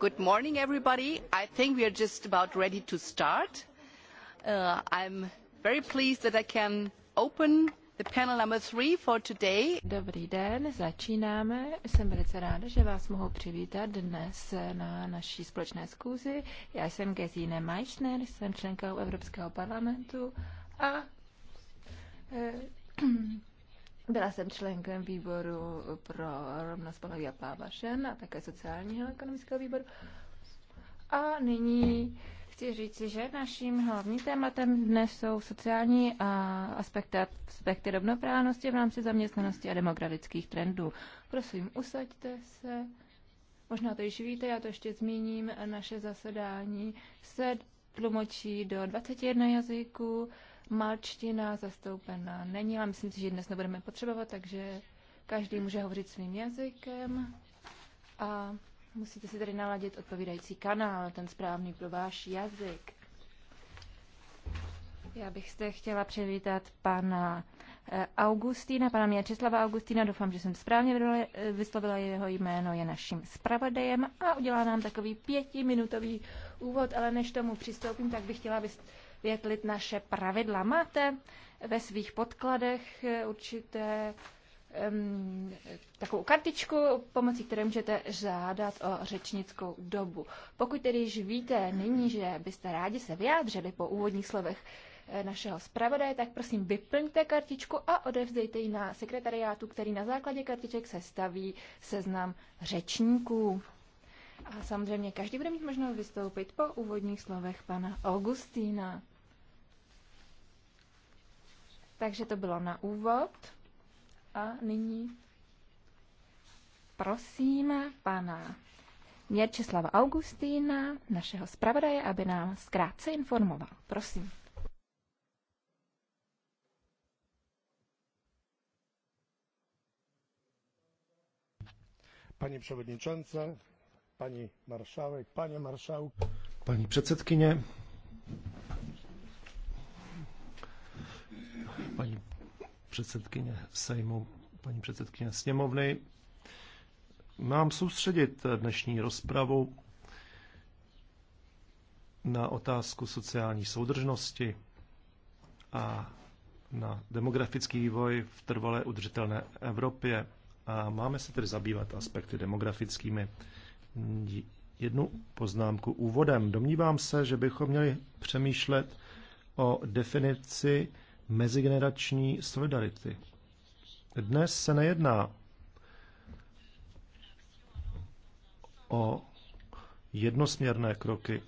Good morning, everybody. I think we are just about ready to start. Uh, I'm very pleased that I can open the panel number three for today. Dobrý den, začínáme. Jsem velice ráda, že vás mohu přivítat dnes na naší společné schůzi. Já jsem Gesine Meissner, jsem členkou Evropského parlamentu a eh, Byla jsem členkem výboru pro rovnost pohlaví a práva a také sociálního a ekonomického výboru. A nyní chci říci, že naším hlavním tématem dnes jsou sociální a aspekty, aspekty rovnoprávnosti v rámci zaměstnanosti a demokratických trendů. Prosím, usaďte se. Možná to již víte, já to ještě zmíním. Naše zasedání se tlumočí do 21 jazyků malčtina zastoupená není, ale myslím si, že dnes nebudeme potřebovat, takže každý může hovořit svým jazykem a musíte si tady naladit odpovídající kanál, ten správný pro váš jazyk. Já bych zde chtěla přivítat pana eh, Augustína, pana Česlava Augustína. Doufám, že jsem správně eh, vyslovila jeho jméno, je naším zpravodajem a udělá nám takový pětiminutový úvod, ale než tomu přistoupím, tak bych chtěla vysvětlit naše pravidla. Máte ve svých podkladech eh, určité um, takovou kartičku, pomocí které můžete žádat o řečnickou dobu. Pokud tedy již víte nyní, že byste rádi se vyjádřili po úvodních slovech eh, našeho zpravodaje, tak prosím vyplňte kartičku a odevzdejte ji na sekretariátu, který na základě kartiček staví seznam řečníků. A samozřejmě každý bude mít možnost vystoupit po úvodních slovech pana Augustína. Takže to bylo na úvod. A nyní prosím pana Měrčislava Augustína, našeho zpravodaje, aby nám zkrátce informoval. Prosím. Pani przewodnicząca, paní maršálek, paní maršálku. Paní předsedkyně, paní předsedkyně Sejmu, paní předsedkyně sněmovny, mám soustředit dnešní rozpravu na otázku sociální soudržnosti a na demografický vývoj v trvale udržitelné Evropě. A máme se tedy zabývat aspekty demografickými jednu poznámku úvodem. Domnívám se, že bychom měli přemýšlet o definici mezigenerační solidarity. Dnes se nejedná o jednosměrné kroky.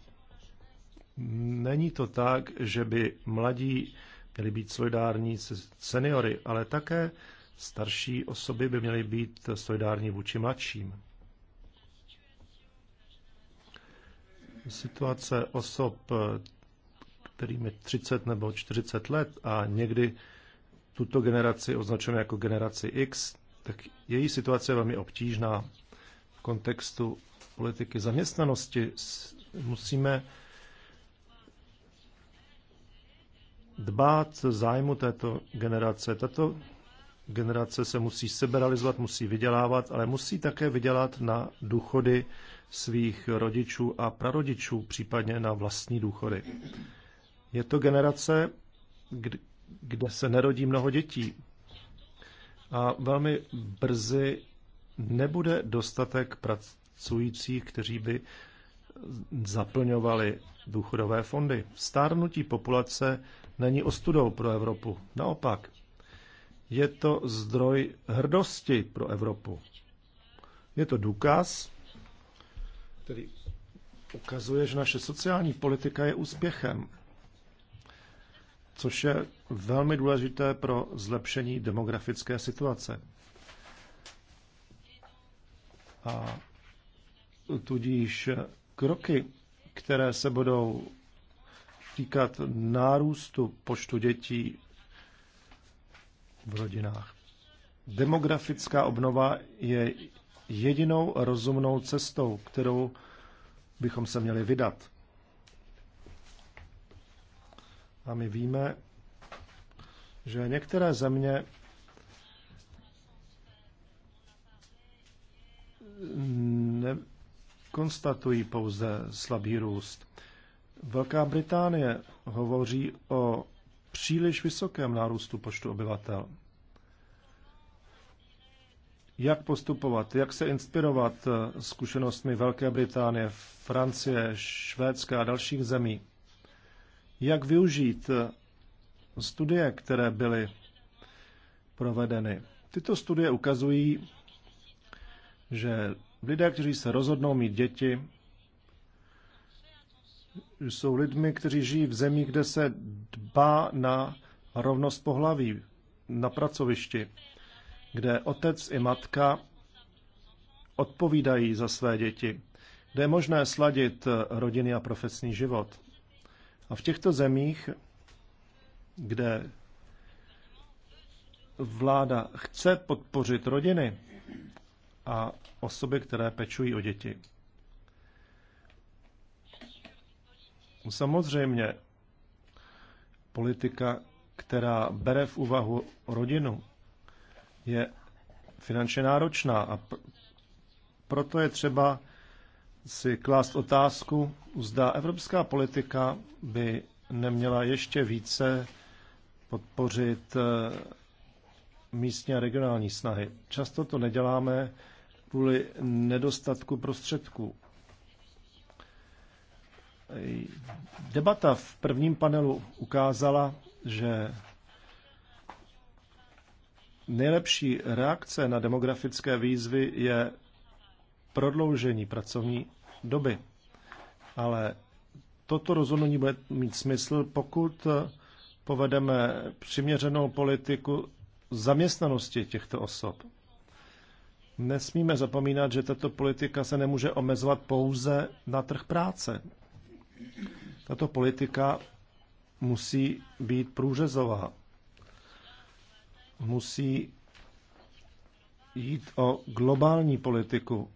Není to tak, že by mladí měli být solidární se seniory, ale také starší osoby by měly být solidární vůči mladším. situace osob, kterým je 30 nebo 40 let a někdy tuto generaci označujeme jako generaci X, tak její situace je velmi obtížná v kontextu politiky zaměstnanosti. Musíme dbát zájmu této generace. Tato generace se musí seberalizovat, musí vydělávat, ale musí také vydělat na důchody svých rodičů a prarodičů, případně na vlastní důchody. Je to generace, kde se nerodí mnoho dětí a velmi brzy nebude dostatek pracujících, kteří by zaplňovali důchodové fondy. Stárnutí populace není ostudou pro Evropu. Naopak, je to zdroj hrdosti pro Evropu. Je to důkaz, který ukazuje, že naše sociální politika je úspěchem, což je velmi důležité pro zlepšení demografické situace. A tudíž kroky, které se budou týkat nárůstu počtu dětí v rodinách. Demografická obnova je jedinou rozumnou cestou, kterou bychom se měli vydat. A my víme, že některé země nekonstatují pouze slabý růst. Velká Británie hovoří o příliš vysokém nárůstu počtu obyvatel jak postupovat, jak se inspirovat eh, zkušenostmi Velké Británie, Francie, Švédska a dalších zemí. Jak využít eh, studie, které byly provedeny. Tyto studie ukazují, že lidé, kteří se rozhodnou mít děti, jsou lidmi, kteří žijí v zemí, kde se dbá na rovnost pohlaví na pracovišti kde otec i matka odpovídají za své děti, kde je možné sladit rodiny a profesní život. A v těchto zemích, kde vláda chce podpořit rodiny a osoby, které pečují o děti. Samozřejmě politika, která bere v úvahu rodinu je finančně náročná a proto je třeba si klást otázku, zda evropská politika by neměla ještě více podpořit eh, místní a regionální snahy. Často to neděláme kvůli nedostatku prostředků. Debata v prvním panelu ukázala, že Nejlepší reakce na demografické výzvy je prodloužení pracovní doby. Ale toto rozhodnutí bude mít smysl, pokud povedeme přiměřenou politiku zaměstnanosti těchto osob. Nesmíme zapomínat, že tato politika se nemůže omezovat pouze na trh práce. Tato politika musí být průřezová musí jít o globální politiku.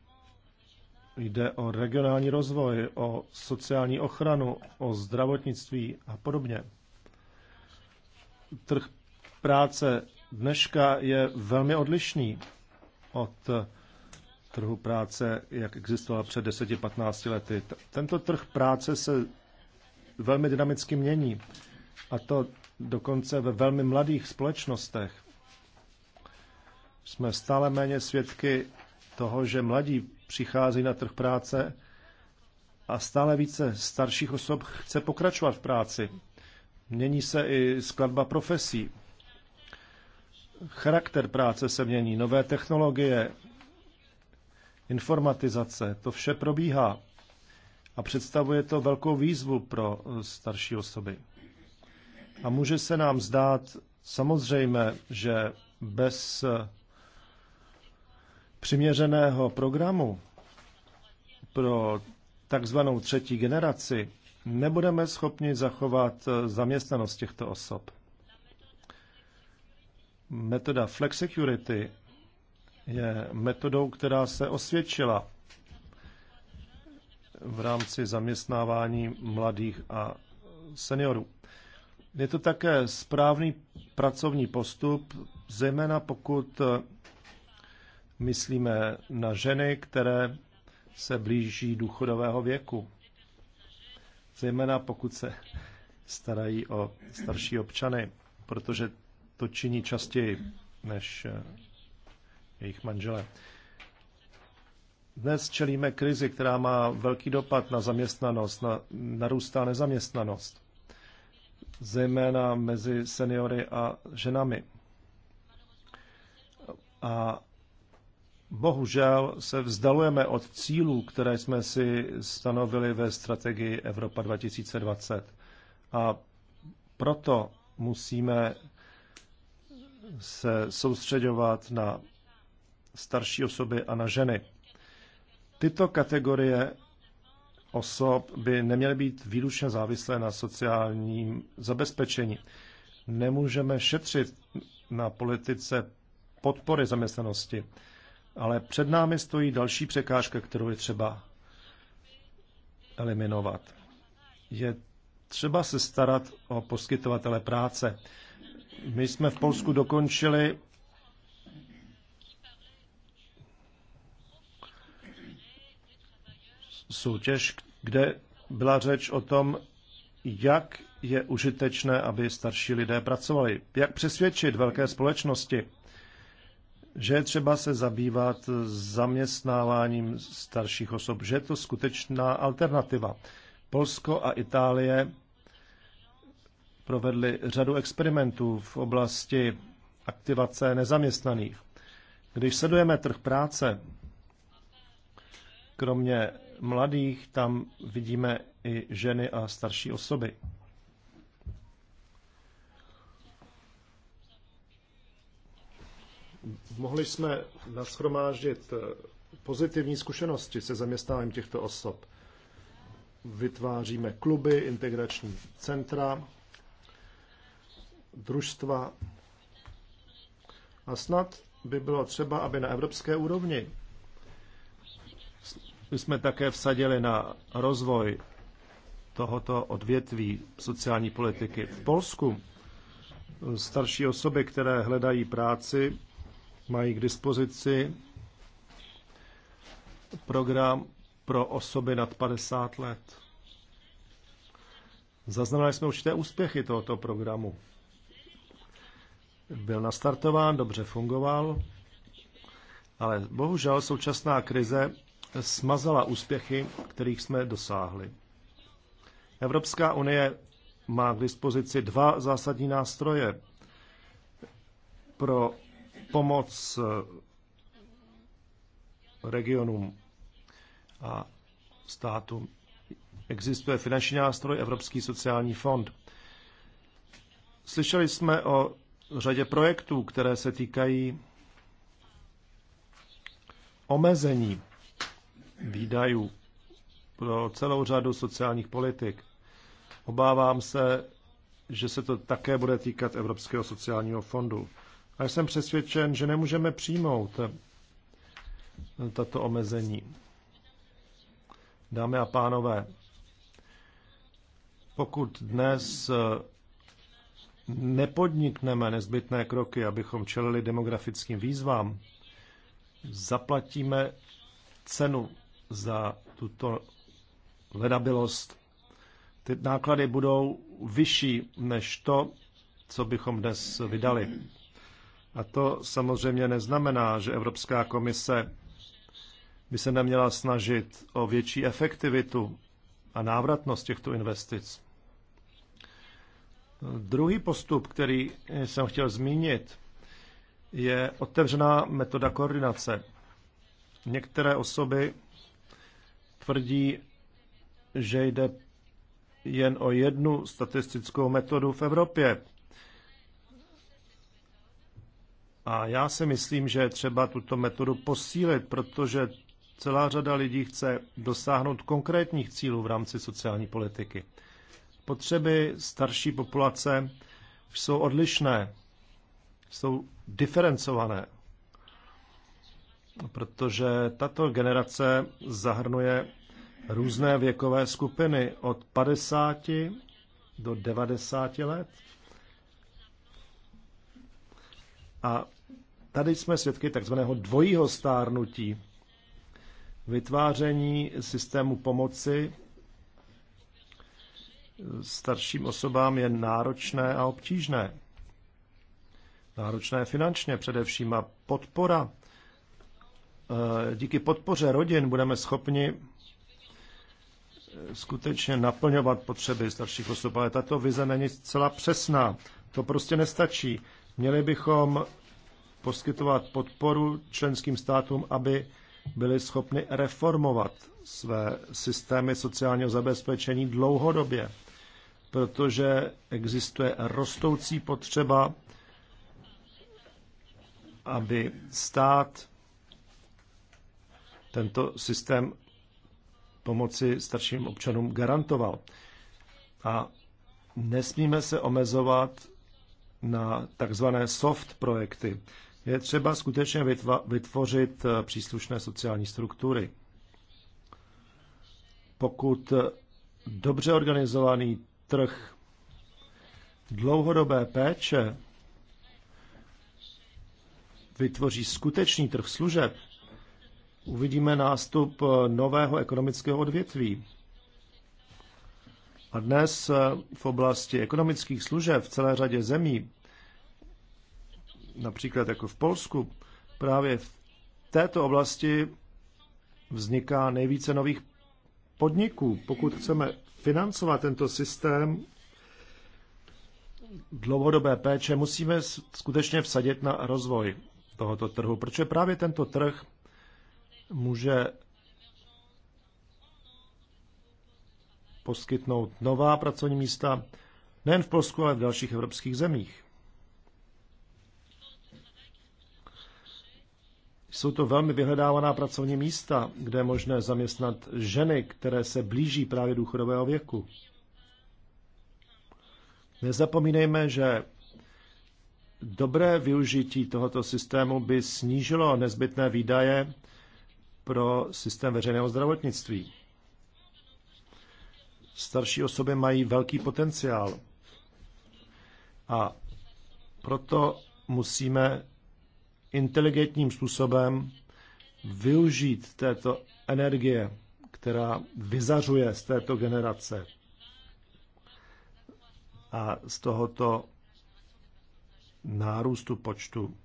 Jde o regionální rozvoj, o sociální ochranu, o zdravotnictví a podobně. Trh práce dneška je velmi odlišný od trhu práce, jak existoval před 10-15 lety. Tento trh práce se velmi dynamicky mění a to dokonce ve velmi mladých společnostech jsme stále méně svědky toho, že mladí přichází na trh práce a stále více starších osob chce pokračovat v práci. Mění se i skladba profesí. Charakter práce se mění, nové technologie, informatizace, to vše probíhá a představuje to velkou výzvu pro starší osoby. A může se nám zdát samozřejmé, že bez přiměřeného programu pro takzvanou třetí generaci nebudeme schopni zachovat eh, zaměstnanost těchto osob. Metoda flexicurity je metodou, která se osvědčila v rámci zaměstnávání mladých a seniorů. Je to také správný pracovní postup, zejména pokud eh, myslíme na ženy, které se blíží důchodového věku. Zejména pokud se starají o starší občany, protože to činí častěji než eh, jejich manžele. Dnes čelíme krizi, která má velký dopad na zaměstnanost, na, narůstá nezaměstnanost, zejména mezi seniory a ženami. A bohužel se vzdalujeme od cílů, které jsme si stanovili ve strategii Evropa 2020. A proto musíme se soustředovat na starší osoby a na ženy. Tyto kategorie osob by neměly být výlučně závislé na sociálním zabezpečení. Nemůžeme šetřit na politice podpory zaměstnanosti ale před námi stojí další překážka, kterou je třeba eliminovat. Je třeba se starat o poskytovatele práce. My jsme v Polsku dokončili soutěž, kde byla řeč o tom, jak je užitečné, aby starší lidé pracovali. Jak přesvědčit velké společnosti, že je třeba se zabývat zaměstnáváním starších osob, že je to skutečná alternativa. Polsko a Itálie provedly řadu experimentů v oblasti aktivace nezaměstnaných. Když sledujeme trh práce, kromě mladých tam vidíme i ženy a starší osoby. Mohli jsme nashromáždit eh, pozitivní zkušenosti se zaměstnáním těchto osob. Vytváříme kluby, integrační centra, družstva a snad by bylo třeba, aby na evropské úrovni jsme také vsadili na rozvoj tohoto odvětví sociální politiky. V Polsku eh, starší osoby, které hledají práci, mají k dispozici program pro osoby nad 50 let. Zaznamenali jsme určité úspěchy tohoto programu. Byl nastartován, dobře fungoval, ale bohužel současná krize smazala úspěchy, kterých jsme dosáhli. Evropská unie má k dispozici dva zásadní nástroje pro pomoc eh, regionům a státům. Existuje finanční nástroj Evropský sociální fond. Slyšeli jsme o řadě projektů, které se týkají omezení výdajů pro celou řadu sociálních politik. Obávám se, že se to také bude týkat Evropského sociálního fondu. A jsem přesvědčen, že nemůžeme přijmout tato omezení. Dámy a pánové, pokud dnes nepodnikneme nezbytné kroky, abychom čelili demografickým výzvám, zaplatíme cenu za tuto ledabilost. Ty náklady budou vyšší než to, co bychom dnes vydali. A to samozřejmě neznamená, že Evropská komise by se neměla snažit o větší efektivitu a návratnost těchto investic. Druhý postup, který jsem chtěl zmínit, je otevřená metoda koordinace. Některé osoby tvrdí, že jde jen o jednu statistickou metodu v Evropě, A já si myslím, že je třeba tuto metodu posílit, protože celá řada lidí chce dosáhnout konkrétních cílů v rámci sociální politiky. Potřeby starší populace jsou odlišné, jsou diferencované, protože tato generace zahrnuje různé věkové skupiny od 50 do 90 let. A Tady jsme svědky takzvaného dvojího stárnutí. Vytváření systému pomoci starším osobám je náročné a obtížné. Náročné finančně především a podpora. Eh, díky podpoře rodin budeme schopni skutečně naplňovat potřeby starších osob, ale tato vize není zcela přesná. To prostě nestačí. Měli bychom poskytovat podporu členským státům, aby byly schopny reformovat své systémy sociálního zabezpečení dlouhodobě, protože existuje rostoucí potřeba, aby stát tento systém pomoci starším občanům garantoval. A nesmíme se omezovat na takzvané soft projekty, je třeba skutečně vytvořit eh, příslušné sociální struktury. Pokud eh, dobře organizovaný trh dlouhodobé péče vytvoří skutečný trh služeb, uvidíme nástup eh, nového ekonomického odvětví. A dnes v oblasti ekonomických služeb v celé řadě zemí například jako v Polsku, právě v této oblasti vzniká nejvíce nových podniků. Pokud chceme financovat tento systém dlouhodobé péče, musíme skutečně vsadit na rozvoj tohoto trhu, protože právě tento trh může poskytnout nová pracovní místa nejen v Polsku, ale v dalších evropských zemích. Jsou to velmi vyhledávaná pracovní místa, kde je možné zaměstnat ženy, které se blíží právě důchodového věku. Nezapomínejme, že dobré využití tohoto systému by snížilo nezbytné výdaje pro systém veřejného zdravotnictví. Starší osoby mají velký potenciál a proto musíme inteligentním způsobem využít této energie, která vyzařuje z této generace a z tohoto nárůstu počtu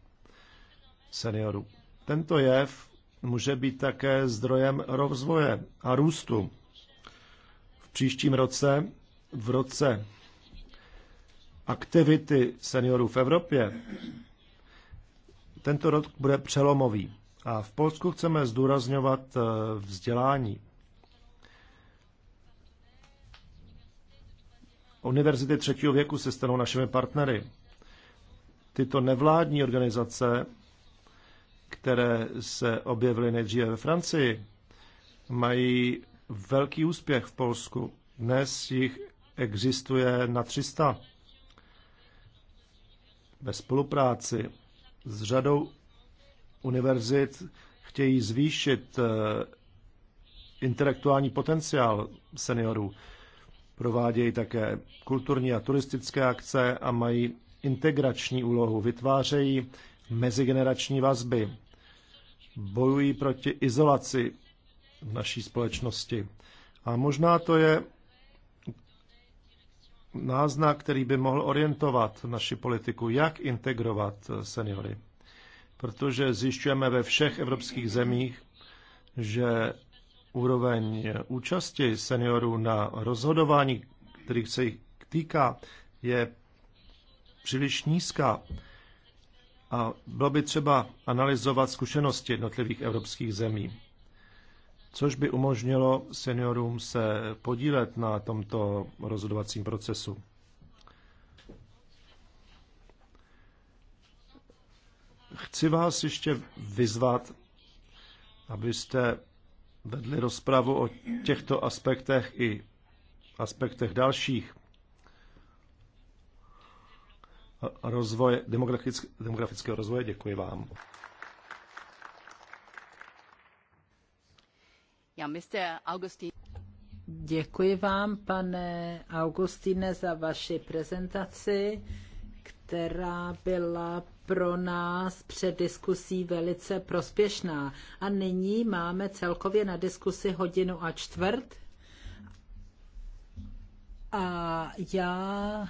seniorů. Tento jev může být také zdrojem rozvoje a růstu. V příštím roce, v roce aktivity seniorů v Evropě, tento rok bude přelomový a v Polsku chceme zdůrazňovat eh, vzdělání. Univerzity třetího věku se stanou našimi partnery. Tyto nevládní organizace, které se objevily nejdříve ve Francii, mají velký úspěch v Polsku. Dnes jich existuje na 300 ve spolupráci s řadou univerzit chtějí zvýšit eh, intelektuální potenciál seniorů. Provádějí také kulturní a turistické akce a mají integrační úlohu. Vytvářejí mezigenerační vazby. Bojují proti izolaci v naší společnosti. A možná to je náznak, který by mohl orientovat naši politiku, jak integrovat eh, seniory. Protože zjišťujeme ve všech evropských zemích, že úroveň eh, účasti seniorů na rozhodování, kterých se jich týká, je příliš nízká. A bylo by třeba analyzovat zkušenosti jednotlivých evropských zemí což by umožnilo seniorům se podílet na tomto rozhodovacím procesu. Chci vás ještě vyzvat, abyste vedli rozpravu o těchto aspektech i aspektech dalších. Rozvoje, demografického rozvoje, děkuji vám. Děkuji vám, pane Augustine, za vaši prezentaci, která byla pro nás před diskusí velice prospěšná. A nyní máme celkově na diskusi hodinu a čtvrt. A já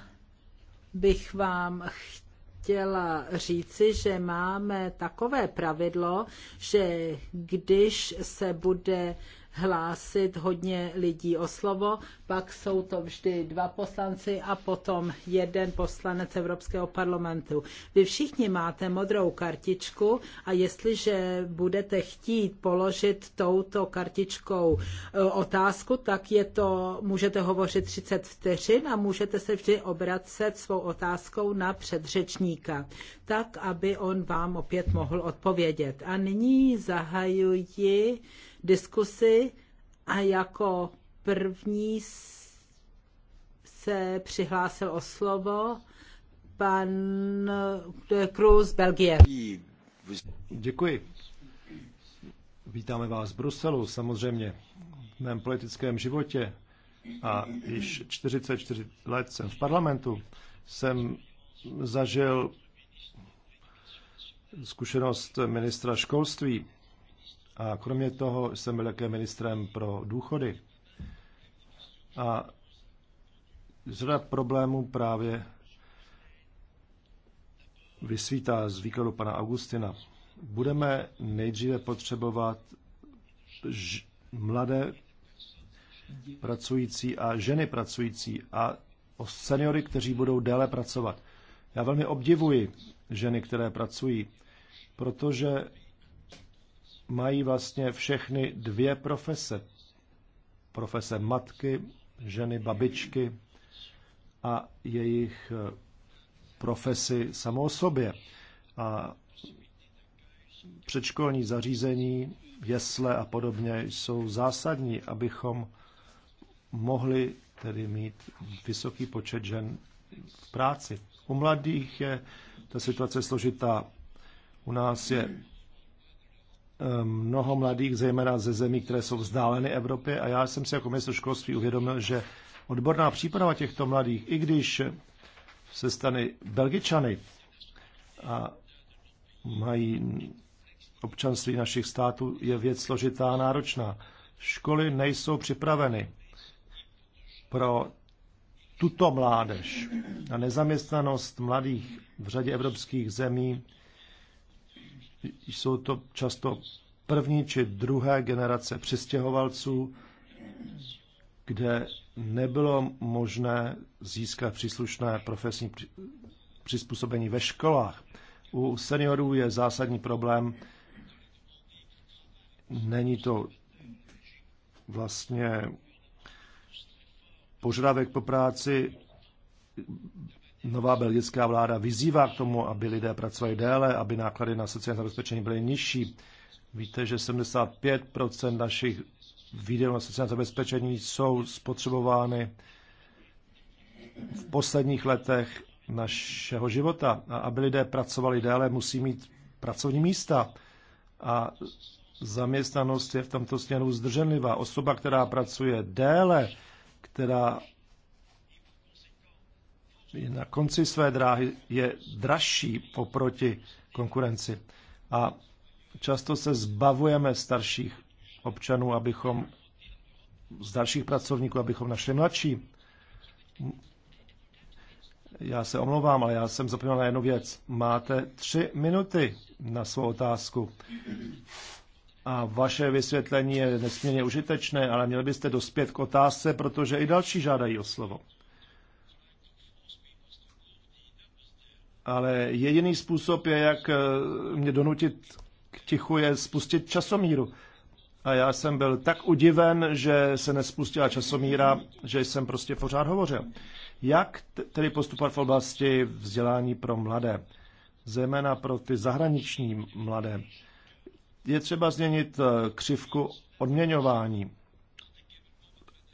bych vám chtěla říci, že máme takové pravidlo, že když se bude hlásit hodně lidí o slovo, pak jsou to vždy dva poslanci a potom jeden poslanec Evropského parlamentu. Vy všichni máte modrou kartičku a jestliže budete chtít položit touto kartičkou e, otázku, tak je to, můžete hovořit 30 vteřin a můžete se vždy obracet svou otázkou na předřečníka, tak, aby on vám opět mohl odpovědět. A nyní zahajuji diskusi a jako první se přihlásil o slovo pan Cruz Belgie. Děkuji. Vítáme vás v Bruselu, samozřejmě v mém politickém životě a již 44 let jsem v parlamentu, jsem zažil zkušenost ministra školství a kromě toho jsem byl také ministrem pro důchody. A řada problémů právě vysvítá z výkladu pana Augustina. Budeme nejdříve potřebovat mladé pracující a ženy pracující a o seniory, kteří budou déle pracovat. Já velmi obdivuji ženy, které pracují, protože mají vlastně všechny dvě profese. Profese matky, ženy, babičky a jejich eh, profesi samou sobě. A předškolní zařízení, jesle a podobně jsou zásadní, abychom mohli tedy mít vysoký počet žen v práci. U mladých je ta situace složitá. U nás je Ehm, mnoho mladých, zejména ze zemí, které jsou vzdáleny Evropě. A já jsem si jako ministr školství uvědomil, že odborná příprava těchto mladých, i když se stane Belgičany a mají občanství našich států, je věc složitá a náročná. Školy nejsou připraveny pro tuto mládež. A nezaměstnanost mladých v řadě evropských zemí jsou to často první či druhé generace přistěhovalců, kde nebylo možné získat příslušné profesní přizpůsobení ve školách. U seniorů je zásadní problém, není to vlastně požadavek po práci nová belgická vláda vyzývá k tomu, aby lidé pracovali déle, aby náklady na sociální zabezpečení byly nižší. Víte, že 75 našich výdajů na sociální zabezpečení jsou spotřebovány v posledních letech našeho života. A aby lidé pracovali déle, musí mít pracovní místa. A zaměstnanost je v tomto směru zdrženlivá. Osoba, která pracuje déle, která na konci své dráhy je dražší oproti konkurenci. A často se zbavujeme starších občanů, abychom z starších pracovníků, abychom našli mladší. Já se omlouvám, ale já jsem zapomněl na jednu věc. Máte tři minuty na svou otázku. A vaše vysvětlení je nesmírně užitečné, ale měli byste dospět k otázce, protože i další žádají o slovo. ale jediný způsob je, jak eh, mě donutit k tichu, je spustit časomíru. A já jsem byl tak udiven, že se nespustila časomíra, že jsem prostě pořád hovořil. Jak tedy postupovat v oblasti vzdělání pro mladé, zejména pro ty zahraniční mladé? Je třeba změnit eh, křivku odměňování,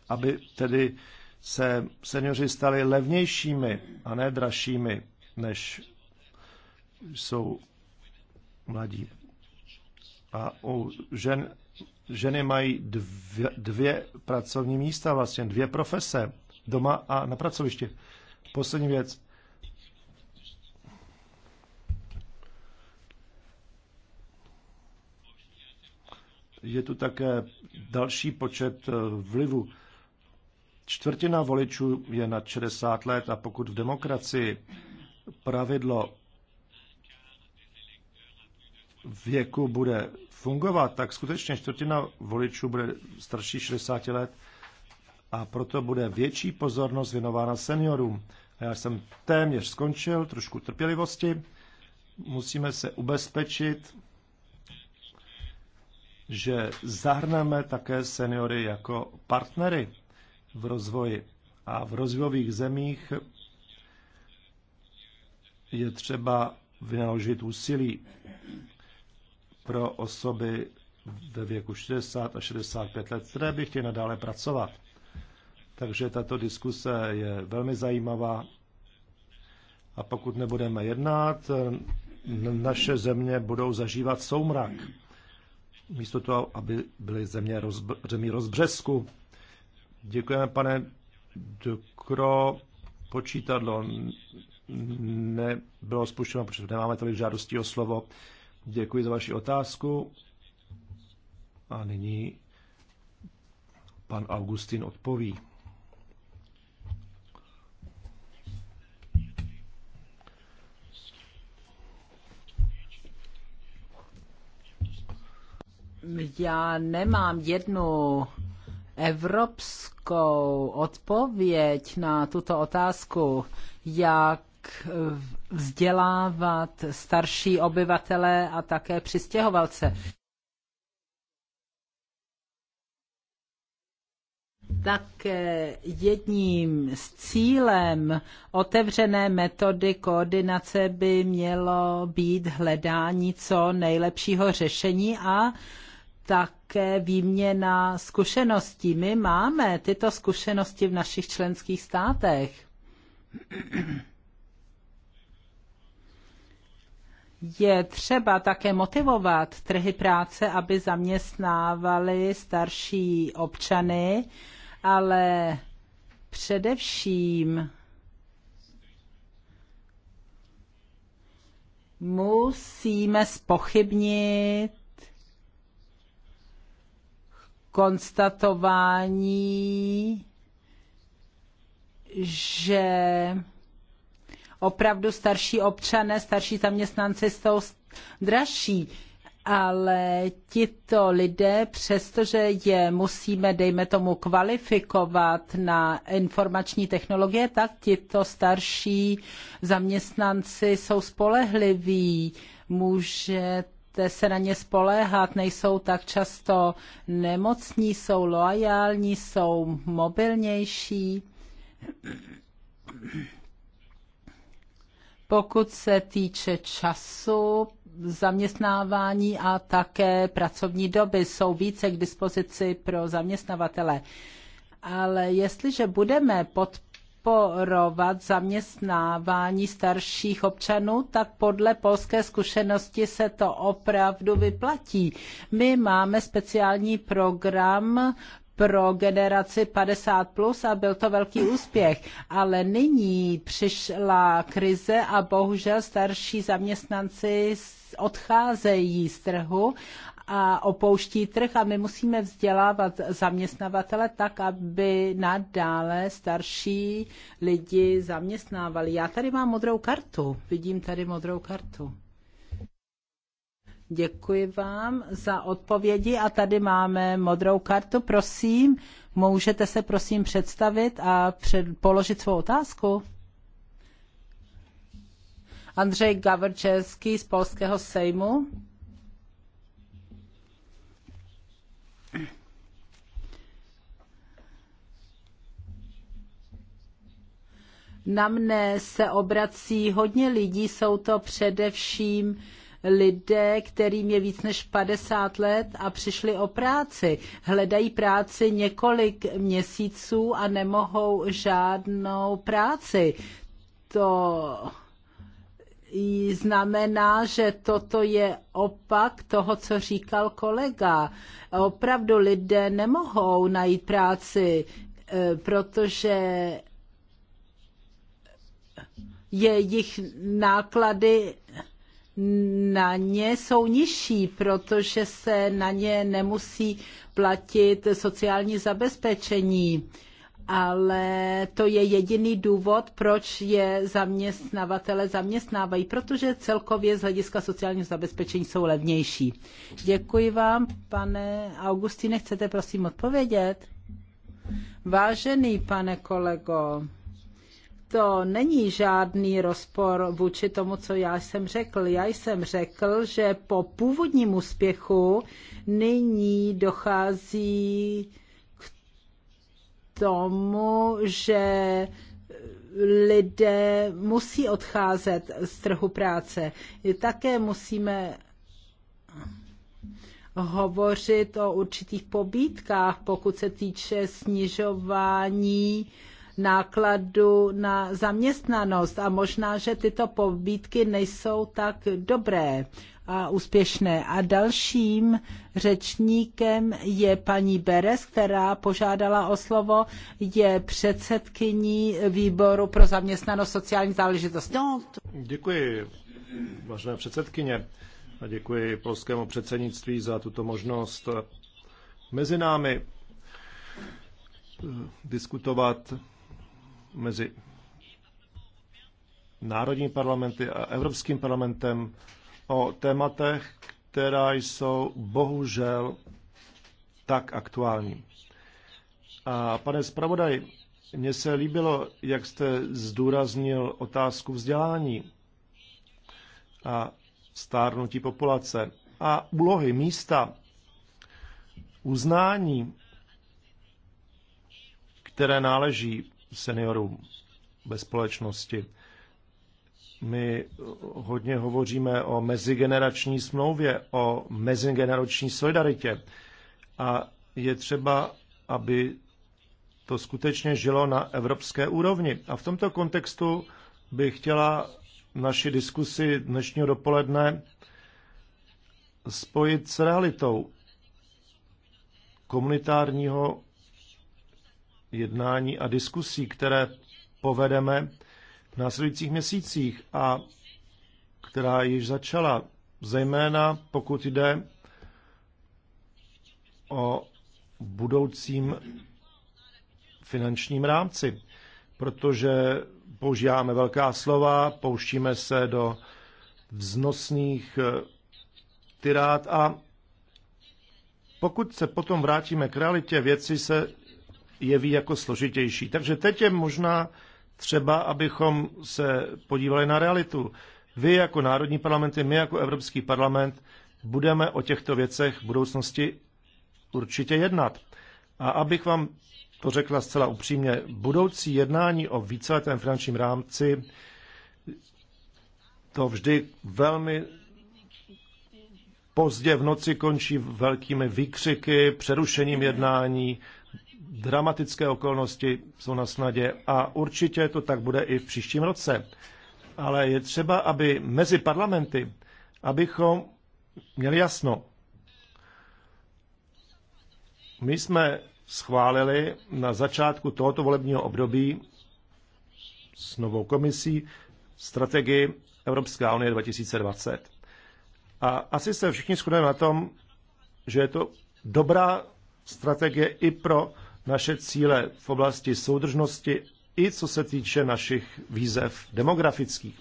aby tedy se seniori stali levnějšími a ne dražšími než jsou mladí. A u žen, ženy mají dvě, dvě pracovní místa, vlastně dvě profese, doma a na pracovišti. Poslední věc. Je tu také další počet eh, vlivu. Čtvrtina voličů je nad 60 let a pokud v demokracii pravidlo věku bude fungovat, tak skutečně čtvrtina voličů bude starší 60 let a proto bude větší pozornost věnována seniorům. A já jsem téměř skončil, trošku trpělivosti. Musíme se ubezpečit, že zahrneme také seniory jako partnery v rozvoji. A v rozvojových zemích je třeba vynaložit úsilí pro osoby ve věku 60 a 65 let, které by chtěly nadále pracovat. Takže tato diskuse je velmi zajímavá a pokud nebudeme jednat, naše země budou zažívat soumrak. Místo toho, aby byly země rozb- zemí rozbřesku. Děkujeme, pane Dokro, počítadlo nebylo spuštěno, protože nemáme tolik žádostí o slovo. Děkuji za vaši otázku. A nyní pan Augustin odpoví. Já nemám jednu evropskou odpověď na tuto otázku. jak vzdělávat starší obyvatele a také přistěhovalce. Také jedním z cílem otevřené metody koordinace by mělo být hledání co nejlepšího řešení a také výměna zkušeností. My máme tyto zkušenosti v našich členských státech. je třeba také motivovat trhy práce, aby zaměstnávali starší občany, ale především musíme spochybnit konstatování, že opravdu starší občané, starší zaměstnanci jsou dražší ale tito lidé, přestože je musíme, dejme tomu, kvalifikovat na informační technologie, tak tito starší zaměstnanci jsou spolehliví, můžete se na ně spoléhat, nejsou tak často nemocní, jsou loajální, jsou mobilnější pokud se týče času zaměstnávání a také pracovní doby, jsou více k dispozici pro zaměstnavatele. Ale jestliže budeme podporovat zaměstnávání starších občanů, tak podle polské zkušenosti se to opravdu vyplatí. My máme speciální program pro generaci 50 plus a byl to velký úspěch. Ale nyní přišla krize a bohužel starší zaměstnanci odcházejí z trhu a opouští trh a my musíme vzdělávat zaměstnavatele tak, aby nadále starší lidi zaměstnávali. Já tady mám modrou kartu, vidím tady modrou kartu. Děkuji vám za odpovědi a tady máme modrou kartu. Prosím, můžete se prosím představit a před, položit svou otázku? Andrzej Gavrčevský z Polského sejmu. Na mne se obrací hodně lidí, jsou to především lidé, kterým je víc než 50 let a přišli o práci. Hledají práci několik měsíců a nemohou žádnou práci. To znamená, že toto je opak toho, co říkal kolega. Opravdu lidé nemohou najít práci, eh, protože je jejich náklady na ně jsou nižší, protože se na ně nemusí platit sociální zabezpečení. Ale to je jediný důvod, proč je zaměstnavatele zaměstnávají, protože celkově z hlediska sociálního zabezpečení jsou levnější. Děkuji vám, pane Augustine, chcete prosím odpovědět? Vážený pane kolego, to není žádný rozpor vůči tomu, co já jsem řekl. Já jsem řekl, že po původním úspěchu nyní dochází k tomu, že lidé musí odcházet z trhu práce. Také musíme hovořit o určitých pobítkách, pokud se týče snižování uh, nákladu na zaměstnanost a možná, že tyto pobídky nejsou tak dobré a úspěšné. A dalším řečníkem je paní Beres, která požádala o slovo, je předsedkyní výboru pro zaměstnanost sociální záležitosti. Děkuji, vážená předsedkyně, a děkuji polskému předsednictví za tuto možnost mezi námi eh, diskutovat mezi národní parlamenty a Evropským parlamentem o tématech, která jsou bohužel tak aktuální. A pane zpravodaj, mně se líbilo, jak jste zdůraznil otázku vzdělání a stárnutí populace a úlohy místa, uznání, které náleží seniorů ve společnosti. My hodně hovoříme o mezigenerační smlouvě, o mezigenerační solidaritě. A je třeba, aby to skutečně žilo na evropské úrovni. A v tomto kontextu bych chtěla naši diskusi dnešního dopoledne spojit s realitou komunitárního jednání a diskusí, které povedeme v následujících měsících a která již začala, zejména pokud jde o budoucím finančním rámci, protože používáme velká slova, pouštíme se do vznosných eh, tirád a pokud se potom vrátíme k realitě, věci se jeví jako složitější. Takže teď je možná třeba, abychom se podívali na realitu. Vy jako národní parlamenty, my jako Evropský parlament budeme o těchto věcech v budoucnosti určitě jednat. A abych vám to řekla zcela upřímně, budoucí jednání o víceletém finančním rámci to vždy velmi pozdě v noci končí velkými výkřiky, přerušením jednání dramatické okolnosti jsou na snadě a určitě to tak bude i v příštím roce. Ale je třeba, aby mezi parlamenty, abychom měli jasno. My jsme schválili na začátku tohoto volebního období s novou komisí strategii Evropská unie 2020. A asi se všichni shodneme na tom, že je to dobrá strategie i pro naše cíle v oblasti soudržnosti i co se týče našich výzev demografických.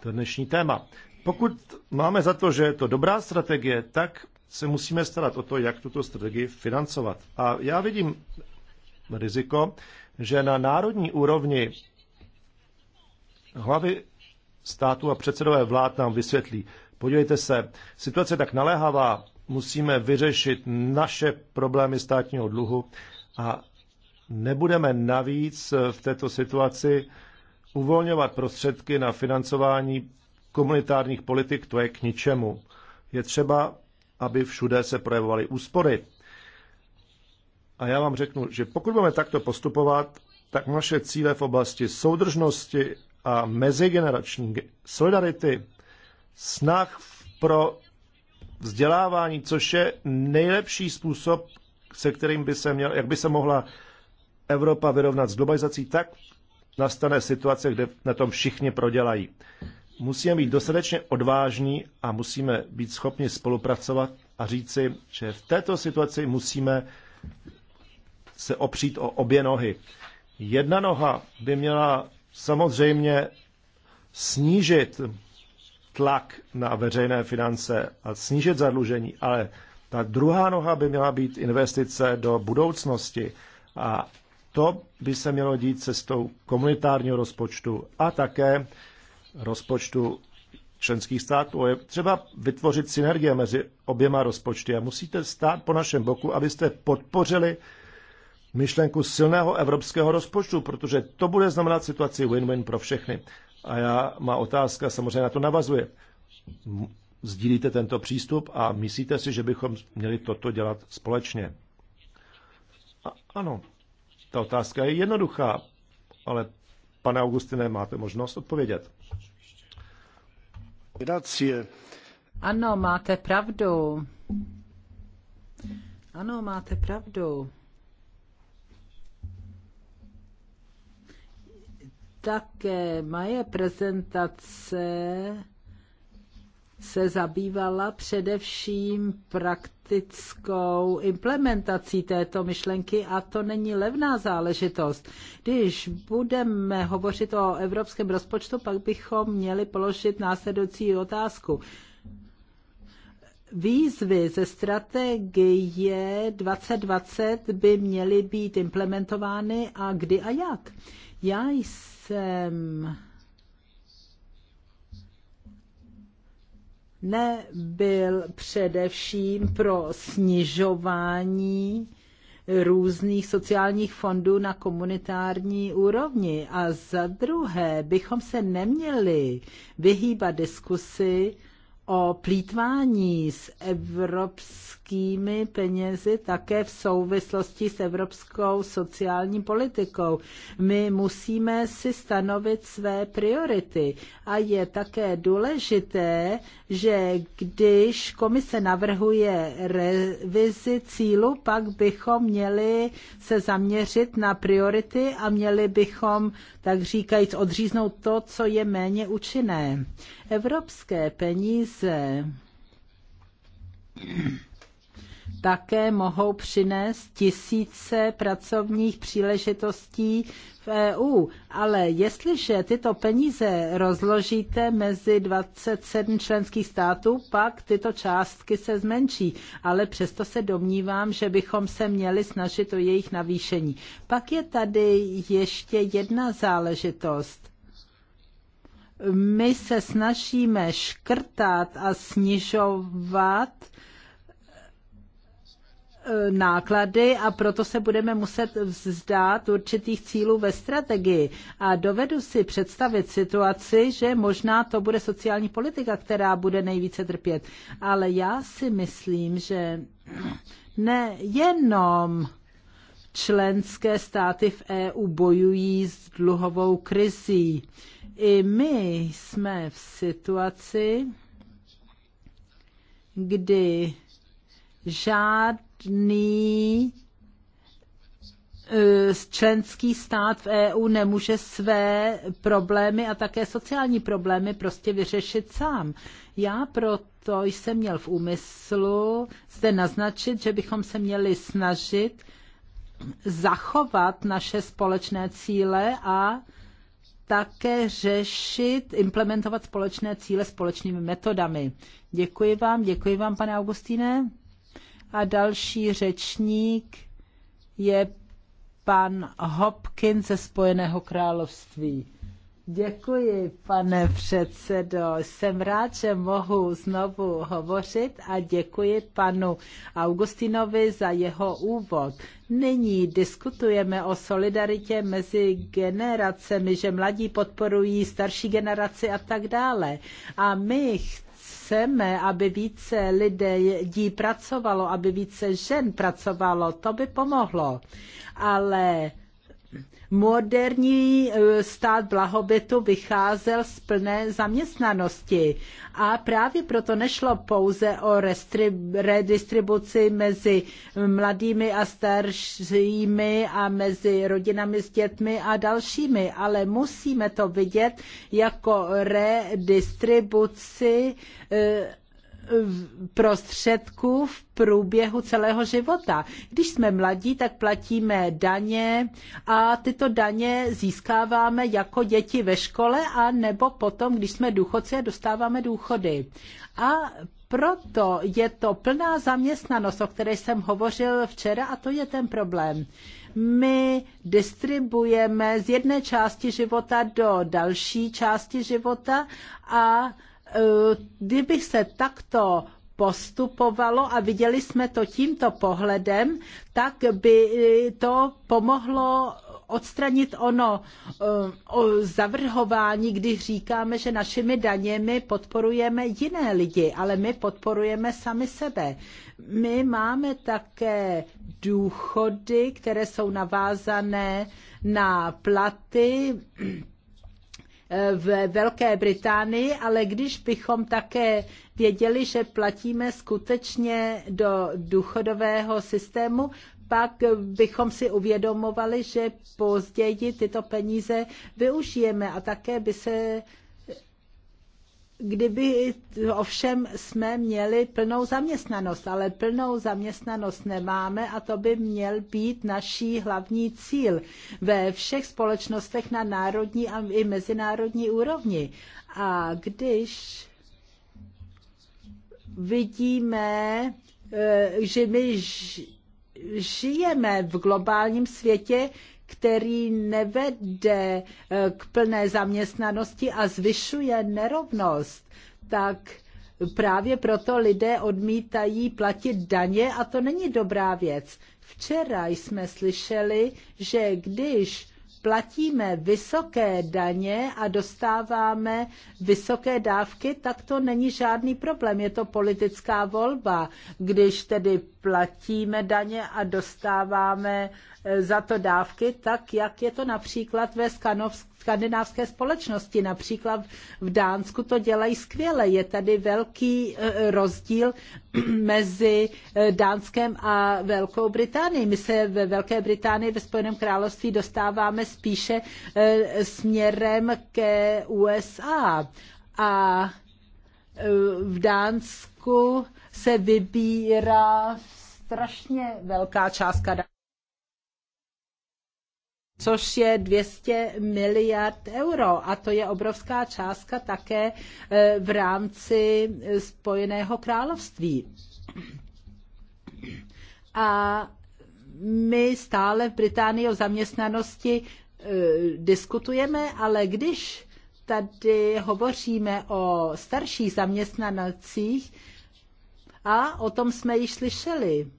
To je dnešní téma. Pokud máme za to, že je to dobrá strategie, tak se musíme starat o to, jak tuto strategii financovat. A já vidím riziko, že na národní úrovni hlavy státu a předsedové vlád nám vysvětlí. Podívejte se, situace je tak naléhavá, musíme vyřešit naše problémy státního dluhu a nebudeme navíc v této situaci uvolňovat prostředky na financování komunitárních politik, to je k ničemu. Je třeba, aby všude se projevovaly úspory. A já vám řeknu, že pokud budeme takto postupovat, tak naše cíle v oblasti soudržnosti a mezigenerační solidarity, snah pro vzdělávání, což je nejlepší způsob se kterým by se měl, jak by se mohla Evropa vyrovnat s globalizací, tak nastane situace, kde na tom všichni prodělají. Musíme být dostatečně odvážní a musíme být schopni spolupracovat a říci, že v této situaci musíme se opřít o obě nohy. Jedna noha by měla samozřejmě snížit tlak na veřejné finance a snížit zadlužení, ale ta druhá noha by měla být investice do budoucnosti a to by se mělo dít cestou komunitárního rozpočtu a také rozpočtu členských států. Je třeba vytvořit synergie mezi oběma rozpočty a musíte stát po našem boku, abyste podpořili myšlenku silného evropského rozpočtu, protože to bude znamenat situaci win-win pro všechny. A já, má otázka samozřejmě na to navazuje sdílíte tento přístup a myslíte si, že bychom měli toto dělat společně? A, ano, ta otázka je jednoduchá, ale pane Augustine, máte možnost odpovědět. Grazie. Ano, máte pravdu. Ano, máte pravdu. Také moje prezentace se zabývala především praktickou implementací této myšlenky a to není levná záležitost. Když budeme hovořit o evropském rozpočtu, pak bychom měli položit následující otázku. Výzvy ze strategie 2020 by měly být implementovány a kdy a jak? Já jsem nebyl především pro snižování různých sociálních fondů na komunitární úrovni. A za druhé bychom se neměli vyhýbat diskusi o plítvání z evropským evropskými penězi také v souvislosti s evropskou sociální politikou. My musíme si stanovit své priority a je také důležité, že když komise navrhuje revizi cílu, pak bychom měli se zaměřit na priority a měli bychom, tak říkajíc, odříznout to, co je méně účinné. Evropské peníze také mohou přinést tisíce pracovních příležitostí v EU. Ale jestliže tyto peníze rozložíte mezi 27 členských států, pak tyto částky se zmenší. Ale přesto se domnívám, že bychom se měli snažit o jejich navýšení. Pak je tady ještě jedna záležitost my se snažíme škrtat a snižovat Eh, náklady a proto se budeme muset vzdát určitých cílů ve strategii. A dovedu si představit situaci, že možná to bude sociální politika, která bude nejvíce trpět. Ale já si myslím, že nejenom členské státy v EU bojují s dluhovou krizí. I my jsme v situaci, kdy žád žádný e, členský stát v EU nemůže své problémy a také sociální problémy prostě vyřešit sám. Já proto jsem měl v úmyslu zde naznačit, že bychom se měli snažit zachovat naše společné cíle a také řešit, implementovat společné cíle společnými metodami. Děkuji vám, děkuji vám, pane Augustine a další řečník je pan Hopkins ze Spojeného království. Děkuji, pane předsedo. Jsem rád, že mohu znovu hovořit a děkuji panu Augustinovi za jeho úvod. Nyní diskutujeme o solidaritě mezi generacemi, že mladí podporují starší generaci a tak dále. A my chceme chceme, aby více lidí pracovalo, aby více žen pracovalo, to by pomohlo. Ale Moderní eh, stát blahobytu vycházel z plné zaměstnanosti a právě proto nešlo pouze o redistribuci mezi mladými a staršími a mezi rodinami s dětmi a dalšími, ale musíme to vidět jako redistribuci eh, prostředků v průběhu celého života. Když jsme mladí, tak platíme daně a tyto daně získáváme jako děti ve škole a nebo potom, když jsme důchodci a dostáváme důchody. A proto je to plná zaměstnanost, o které jsem hovořil včera a to je ten problém. My distribuujeme z jedné části života do další části života a Eh, kdyby se takto postupovalo a viděli jsme to tímto pohledem, tak by eh, to pomohlo odstranit ono eh, o zavrhování, když říkáme, že našimi daněmi podporujeme jiné lidi, ale my podporujeme sami sebe. My máme také důchody, které jsou navázané na platy Eh, v Velké Británii, ale když bychom také věděli, že platíme skutečně do důchodového systému, pak bychom si uvědomovali, že později tyto peníze využijeme a také by se Kdyby ovšem jsme měli plnou zaměstnanost, ale plnou zaměstnanost nemáme a to by měl být naší hlavní cíl ve všech společnostech na národní a i mezinárodní úrovni. A když vidíme, eh, že my žijeme v globálním světě, který nevede eh, k plné zaměstnanosti a zvyšuje nerovnost, tak právě proto lidé odmítají platit daně a to není dobrá věc. Včera jsme slyšeli, že když platíme vysoké daně a dostáváme vysoké dávky, tak to není žádný problém. Je to politická volba. Když tedy platíme daně a dostáváme Eh, za to dávky, tak jak je to například ve skandinávské společnosti. Například v Dánsku to dělají skvěle. Je tady velký eh, rozdíl mezi eh, Dánskem a Velkou Británií. My se ve Velké Británii, ve Spojeném království dostáváme spíše směrem ke USA. A v Dánsku se vybírá strašně velká částka což je 200 miliard euro. A to je obrovská částka také eh, v rámci eh, Spojeného království. A my stále v Británii o zaměstnanosti eh, diskutujeme, ale když tady hovoříme o starších zaměstnanocích, a o tom jsme již slyšeli.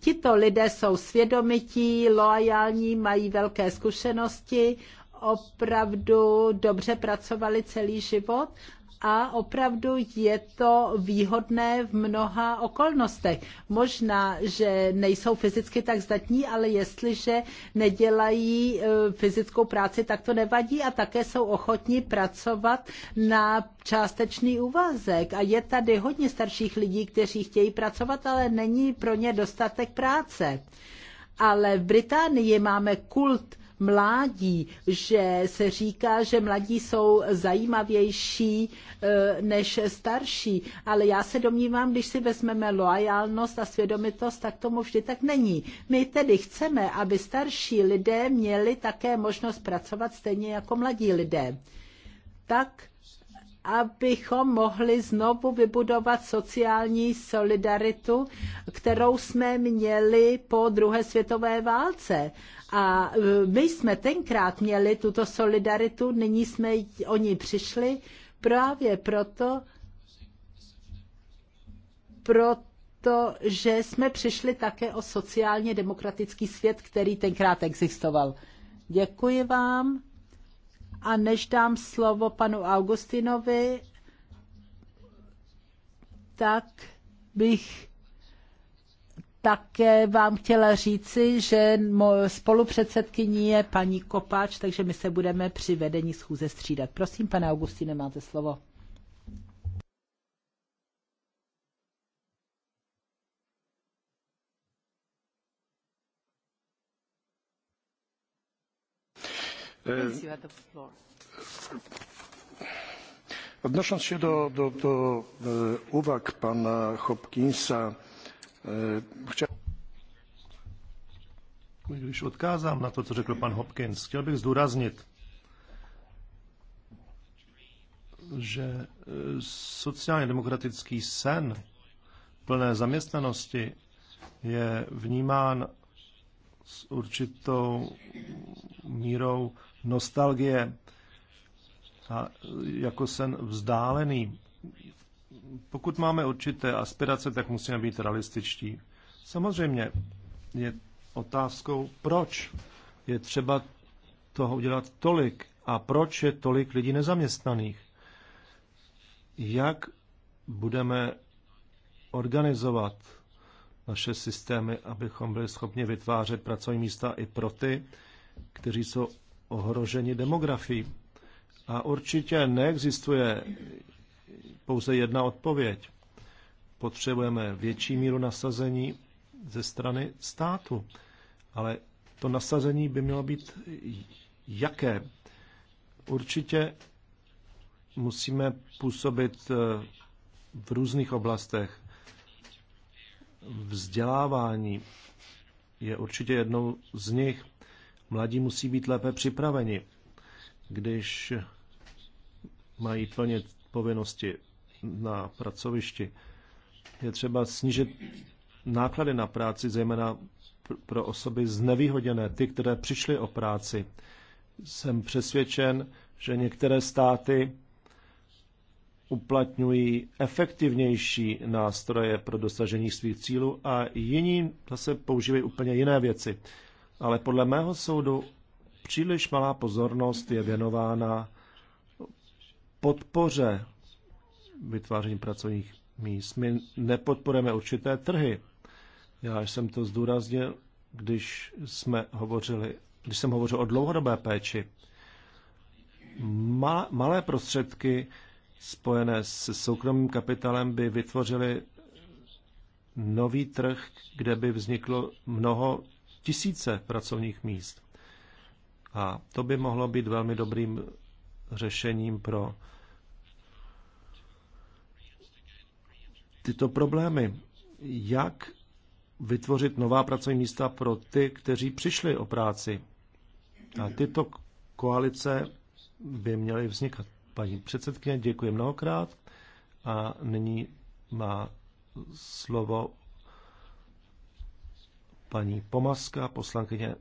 Tito lidé jsou svědomití, loajální, mají velké zkušenosti, opravdu dobře pracovali celý život a opravdu je to výhodné v mnoha okolnostech. Možná, že nejsou fyzicky tak zdatní, ale jestliže nedělají e, fyzickou práci, tak to nevadí a také jsou ochotní pracovat na částečný úvazek. A je tady hodně starších lidí, kteří chtějí pracovat, ale není pro ně dostatek práce. Ale v Británii máme kult mládí, že se říká, že mladí jsou zajímavější e, než starší, ale já se domnívám, když si vezmeme loajálnost a svědomitost, tak tomu vždy tak není. My tedy chceme, aby starší lidé měli také možnost pracovat stejně jako mladí lidé. Tak abychom mohli znovu vybudovat sociální solidaritu, kterou jsme měli po druhé světové válce. A e, my jsme tenkrát měli tuto solidaritu, nyní jsme o ní přišli právě proto, protože jsme přišli také o sociálně demokratický svět, který tenkrát existoval. Děkuji vám. A než dám slovo panu Augustinovi, tak bych také vám chtěla říci, že spolupředsedkyní je paní Kopáč, takže my se budeme při vedení schůze střídat. Prosím, pane Augustine, máte slovo. Odnosząc się do, do, do e, uwag pana Hopkinsa, e, chciałbym... Když no odkázám na to, co řekl pan Hopkins, chtěl bych zdůraznit, že e, sociálně demokratický sen plné zaměstnanosti je vnímán s určitou mírou nostalgie a jako sen vzdálený. Pokud máme určité aspirace, tak musíme být realističtí. Samozřejmě je otázkou, proč je třeba toho udělat tolik a proč je tolik lidí nezaměstnaných. Jak budeme organizovat naše systémy, abychom byli schopni vytvářet pracovní místa i pro ty, kteří jsou ohrožení demografií. A určitě neexistuje pouze jedna odpověď. Potřebujeme větší míru nasazení ze strany státu. Ale to nasazení by mělo být jaké? Určitě musíme působit eh, v různých oblastech. Vzdělávání je určitě jednou z nich. Mladí musí být lépe připraveni, když mají plnit povinnosti na pracovišti. Je třeba snížit náklady na práci, zejména pro osoby znevýhodněné, ty, které přišly o práci. Jsem přesvědčen, že některé státy uplatňují efektivnější nástroje pro dosažení svých cílů a jiní zase používají úplně jiné věci ale podle mého soudu příliš malá pozornost je věnována podpoře vytváření pracovních míst. My nepodporujeme určité trhy. Já jsem to zdůraznil, když jsme hovořili, když jsem hovořil o dlouhodobé péči. malé prostředky spojené s soukromým kapitálem by vytvořily nový trh, kde by vzniklo mnoho tisíce pracovních míst. A to by mohlo být velmi dobrým řešením pro tyto problémy. Jak vytvořit nová pracovní místa pro ty, kteří přišli o práci? A tyto koalice by měly vznikat. Paní předsedkyně, děkuji mnohokrát a nyní má slovo paní Pomaska, poslankyně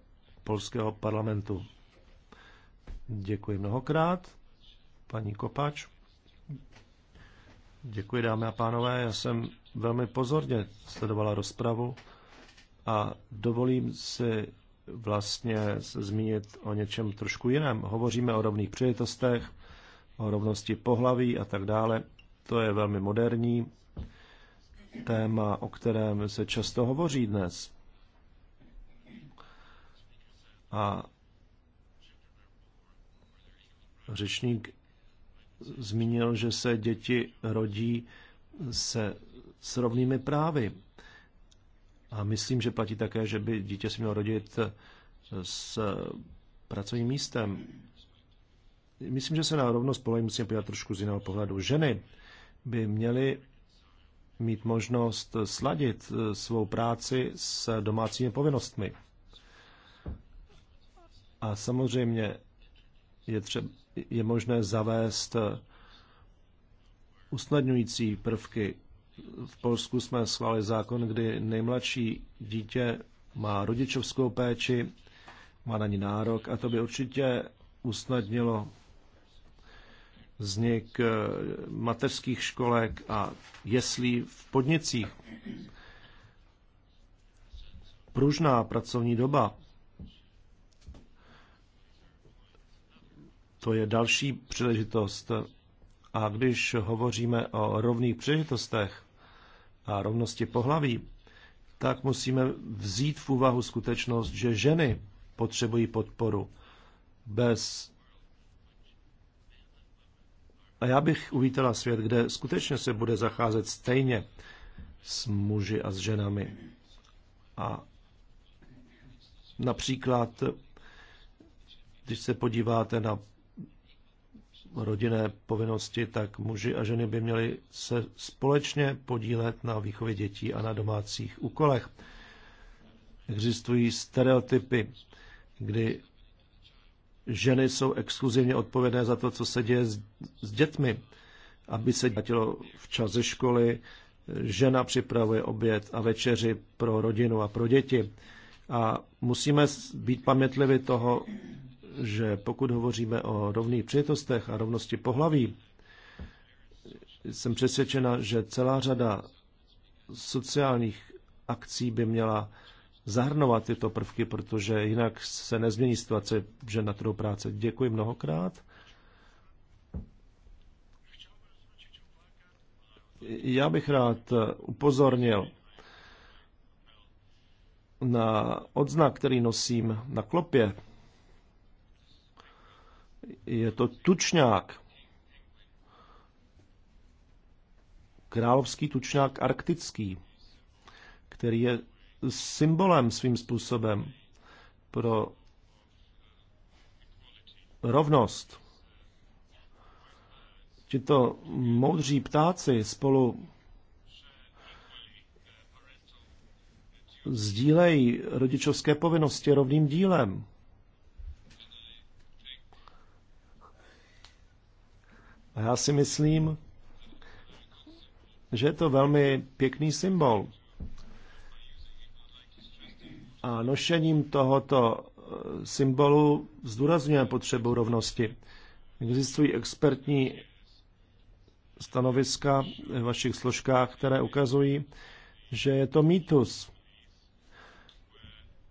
polského parlamentu. Děkuji mnohokrát, paní Kopáč. Děkuji, dámy a pánové. Já jsem velmi pozorně sledovala rozpravu a dovolím si vlastně se zmínit o něčem trošku jiném. Hovoříme o rovných příležitostech, o rovnosti pohlaví a tak dále. To je velmi moderní téma, o kterém se často hovoří dnes. A řečník zmínil, že se děti rodí se s rovnými právy. A myslím, že platí také, že by dítě se mělo rodit s pracovním místem. Myslím, že se na rovnost pohledu musíme podívat trošku z jiného pohledu. Ženy by měly mít možnost sladit svou práci s domácími povinnostmi. A samozřejmě je, třeba, je možné zavést eh, usnadňující prvky. V Polsku jsme schválili zákon, kdy nejmladší dítě má rodičovskou péči, má na ní nárok a to by určitě usnadnilo vznik eh, mateřských školek a jeslí v podnicích. Pružná pracovní doba to je další příležitost. A když hovoříme o rovných příležitostech a rovnosti pohlaví, tak musíme vzít v úvahu skutečnost, že ženy potřebují podporu. Bez a já bych uvítala svět, kde skutečně se bude zacházet stejně s muži a s ženami. A například, když se podíváte na rodinné povinnosti, tak muži a ženy by měli se společně podílet na výchově dětí a na domácích úkolech. Existují stereotypy, kdy ženy jsou exkluzivně odpovědné za to, co se děje s, s dětmi, aby se dětilo včas ze školy, žena připravuje oběd a večeři pro rodinu a pro děti. A musíme být pamětlivi toho, že pokud hovoříme o rovných přijetostech a rovnosti pohlaví, jsem přesvědčena, že celá řada sociálních akcí by měla zahrnovat tyto prvky, protože jinak se nezmění situace žen na trhu práce. Děkuji mnohokrát. Já bych rád upozornil na odznak, který nosím na klopě je to tučňák. Královský tučňák arktický, který je symbolem svým způsobem pro rovnost. Tito moudří ptáci spolu sdílejí rodičovské povinnosti rovným dílem. A já si myslím, že je to velmi pěkný symbol. A nošením tohoto eh, symbolu zdůrazňuje potřebu rovnosti. Existují expertní stanoviska v vašich složkách, které ukazují, že je to mýtus,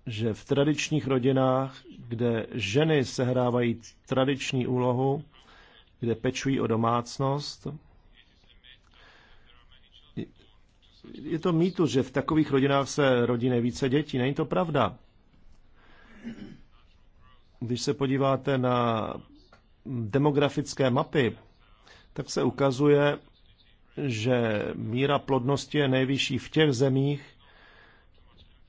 že v tradičních rodinách, kde ženy sehrávají tradiční úlohu, kde pečují o domácnost. Je to mýtus, že v takových rodinách se rodí nejvíce dětí. Není to pravda. Když se podíváte na demografické mapy, tak se ukazuje, že míra plodnosti je nejvyšší v těch zemích,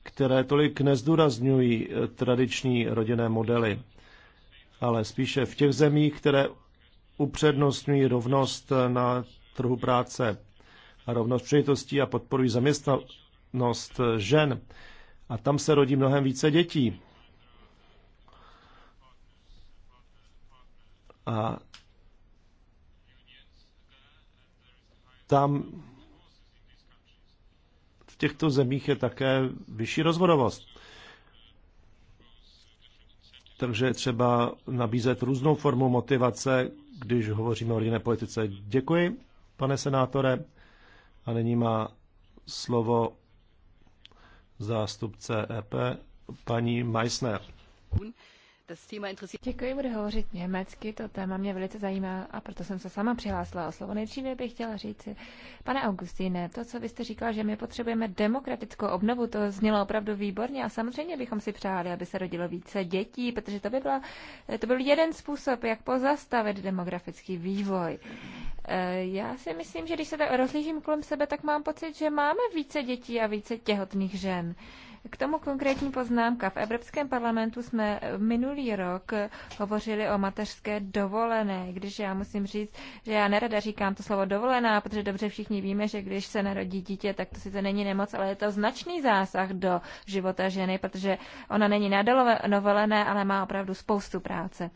které tolik nezdůrazňují tradiční rodinné modely, ale spíše v těch zemích, které upřednostňují rovnost na trhu práce a rovnost přejitostí a podporují zaměstnanost žen. A tam se rodí mnohem více dětí. A tam v těchto zemích je také vyšší rozvodovost. Takže třeba nabízet různou formu motivace, když hovoříme o rodinné politice. Děkuji, pane senátore. A nyní má slovo zástupce EP paní Meissner. Děkuji, budu hovořit německy, to téma mě velice zajímá a proto jsem se sama přihlásila o slovo. Nejdříve bych chtěla říct, pane Augustine, to, co vy jste říkal, že my potřebujeme demokratickou obnovu, to znělo opravdu výborně a samozřejmě bychom si přáli, aby se rodilo více dětí, protože to by, byla, to byl jeden způsob, jak pozastavit demografický vývoj. E, já si myslím, že když se tak rozlížím kolem sebe, tak mám pocit, že máme více dětí a více těhotných žen. K tomu konkrétní poznámka. V Evropském parlamentu jsme minulý rok hovořili o mateřské dovolené, když já musím říct, že já nerada říkám to slovo dovolená, protože dobře všichni víme, že když se narodí dítě, tak to sice není nemoc, ale je to značný zásah do života ženy, protože ona není na ale má opravdu spoustu práce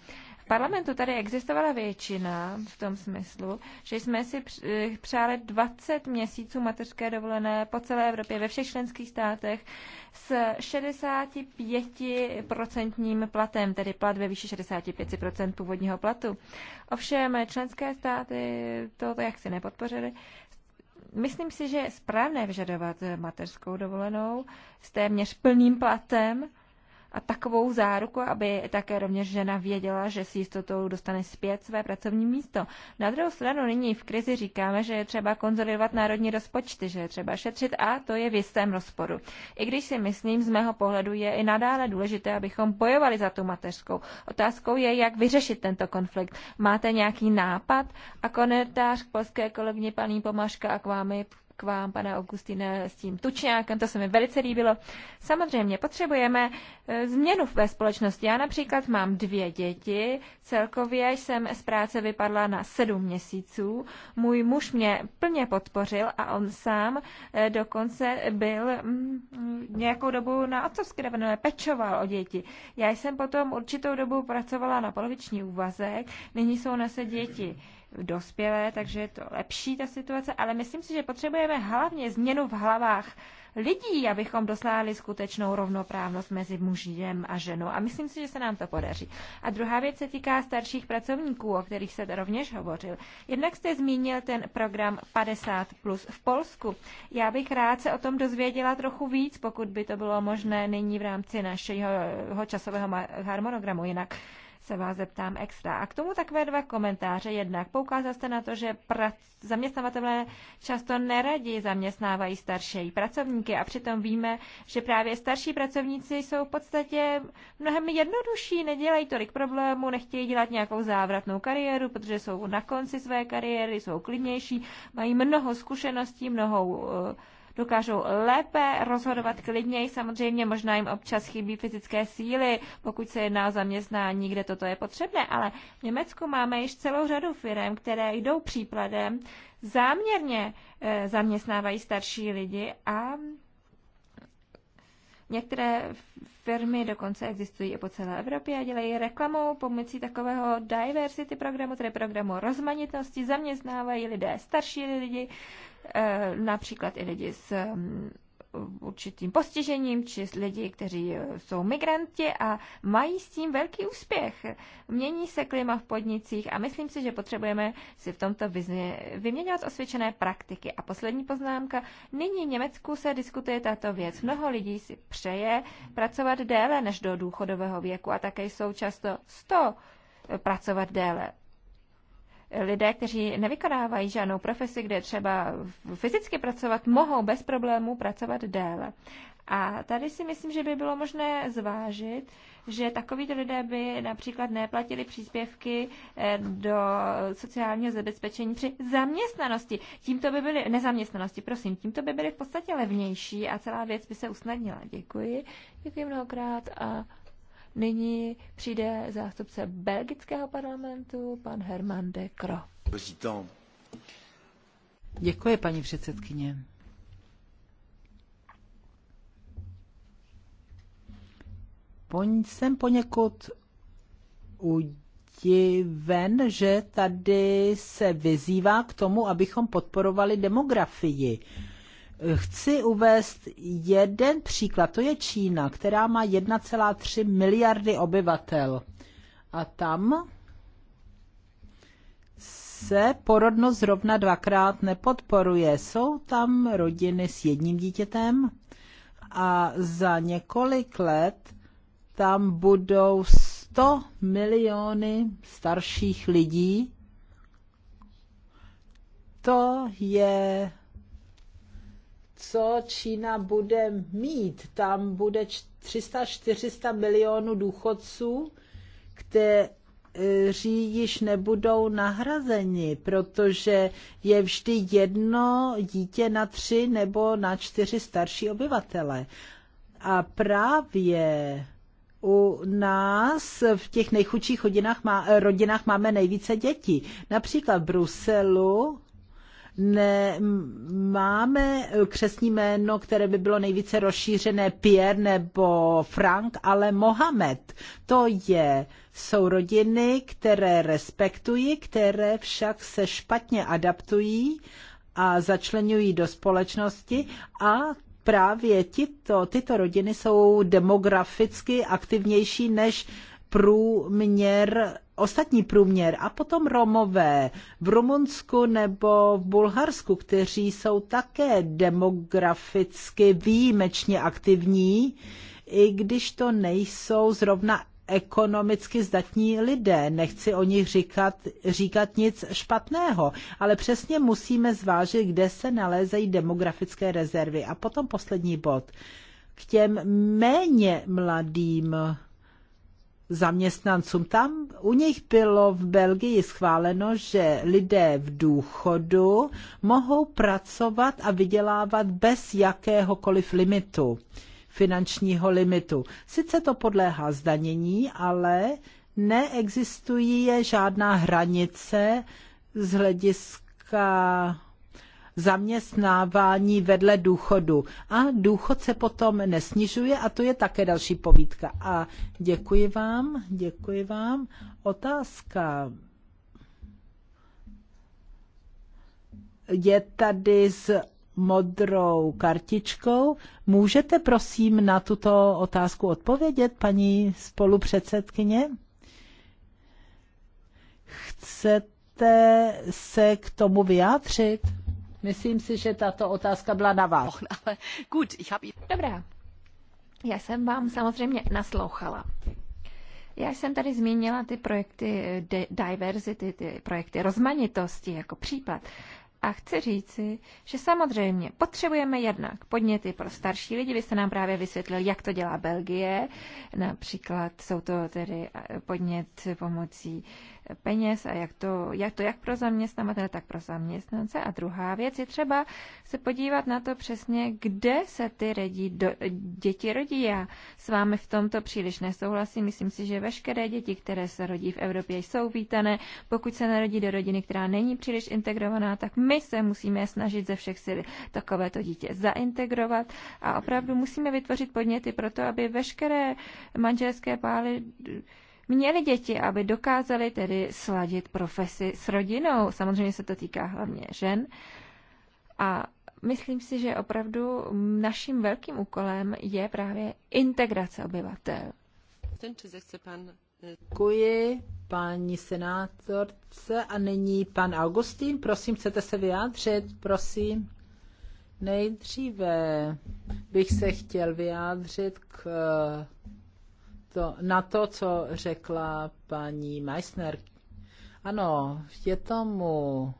parlamentu tady existovala většina v tom smyslu, že jsme si eh, přáli 20 měsíců mateřské dovolené po celé Evropě, ve všech členských státech s 65% platem, tedy plat ve výši 65% původního platu. Ovšem členské státy to, to jaksi nepodpořily. Myslím si, že je správné vyžadovat mateřskou dovolenou s téměř plným platem, a takovou záruku, aby také rovněž žena věděla, že si jistotou dostane zpět své pracovní místo. Na druhou stranu nyní v krizi říkáme, že je třeba konzolidovat národní rozpočty, že je třeba šetřit a to je v jistém rozporu. I když si myslím, z mého pohledu je i nadále důležité, abychom bojovali za tu mateřskou. Otázkou je, jak vyřešit tento konflikt. Máte nějaký nápad? A komentář k polské kolegyni paní Pomaška a k vámi k vám, pana Augustína, s tím tučňákem, to se mi velice líbilo. Samozřejmě potřebujeme e, změnu ve společnosti. Já například mám dvě děti, celkově jsem z práce vypadla na sedm měsíců. Můj muž mě plně podpořil a on sám e, dokonce byl mm, nějakou dobu na otcovské dovolené, pečoval o děti. Já jsem potom určitou dobu pracovala na poloviční úvazek, nyní jsou se děti dospělé, takže je to lepší ta situace, ale myslím si, že potřebujeme hlavně změnu v hlavách lidí, abychom dosáhli skutečnou rovnoprávnost mezi mužem a ženou. A myslím si, že se nám to podaří. A druhá věc se týká starších pracovníků, o kterých se rovněž hovořil. Jednak jste zmínil ten program 50 plus v Polsku. Já bych rád se o tom dozvěděla trochu víc, pokud by to bylo možné nyní v rámci našeho časového harmonogramu. Jinak se vás zeptám extra. A k tomu takové dva komentáře. Jednak poukázal jste na to, že prac... zaměstnavatelé často neradí zaměstnávají starší pracovníky a přitom víme, že právě starší pracovníci jsou v podstatě mnohem jednodušší, nedělají tolik problémů, nechtějí dělat nějakou závratnou kariéru, protože jsou na konci své kariéry, jsou klidnější, mají mnoho zkušeností, mnoho uh, eh, dokážou lépe rozhodovat klidněji. Samozřejmě možná jim občas chybí fyzické síly, pokud se jedná o zaměstnání, kde toto je potřebné, ale v Německu máme již celou řadu firm, které jdou příkladem, záměrně eh, zaměstnávají starší lidi a Některé firmy dokonce existují i po celé Evropě a dělají reklamu pomocí takového diversity programu, tedy programu rozmanitnosti, zaměstnávají lidé, starší lidi, Eh, například i lidi s mm, určitým postižením, či lidi, kteří eh, jsou migranti a mají s tím velký úspěch. Mění se klima v podnicích a myslím si, že potřebujeme si v tomto vyměňovat osvědčené praktiky. A poslední poznámka. Nyní v Německu se diskutuje tato věc. Mnoho lidí si přeje pracovat déle než do důchodového věku a také jsou často 100 eh, pracovat déle lidé, kteří nevykonávají žádnou profesi, kde třeba fyzicky pracovat, mohou bez problémů pracovat déle. A tady si myslím, že by bylo možné zvážit, že takovýto lidé by například neplatili příspěvky eh, do sociálního zabezpečení při zaměstnanosti. Tímto by byly, nezaměstnanosti, prosím, tímto by byly v podstatě levnější a celá věc by se usnadnila. Děkuji. Děkuji mnohokrát a Nyní přijde zástupce belgického parlamentu, pan Herman de Kro. Děkuji, paní předsedkyně. Jsem poněkud udiven, že tady se vyzývá k tomu, abychom podporovali demografii. Hmm Chci uvést jeden příklad, to je Čína, která má 1,3 miliardy obyvatel. A tam se porodnost zrovna dvakrát nepodporuje. Jsou tam rodiny s jedním dítětem a za několik let tam budou 100 miliony starších lidí. To je co Čína bude mít. Tam bude 300-400 milionů důchodců, kteří již nebudou nahrazeni, protože je vždy jedno dítě na tři nebo na čtyři starší obyvatele. A právě u nás v těch nejchudších rodinách, má, rodinách máme nejvíce dětí. Například v Bruselu ne, máme eh, křesní jméno, které by bylo nejvíce rozšířené Pierre nebo Frank, ale Mohamed. To je, jsou rodiny, které respektují, které však se špatně adaptují a začlenují do společnosti a právě tyto, tyto rodiny jsou demograficky aktivnější než průměr ostatní průměr a potom Romové v Rumunsku nebo v Bulharsku, kteří jsou také demograficky výjimečně aktivní, i když to nejsou zrovna ekonomicky zdatní lidé. Nechci o nich říkat, říkat nic špatného, ale přesně musíme zvážit, kde se nalézají demografické rezervy. A potom poslední bod. K těm méně mladým zaměstnancům. Tam u nich bylo v Belgii schváleno, že lidé v důchodu mohou pracovat a vydělávat bez jakéhokoliv limitu, finančního limitu. Sice to podléhá zdanění, ale neexistuje žádná hranice z hlediska zaměstnávání vedle důchodu. A důchod se potom nesnižuje a to je také další povídka. A děkuji vám, děkuji vám. Otázka. Je tady s modrou kartičkou. Můžete prosím na tuto otázku odpovědět, paní spolupředsedkyně? Chcete se k tomu vyjádřit? Myslím si, že tato otázka byla na vás. Dobrá. Já jsem vám samozřejmě naslouchala. Já jsem tady zmínila ty projekty diversity, ty projekty rozmanitosti jako případ. A chci říci, že samozřejmě potřebujeme jednak podněty pro starší lidi. Vy jste nám právě vysvětlil, jak to dělá Belgie. Například jsou to tedy podnět pomocí peněz a jak to, jak to jak pro zaměstnavatele, tak pro zaměstnance. A druhá věc je třeba se podívat na to přesně, kde se ty redí do, děti rodí. Já s vámi v tomto příliš nesouhlasím. Myslím si, že veškeré děti, které se rodí v Evropě, jsou vítané. Pokud se narodí do rodiny, která není příliš integrovaná, tak my se musíme snažit ze všech sil takovéto dítě zaintegrovat a opravdu musíme vytvořit podněty pro to, aby veškeré manželské pály měli děti, aby dokázali tedy sladit profesi s rodinou. Samozřejmě se to týká hlavně žen. A myslím si, že opravdu naším velkým úkolem je právě integrace obyvatel. Děkuji paní senátorce a nyní pan Augustín. Prosím, chcete se vyjádřit? Prosím. Nejdříve bych se chtěl vyjádřit k to, na to, co řekla paní Meissner. Ano, je tomu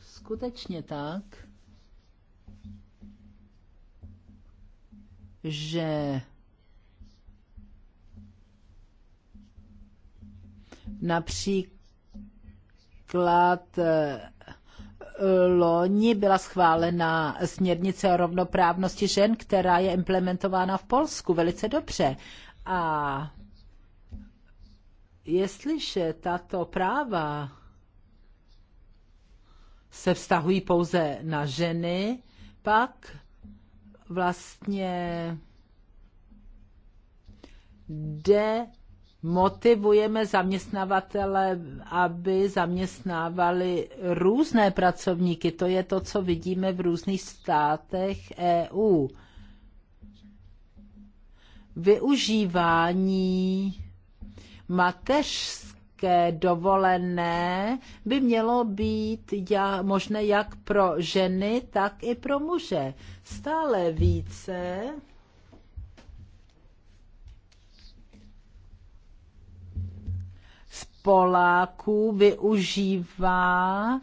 skutečně tak, že například loni byla schválena směrnice o rovnoprávnosti žen, která je implementována v Polsku velice dobře. A jestliže tato práva se vztahují pouze na ženy, pak vlastně jde motivujeme zaměstnavatele, aby zaměstnávali různé pracovníky. To je to, co vidíme v různých státech EU. Využívání mateřské dovolené by mělo být možné jak pro ženy, tak i pro muže. Stále více Poláků využívá e,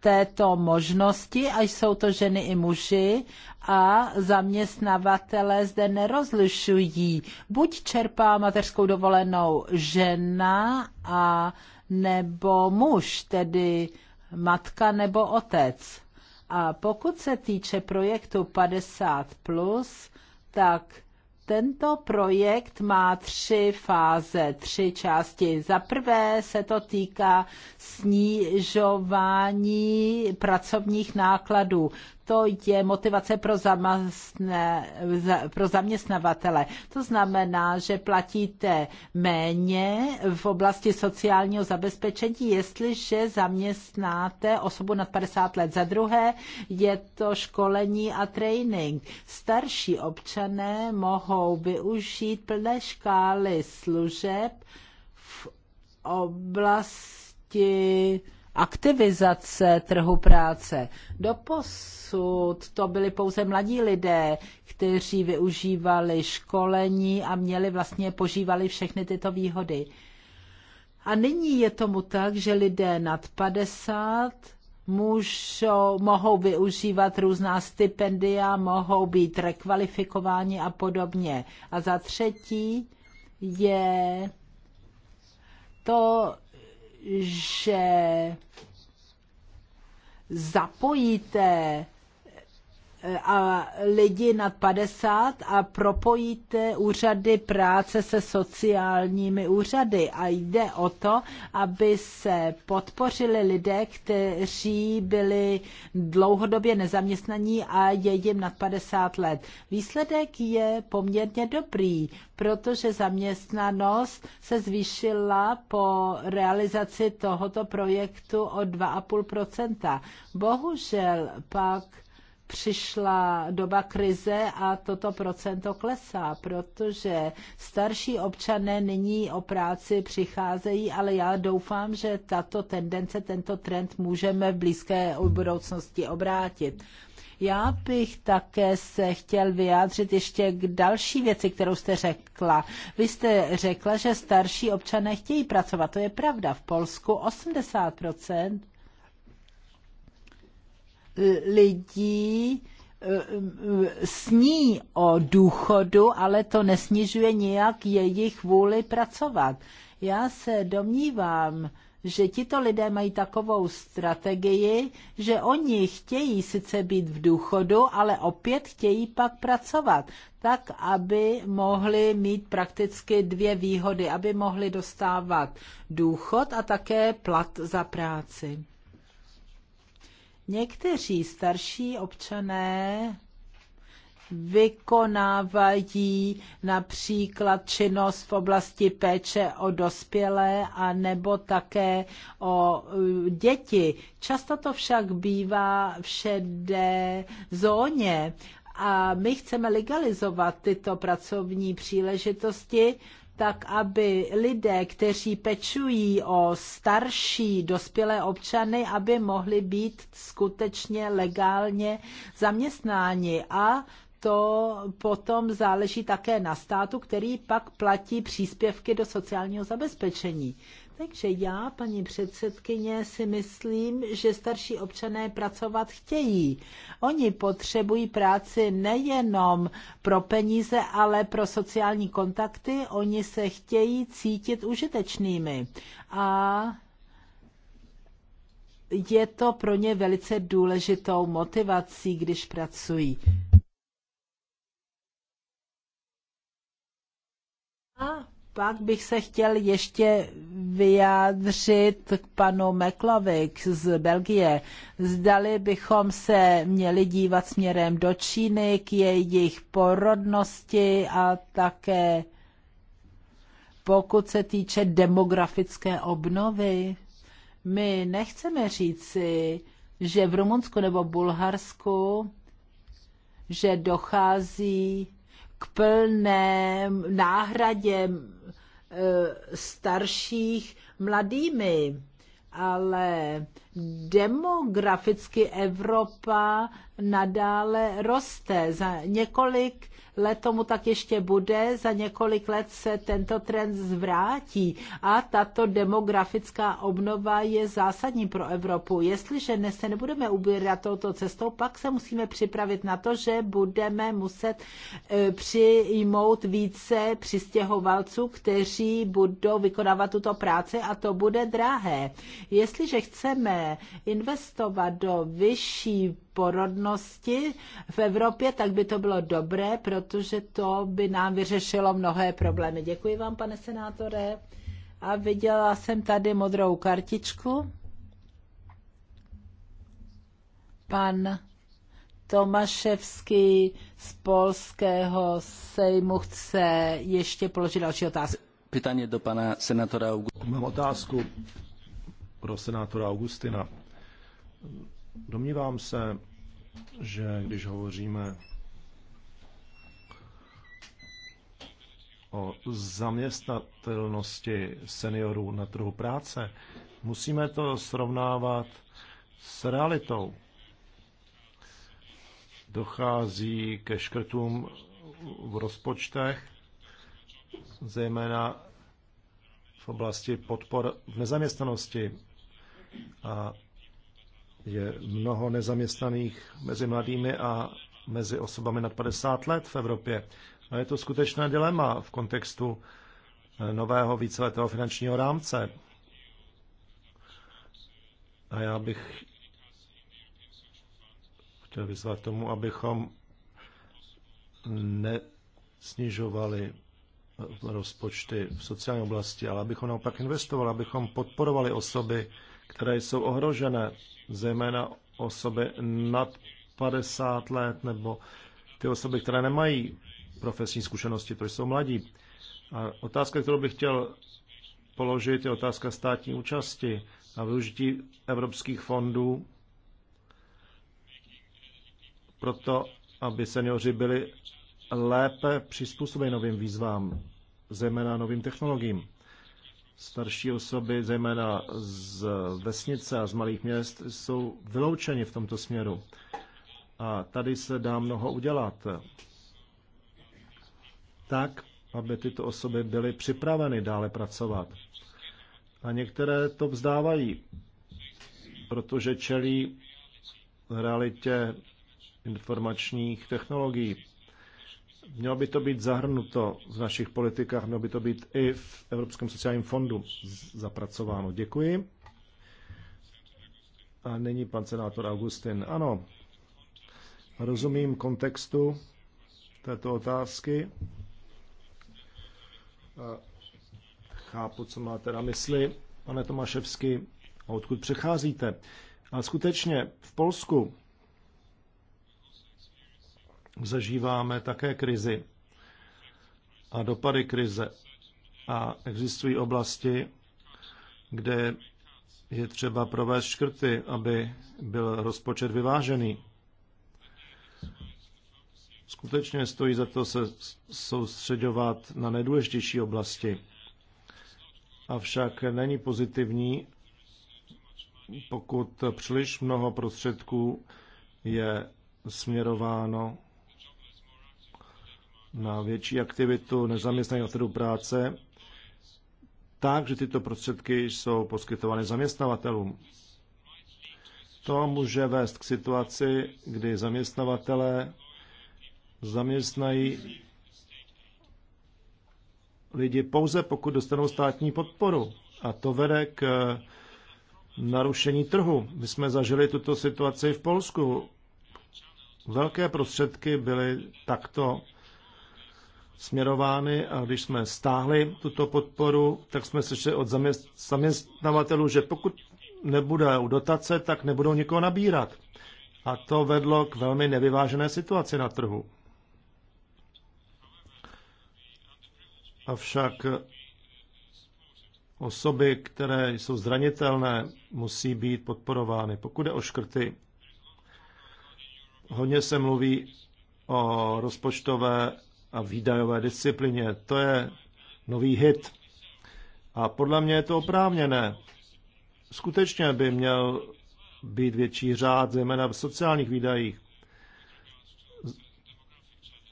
této možnosti, a jsou to ženy i muži, a zaměstnavatele zde nerozlišují. Buď čerpá mateřskou dovolenou žena a nebo muž, tedy matka nebo otec. A pokud se týče projektu 50+, plus, tak tento projekt má tři fáze, tři části. Za prvé se to týká snižování pracovních nákladů to je motivace pro, zamastne, pro zaměstnavatele. To znamená, že platíte méně v oblasti sociálního zabezpečení, jestliže zaměstnáte osobu nad 50 let. Za druhé je to školení a training. Starší občané mohou využít plné škály služeb v oblasti aktivizace trhu práce. Doposud to byli pouze mladí lidé, kteří využívali školení a měli vlastně požívali všechny tyto výhody. A nyní je tomu tak, že lidé nad 50 můžou, mohou využívat různá stipendia, mohou být rekvalifikováni a podobně. A za třetí je to, že zapojíte a lidi nad 50 a propojíte úřady práce se sociálními úřady. A jde o to, aby se podpořili lidé, kteří byli dlouhodobě nezaměstnaní a je jim nad 50 let. Výsledek je poměrně dobrý, protože zaměstnanost se zvýšila po realizaci tohoto projektu o 2,5%. Bohužel pak přišla doba krize a toto procento klesá, protože starší občané nyní o práci přicházejí, ale já doufám, že tato tendence, tento trend můžeme v blízké budoucnosti obrátit. Já bych také se chtěl vyjádřit ještě k další věci, kterou jste řekla. Vy jste řekla, že starší občané chtějí pracovat. To je pravda. V Polsku 80 lidí eh, sní o důchodu, ale to nesnižuje nějak jejich vůli pracovat. Já se domnívám, že tito lidé mají takovou strategii, že oni chtějí sice být v důchodu, ale opět chtějí pak pracovat, tak aby mohli mít prakticky dvě výhody, aby mohli dostávat důchod a také plat za práci. Někteří starší občané vykonávají například činnost v oblasti péče o dospělé a nebo také o e, děti. Často to však bývá v šedé zóně a my chceme legalizovat tyto pracovní příležitosti tak aby lidé, kteří pečují o starší dospělé občany, aby mohli být skutečně legálně zaměstnáni a to potom záleží také na státu, který pak platí příspěvky do sociálního zabezpečení. Takže já, paní předsedkyně, si myslím, že starší občané pracovat chtějí. Oni potřebují práci nejenom pro peníze, ale pro sociální kontakty. Oni se chtějí cítit užitečnými. A je to pro ně velice důležitou motivací, když pracují. A pak bych se chtěl ještě vyjádřit k panu Meklovik z Belgie. Zdali bychom se měli dívat směrem do Číny, k jejich porodnosti a také pokud se týče demografické obnovy. My nechceme říci, že v Rumunsku nebo Bulharsku, že dochází k plné náhradě eh, starších mladými, ale demograficky Evropa nadále roste. Za několik let tomu tak ještě bude, za několik let se tento trend zvrátí a tato demografická obnova je zásadní pro Evropu. Jestliže dnes se nebudeme ubírat touto cestou, pak se musíme připravit na to, že budeme muset e, přijmout více přistěhovalců, kteří budou vykonávat tuto práci a to bude drahé. Jestliže chceme investovat do vyšší porodnosti v Evropě, tak by to bylo dobré, protože to by nám vyřešilo mnohé problémy. Děkuji vám, pane senátore. A viděla jsem tady modrou kartičku. Pan Tomaševský z Polského sejmu chce ještě položit další otázku. Pytanie do pana senátora Mám otázku pro senátora Augustina. Domnívám se, že když hovoříme o zaměstnatelnosti seniorů na trhu práce, musíme to srovnávat s realitou. Dochází ke škrtům v rozpočtech, zejména v oblasti podpor v nezaměstnanosti a je mnoho nezaměstnaných mezi mladými a mezi osobami nad 50 let v Evropě. A je to skutečné dilema v kontextu eh, nového víceletého finančního rámce. A já bych chtěl vyzvat tomu, abychom nesnižovali rozpočty v sociální oblasti, ale abychom naopak investovali, abychom podporovali osoby, které jsou ohrožené, zejména osoby nad 50 let nebo ty osoby, které nemají profesní zkušenosti, to jsou mladí. A otázka, kterou bych chtěl položit, je otázka státní účasti a využití evropských fondů proto, aby seniori byli lépe přizpůsobeni novým výzvám, zejména novým technologiím starší osoby, zejména z vesnice a z malých měst, jsou vyloučeni v tomto směru. A tady se dá mnoho udělat. Tak, aby tyto osoby byly připraveny dále pracovat. A některé to vzdávají, protože čelí realitě informačních technologií. Mělo by to být zahrnuto v našich politikách, mělo by to být i v Evropském sociálním fondu zapracováno. Děkuji. A nyní pan senátor Augustin. Ano, rozumím kontextu této otázky. A chápu, co máte na mysli, pane Tomaševsky, a odkud přecházíte. A skutečně v Polsku zažíváme také krizi a dopady krize. A existují oblasti, kde je třeba provést škrty, aby byl rozpočet vyvážený. Skutečně stojí za to se soustředovat na nejdůležitější oblasti. Avšak není pozitivní, pokud příliš mnoho prostředků je směrováno na větší aktivitu nezaměstnaných na trhu práce, tak, že tyto prostředky jsou poskytovány zaměstnavatelům. To může vést k situaci, kdy zaměstnavatele zaměstnají lidi pouze, pokud dostanou státní podporu. A to vede k narušení trhu. My jsme zažili tuto situaci v Polsku. Velké prostředky byly takto směrovány a když jsme stáhli tuto podporu, tak jsme slyšeli od zaměstnavatelů, že pokud nebudou dotace, tak nebudou nikoho nabírat. A to vedlo k velmi nevyvážené situaci na trhu. Avšak osoby, které jsou zranitelné, musí být podporovány. Pokud je o škrty, hodně se mluví o rozpočtové a výdajové disciplině. To je nový hit. A podle mě je to oprávněné. Skutečně by měl být větší řád, zejména v sociálních výdajích.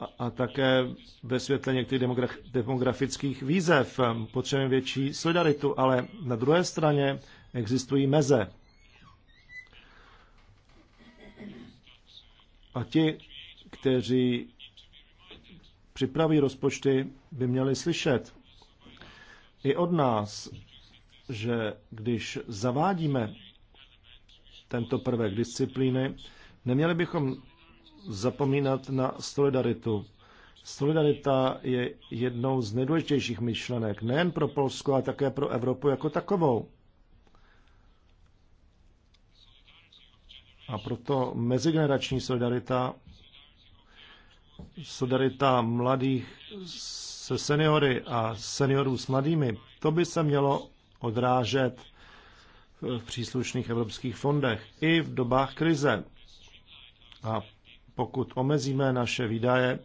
A, a také ve světle některých demografických výzev potřebujeme větší solidaritu, ale na druhé straně existují meze. A ti, kteří připraví rozpočty, by měli slyšet i od nás, že když zavádíme tento prvek disciplíny, neměli bychom zapomínat na solidaritu. Solidarita je jednou z nejdůležitějších myšlenek nejen pro Polsko, ale také pro Evropu jako takovou. A proto mezigenerační solidarita solidarita mladých se seniory a seniorů s mladými, to by se mělo odrážet v příslušných evropských fondech i v dobách krize. A pokud omezíme naše výdaje,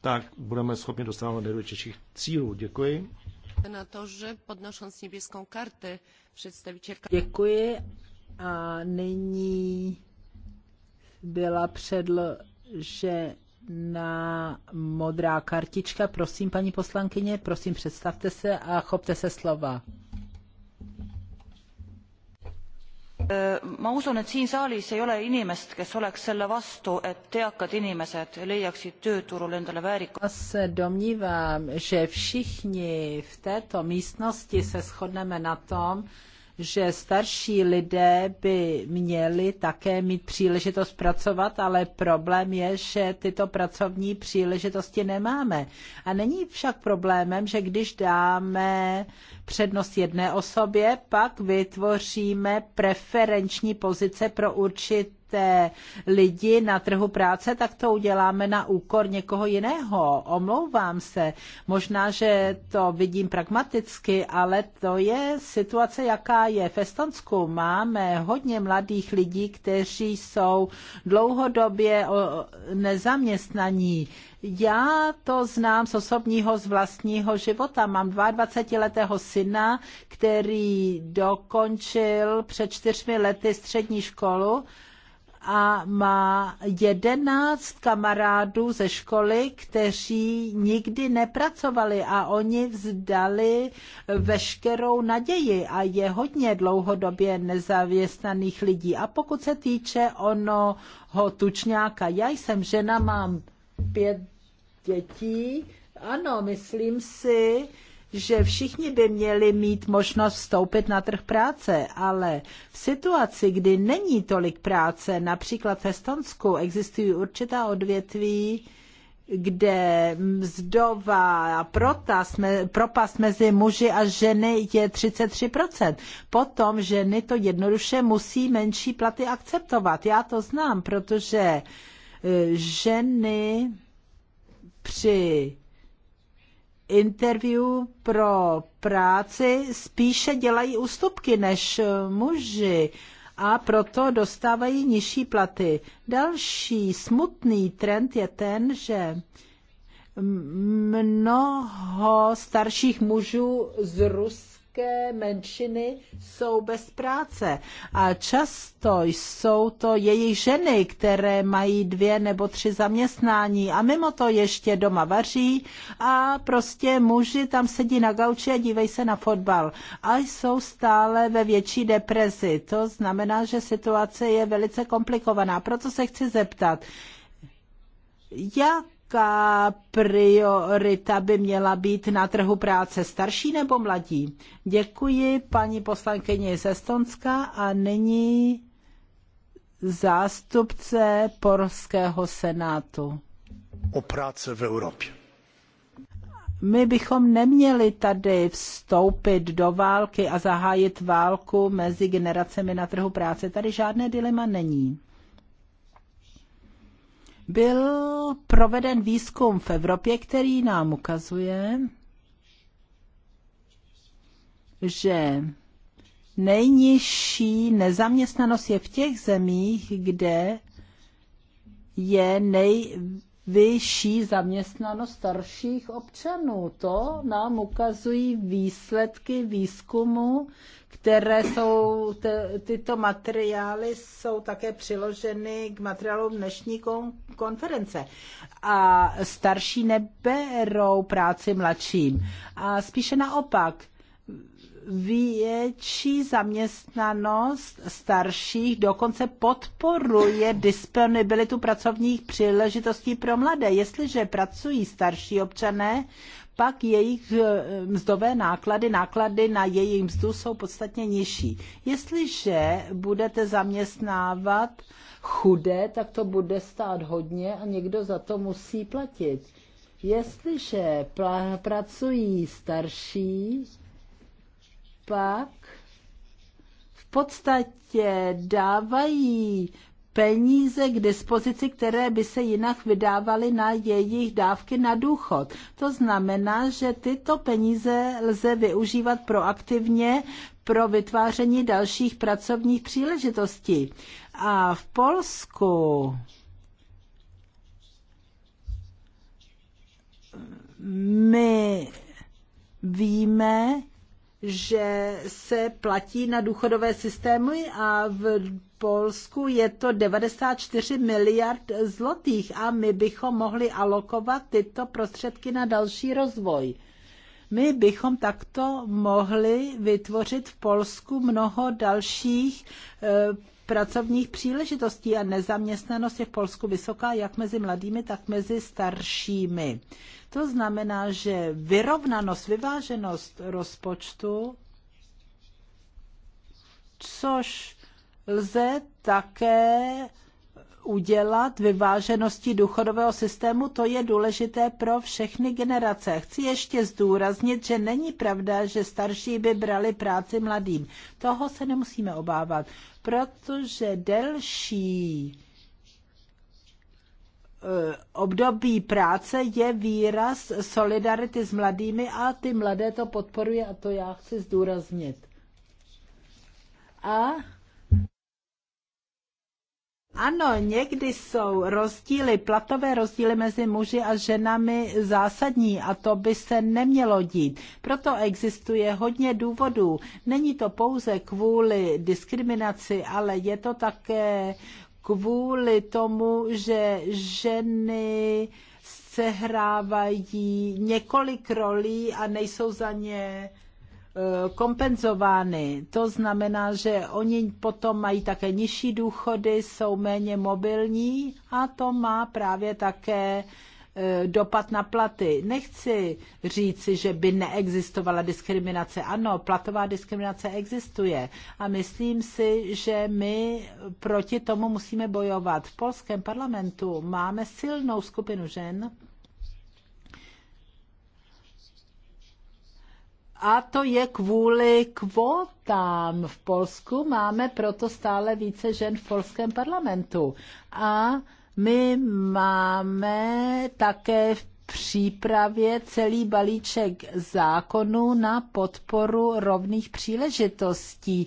tak budeme schopni dosáhnout nejdůležitějších cílů. Děkuji. že podnošąc niebieską kartę, przedstawicielka... Děkuji. A nyní byla předložena že na modrá kartička. Prosím, paní poslankyně, prosím, představte se a chopte se slova. Eh, ma usun, et siin saalis ei ole inimest, kes oleks selle vastu, et teakad inimesed leiaksid tööturul endale väärikult. Já se domnívám, že všichni v této místnosti se shodneme na tom, že starší lidé by měli také mít příležitost pracovat, ale problém je, že tyto pracovní příležitosti nemáme. A není však problémem, že když dáme přednost jedné osobě, pak vytvoříme preferenční pozice pro určit té lidi na trhu práce, tak to uděláme na úkor někoho jiného. Omlouvám se. Možná, že to vidím pragmaticky, ale to je situace, jaká je. V Estonsku máme hodně mladých lidí, kteří jsou dlouhodobě nezaměstnaní. Já to znám z osobního, z vlastního života. Mám 22-letého syna, který dokončil před čtyřmi lety střední školu a má jedenáct kamarádů ze školy, kteří nikdy nepracovali a oni vzdali veškerou naději a je hodně dlouhodobě nezavěstnaných lidí. A pokud se týče onoho tučňáka, já jsem žena, mám pět dětí, ano, myslím si, že všichni by měli mít možnost vstoupit na trh práce, ale v situaci, kdy není tolik práce, například v Estonsku existují určitá odvětví, kde mzdová protas, propast mezi muži a ženy je 33%. Potom ženy to jednoduše musí menší platy akceptovat. Já to znám, protože eh, ženy při interview pro práci spíše dělají ústupky než muži a proto dostávají nižší platy. Další smutný trend je ten, že mnoho starších mužů z Ruska romské menšiny jsou bez práce a často jsou to jejich ženy, které mají dvě nebo tři zaměstnání a mimo to ještě doma vaří a prostě muži tam sedí na gauči a dívají se na fotbal a jsou stále ve větší depresi. To znamená, že situace je velice komplikovaná. Proto se chci zeptat, jak jaká priorita by měla být na trhu práce, starší nebo mladí? Děkuji paní poslankyně z Estonska a nyní zástupce Polského senátu. O práce v Evropě. My bychom neměli tady vstoupit do války a zahájit válku mezi generacemi na trhu práce. Tady žádné dilema není byl proveden výzkum v Evropě, který nám ukazuje, že nejnižší nezaměstnanost je v těch zemích, kde je nejvyšší zaměstnanost starších občanů. To nám ukazují výsledky výzkumu, které jsou, tyto materiály jsou také přiloženy k materiálům dnešní kon, konference. A starší neberou práci mladším. A spíše naopak, větší zaměstnanost starších dokonce podporuje disponibilitu pracovních příležitostí pro mladé. Jestliže pracují starší občané, pak jejich eh, mzdové náklady, náklady na jejich mzdu jsou podstatně nižší. Jestliže budete zaměstnávat chudé, tak to bude stát hodně a někdo za to musí platit. Jestliže pracují starší, pak v podstatě dávají peníze k dispozici, které by se jinak vydávaly na jejich dávky na důchod. To znamená, že tyto peníze lze využívat proaktivně pro vytváření dalších pracovních příležitostí. A v Polsku my víme, že se platí na důchodové systémy a v Polsku je to 94 miliard zlotých a my bychom mohli alokovat tyto prostředky na další rozvoj. My bychom takto mohli vytvořit v Polsku mnoho dalších e, pracovních příležitostí a nezaměstnanost je v Polsku vysoká jak mezi mladými, tak mezi staršími. To znamená, že vyrovnanost, vyváženost rozpočtu, což lze také udělat vyvážeností důchodového systému, to je důležité pro všechny generace. Chci ještě zdůraznit, že není pravda, že starší by brali práci mladým. Toho se nemusíme obávat, protože delší Eh, období práce je výraz solidarity s mladými a ty mladé to podporují a to já chci zdůraznit. A ano, někdy jsou rozdíly, platové rozdíly mezi muži a ženami zásadní a to by se nemělo dít. Proto existuje hodně důvodů. Není to pouze kvůli diskriminaci, ale je to také kvůli tomu, že ženy sehrávají několik rolí a nejsou za ně eh, kompenzovány. To znamená, že oni potom mají také nižší důchody, jsou méně mobilní a to má právě také Eh, dopad na platy. Nechci říci, že by neexistovala diskriminace. Ano, platová diskriminace existuje a myslím si, že my proti tomu musíme bojovat. V polském parlamentu máme silnou skupinu žen, A to je kvůli kvótám v Polsku. Máme proto stále více žen v polském parlamentu. A my máme také v přípravě celý balíček zákonů na podporu rovných příležitostí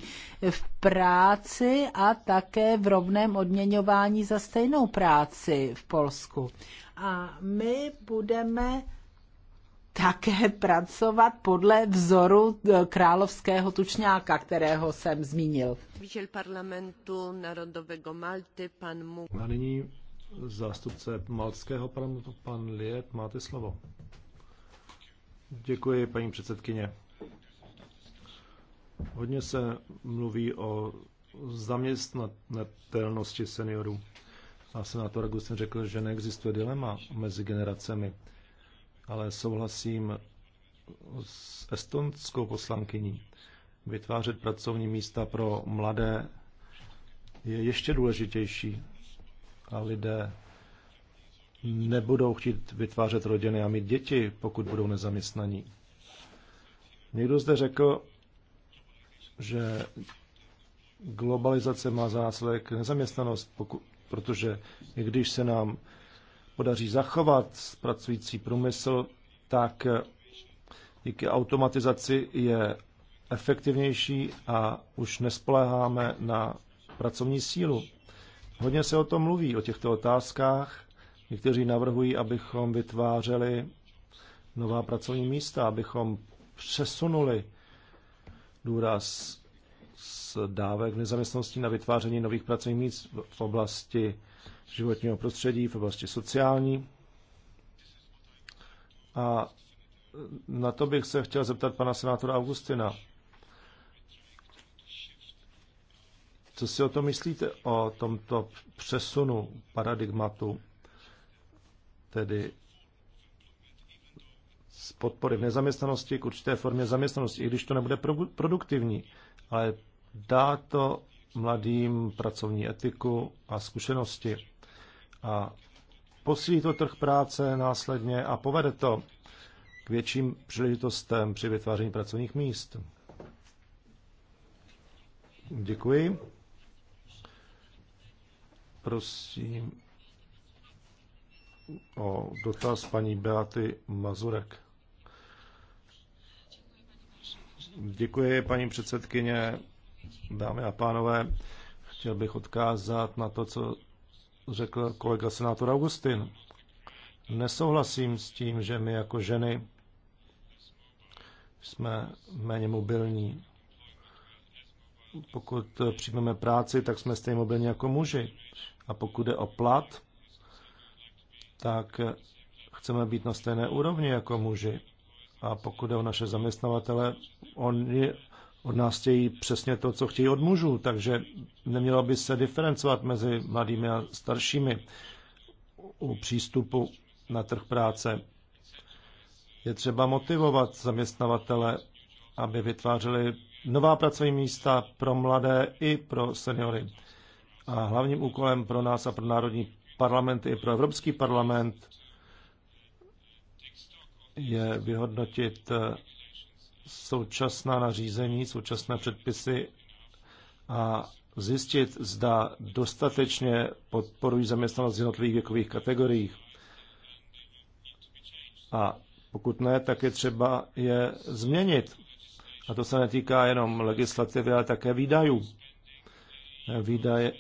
v práci a také v rovném odměňování za stejnou práci v Polsku. A my budeme také pracovat podle vzoru eh, královského tučňáka, kterého jsem zmínil. Viděl parlamentu Národového Malty, pan Mu. A nyní zástupce Malckého, pan, pan Liet, máte slovo. Děkuji, paní předsedkyně. Hodně se mluví o zaměstnatelnosti seniorů. A senátor Augustin řekl, že neexistuje dilema mezi generacemi, ale souhlasím s estonskou poslankyní. Vytvářet pracovní místa pro mladé je ještě důležitější a lidé nebudou chtít vytvářet rodiny a mít děti, pokud budou nezaměstnaní. Někdo zde řekl, že globalizace má za následek nezaměstnanost, pokud, protože i když se nám podaří zachovat pracující průmysl, tak díky automatizaci je efektivnější a už nespoléháme na pracovní sílu. Hodně se o tom mluví, o těchto otázkách. Někteří navrhují, abychom vytvářeli nová pracovní místa, abychom přesunuli důraz z dávek nezaměstnanosti nezaměstnosti na vytváření nových pracovních míst v oblasti životního prostředí, v oblasti sociální. A na to bych se chtěl zeptat pana senátora Augustina. Co si o to myslíte, o tomto přesunu paradigmatu, tedy z podpory v nezaměstnanosti k určité formě zaměstnanosti, i když to nebude produktivní, ale dá to mladým pracovní etiku a zkušenosti. A posílí to trh práce následně a povede to k větším příležitostem při vytváření pracovních míst. Děkuji prosím o dotaz paní Beaty Mazurek. Děkuji, paní předsedkyně, dámy a pánové. Chtěl bych odkázat na to, co řekl kolega senátor Augustin. Nesouhlasím s tím, že my jako ženy jsme méně mobilní pokud eh, přijmeme práci, tak jsme stejně mobilní jako muži. A pokud jde o plat, tak eh, chceme být na stejné úrovni jako muži. A pokud jde o naše zaměstnavatele, oni od nás chtějí přesně to, co chtějí od mužů, takže nemělo by se diferencovat mezi mladými a staršími u přístupu na trh práce. Je třeba motivovat zaměstnavatele, aby vytvářeli nová pracovní místa pro mladé i pro seniory. A hlavním úkolem pro nás a pro národní parlamenty i pro Evropský parlament je vyhodnotit eh, současná nařízení, současné předpisy a zjistit, zda dostatečně podporují zaměstnanost v jednotlivých věkových kategoriích. A pokud ne, tak je třeba je změnit a to se netýká jenom legislativy, ale také výdajů. Výdaje,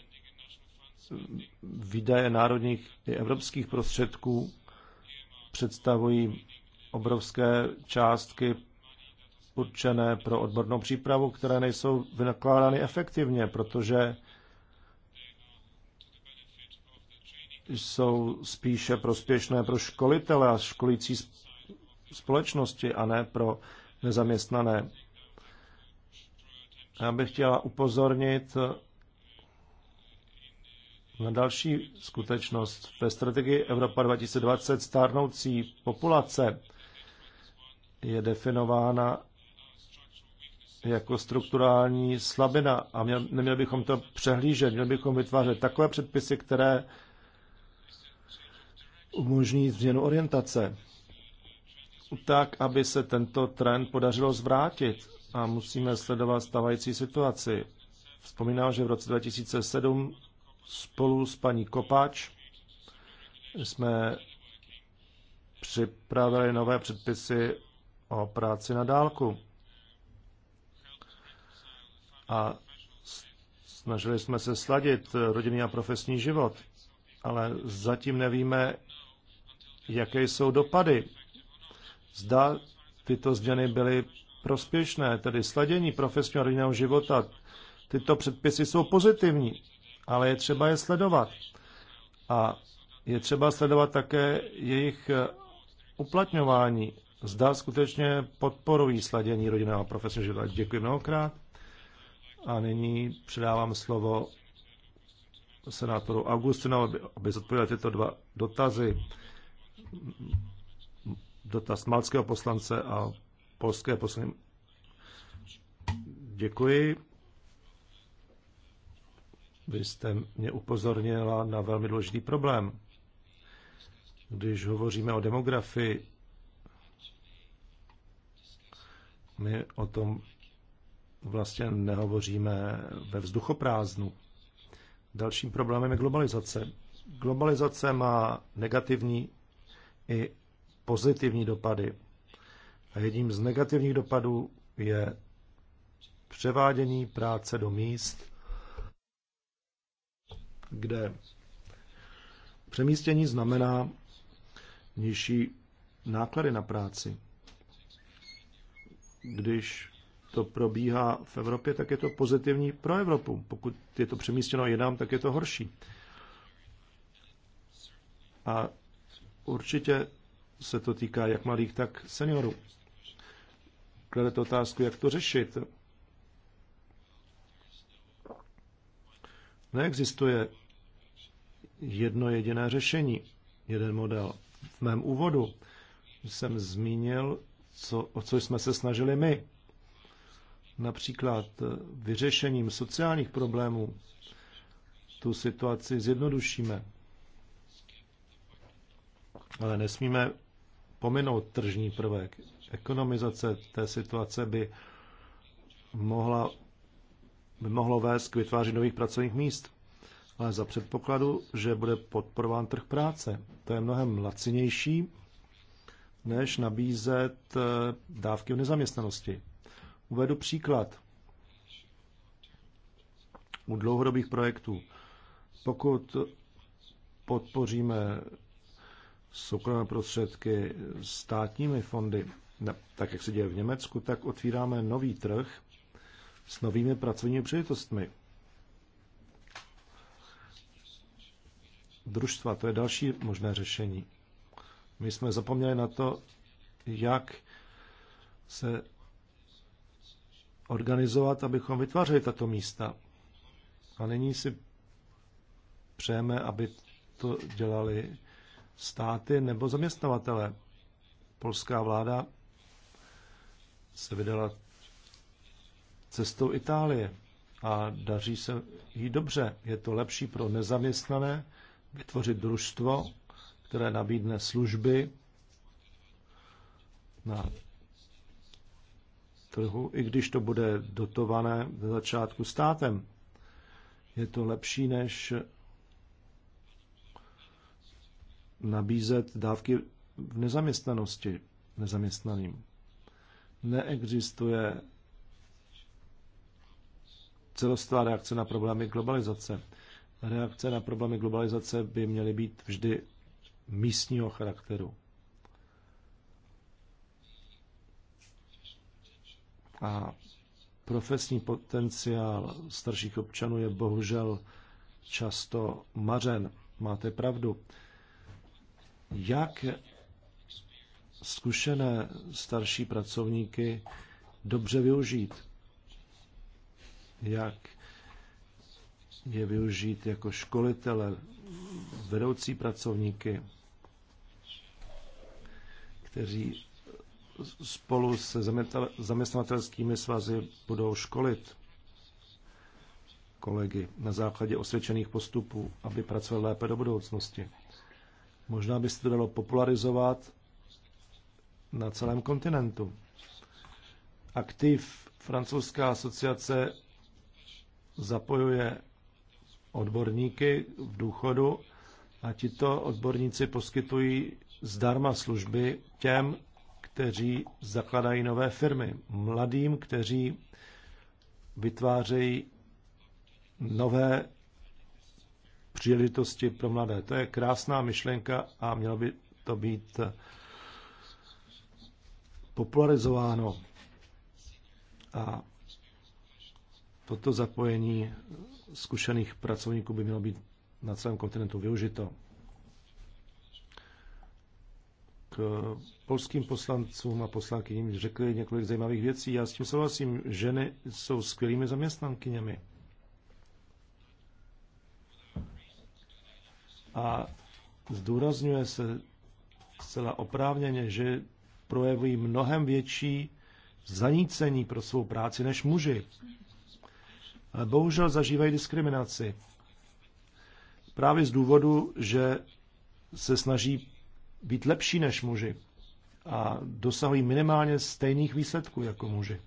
výdaje národních i evropských prostředků představují obrovské částky určené pro odbornou přípravu, které nejsou vynakládány efektivně, protože jsou spíše prospěšné pro školitele a školící společnosti a ne pro nezaměstnané já bych chtěla upozornit na další skutečnost. Ve strategii Evropa 2020 stárnoucí populace je definována jako strukturální slabina a měl, neměli bychom to přehlížet, měli bychom vytvářet takové předpisy, které umožní změnu orientace, tak, aby se tento trend podařilo zvrátit a musíme sledovat stávající situaci. Vzpomínám, že v roce 2007 spolu s paní Kopáč jsme připravili nové předpisy o práci na dálku. A snažili jsme se sladit rodinný a profesní život, ale zatím nevíme, jaké jsou dopady. Zda tyto změny byly prospěšné, tedy sladění profesního a rodinného života. Tyto předpisy jsou pozitivní, ale je třeba je sledovat. A je třeba sledovat také jejich eh, uplatňování. Zda skutečně podporují sladění rodinného a profesního života. Děkuji mnohokrát. A nyní předávám slovo senátoru Augustinovi, aby, aby zodpověděl tyto dva dotazy. Dotaz malckého poslance a polské poslední. Děkuji. Vy jste mě upozornila na velmi důležitý problém. Když hovoříme o demografii, my o tom vlastně nehovoříme ve vzduchoprázdnu. Dalším problémem je globalizace. Globalizace má negativní i pozitivní dopady a jedním z negativních dopadů je převádění práce do míst, kde přemístění znamená nižší náklady na práci. Když to probíhá v Evropě, tak je to pozitivní pro Evropu. Pokud je to přemístěno jinam, tak je to horší. A určitě se to týká jak malých, tak seniorů kladete otázku, jak to řešit. Neexistuje jedno jediné řešení, jeden model. V mém úvodu jsem zmínil, co, o co jsme se snažili my. Například vyřešením sociálních problémů tu situaci zjednodušíme. Ale nesmíme pominout tržní prvek ekonomizace té situace by, mohla, by mohlo vést k vytváření nových pracovních míst, ale za předpokladu, že bude podporován trh práce. To je mnohem lacinější, než nabízet eh, dávky v nezaměstnanosti. Uvedu příklad. U dlouhodobých projektů, pokud podpoříme soukromé prostředky státními fondy, tak jak se děje v Německu, tak otvíráme nový trh s novými pracovními příležitostmi. Družstva, to je další možné řešení. My jsme zapomněli na to, jak se organizovat, abychom vytvářeli tato místa. A nyní si přejeme, aby to dělali státy nebo zaměstnavatele. Polská vláda se vydala cestou Itálie a daří se jí dobře. Je to lepší pro nezaměstnané vytvořit družstvo, které nabídne služby na trhu, i když to bude dotované ze začátku státem. Je to lepší, než nabízet dávky v nezaměstnanosti nezaměstnaným neexistuje celostová reakce na problémy globalizace. Reakce na problémy globalizace by měly být vždy místního charakteru. A profesní potenciál starších občanů je bohužel často mařen. Máte pravdu. Jak zkušené starší pracovníky dobře využít. Jak je využít jako školitele, vedoucí pracovníky, kteří spolu se zaměstnavatelskými svazy budou školit kolegy na základě osvědčených postupů, aby pracovali lépe do budoucnosti. Možná by se to dalo popularizovat na celém kontinentu. Aktiv francouzská asociace zapojuje odborníky v důchodu a tito odborníci poskytují zdarma služby těm, kteří zakladají nové firmy, mladým, kteří vytvářejí nové příležitosti pro mladé. To je krásná myšlenka a mělo by to být popularizováno. A toto zapojení zkušených pracovníků by mělo být na celém kontinentu využito. K polským poslancům a poslankyním řekli několik zajímavých věcí. Já s tím souhlasím. Ženy jsou skvělými zaměstnankyněmi. A zdůrazňuje se zcela oprávněně, že projevují mnohem větší zanícení pro svou práci než muži. Ale bohužel zažívají diskriminaci. Právě z důvodu, že se snaží být lepší než muži a dosahují minimálně stejných výsledků jako muži.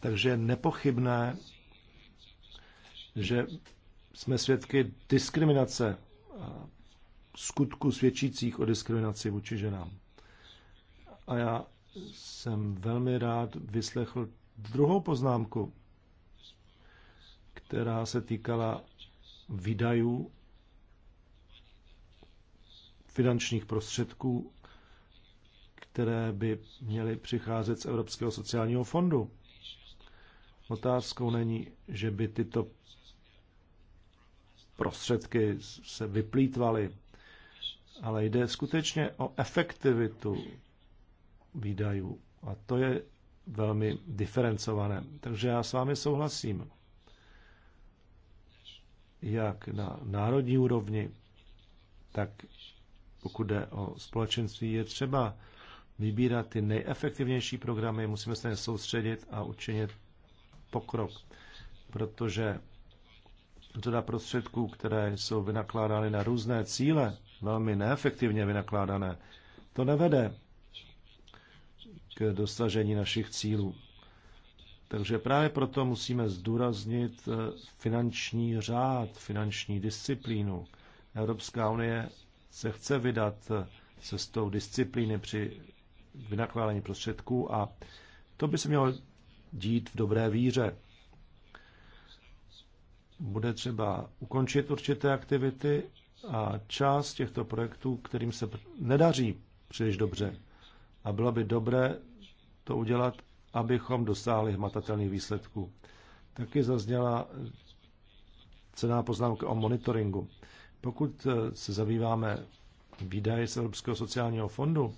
Takže je nepochybné, že jsme svědky diskriminace, skutku svědčících o diskriminaci vůči ženám. A já jsem velmi rád vyslechl druhou poznámku, která se týkala výdajů finančních prostředků, které by měly přicházet z Evropského sociálního fondu. Otázkou není, že by tyto prostředky se vyplýtvaly, ale jde skutečně o efektivitu výdajů. A to je velmi diferencované. Takže já s vámi souhlasím. Jak na národní úrovni, tak pokud jde o společenství, je třeba vybírat ty nejefektivnější programy, musíme se soustředit a učinit pokrok, protože řada prostředků, které jsou vynakládány na různé cíle, velmi neefektivně vynakládané, to nevede k dosažení našich cílů. Takže právě proto musíme zdůraznit eh, finanční řád, finanční disciplínu. Evropská unie se chce vydat eh, cestou disciplíny při vynakládání prostředků a to by se mělo dít v dobré víře. Bude třeba ukončit určité aktivity a část těchto projektů, kterým se nedaří příliš dobře. A bylo by dobré to udělat, abychom dosáhli hmatatelných výsledků. Taky zazněla cená poznámka o monitoringu. Pokud eh, se zabýváme výdaje z Evropského sociálního fondu,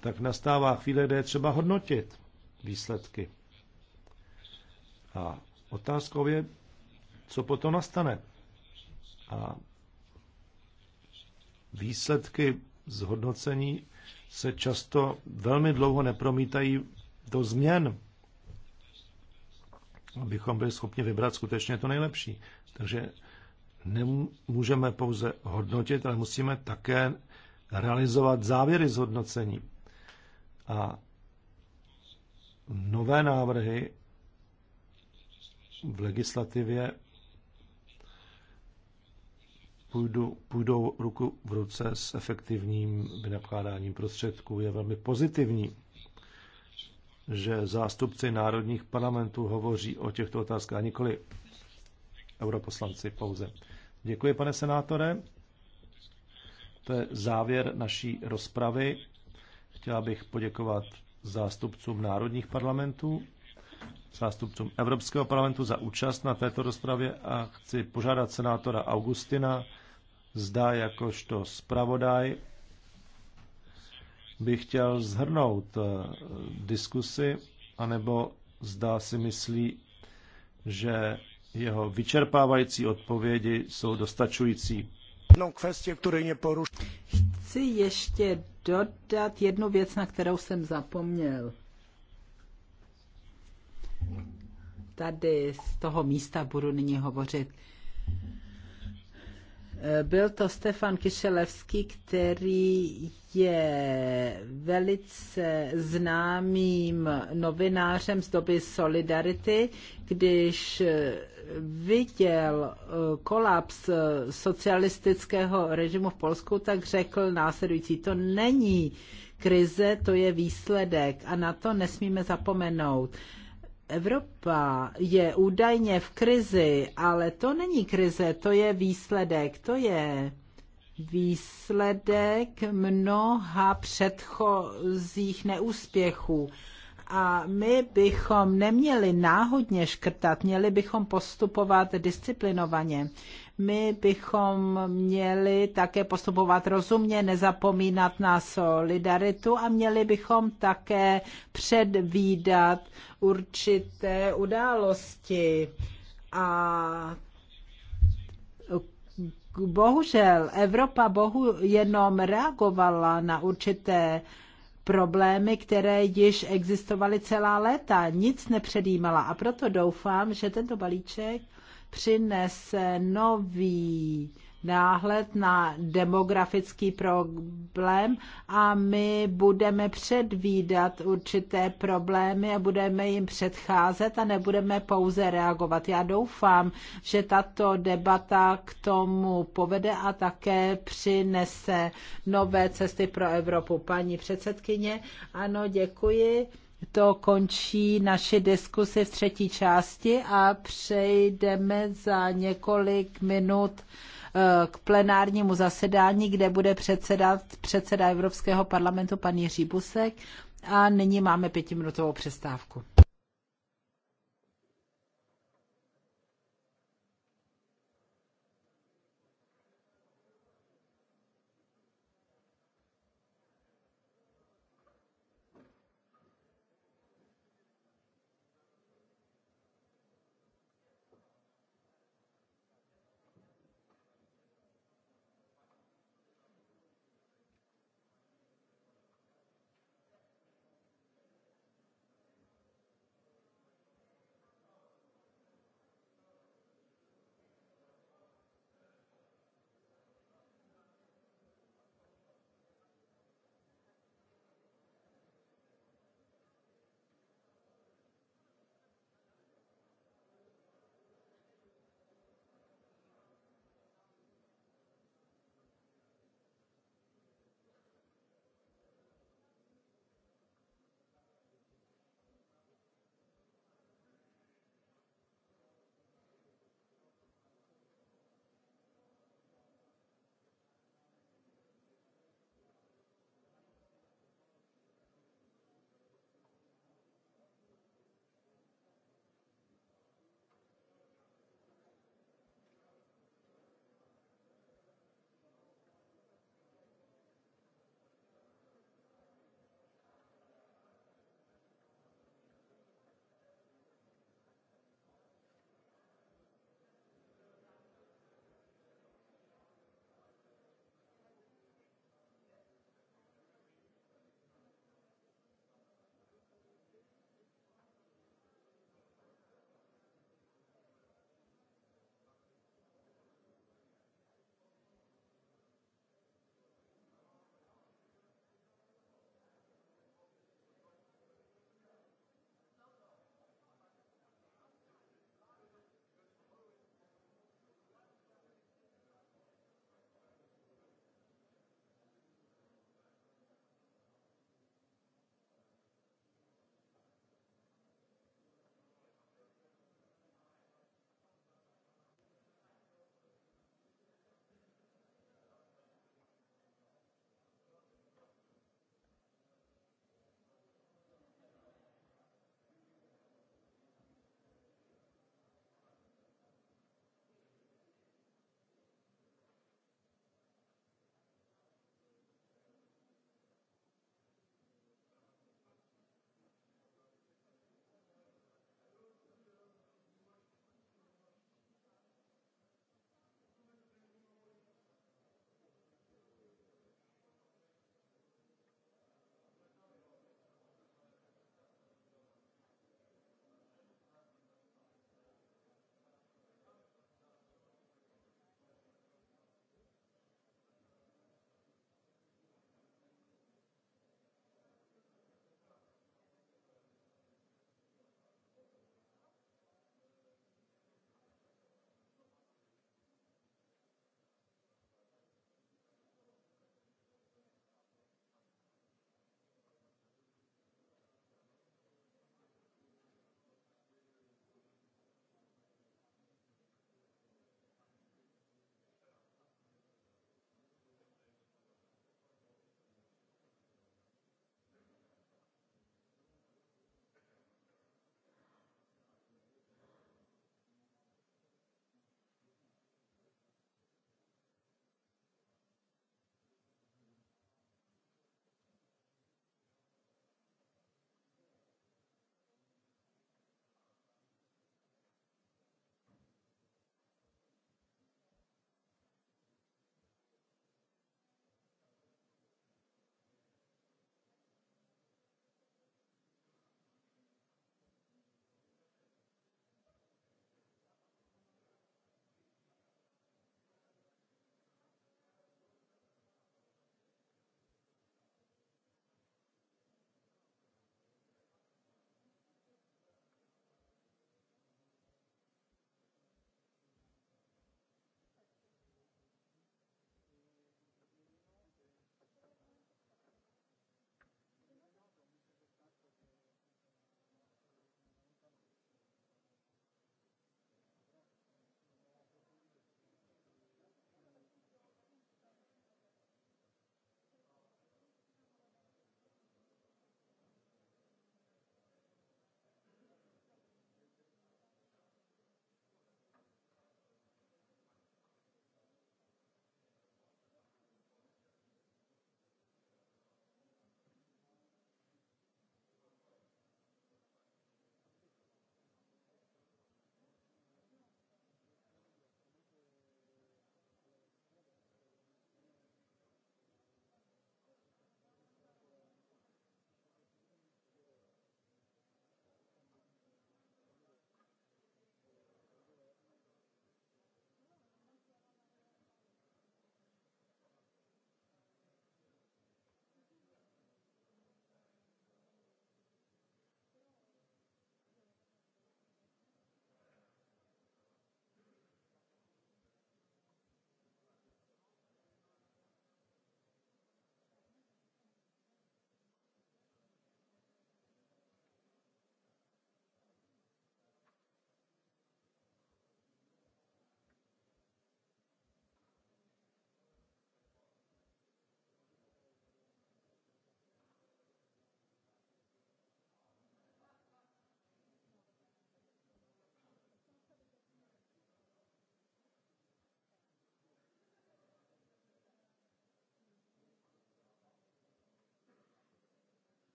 tak nastává chvíle, kde je třeba hodnotit výsledky. A otázkou je, co potom nastane. A výsledky zhodnocení se často velmi dlouho nepromítají do změn, abychom byli schopni vybrat skutečně to nejlepší. Takže nemůžeme pouze hodnotit, ale musíme také realizovat závěry z hodnocení. A nové návrhy v legislativě půjdu, půjdou ruku v ruce s efektivním vynakládáním prostředků. Je velmi pozitivní, že zástupci národních parlamentů hovoří o těchto otázkách, a nikoli europoslanci pouze. Děkuji, pane senátore. To je závěr naší rozpravy. Chtěla bych poděkovat zástupcům národních parlamentů, zástupcům Evropského parlamentu za účast na této rozpravě a chci požádat senátora Augustina, zda jakožto zpravodaj bych chtěl zhrnout eh, diskusy, anebo zda si myslí, že jeho vyčerpávající odpovědi jsou dostačující. Chci ještě dodat jednu věc, na kterou jsem zapomněl. Tady z toho místa budu nyní hovořit. Byl to Stefan Kiselevský, který je velice známým novinářem z doby Solidarity. Když viděl eh, kolaps eh, socialistického režimu v Polsku, tak řekl následující, to není krize, to je výsledek a na to nesmíme zapomenout. Evropa je údajně v krizi, ale to není krize, to je výsledek, to je výsledek mnoha předchozích neúspěchů. A my bychom neměli náhodně škrtat, měli bychom postupovat disciplinovaně. My bychom měli také postupovat rozumně, nezapomínat na solidaritu a měli bychom také předvídat určité události. A bohužel Evropa bohu jenom reagovala na určité problémy, které již existovaly celá léta, nic nepředjímala. A proto doufám, že tento balíček přinese nový náhled na demografický problém a my budeme předvídat určité problémy a budeme jim předcházet a nebudeme pouze reagovat. Já doufám, že tato debata k tomu povede a také přinese nové cesty pro Evropu. Paní předsedkyně, ano, děkuji to končí naše diskuse v třetí části a přejdeme za několik minut eh, k plenárnímu zasedání, kde bude předsedat předseda Evropského parlamentu pan Jiří Busek. A nyní máme pětiminutovou přestávku.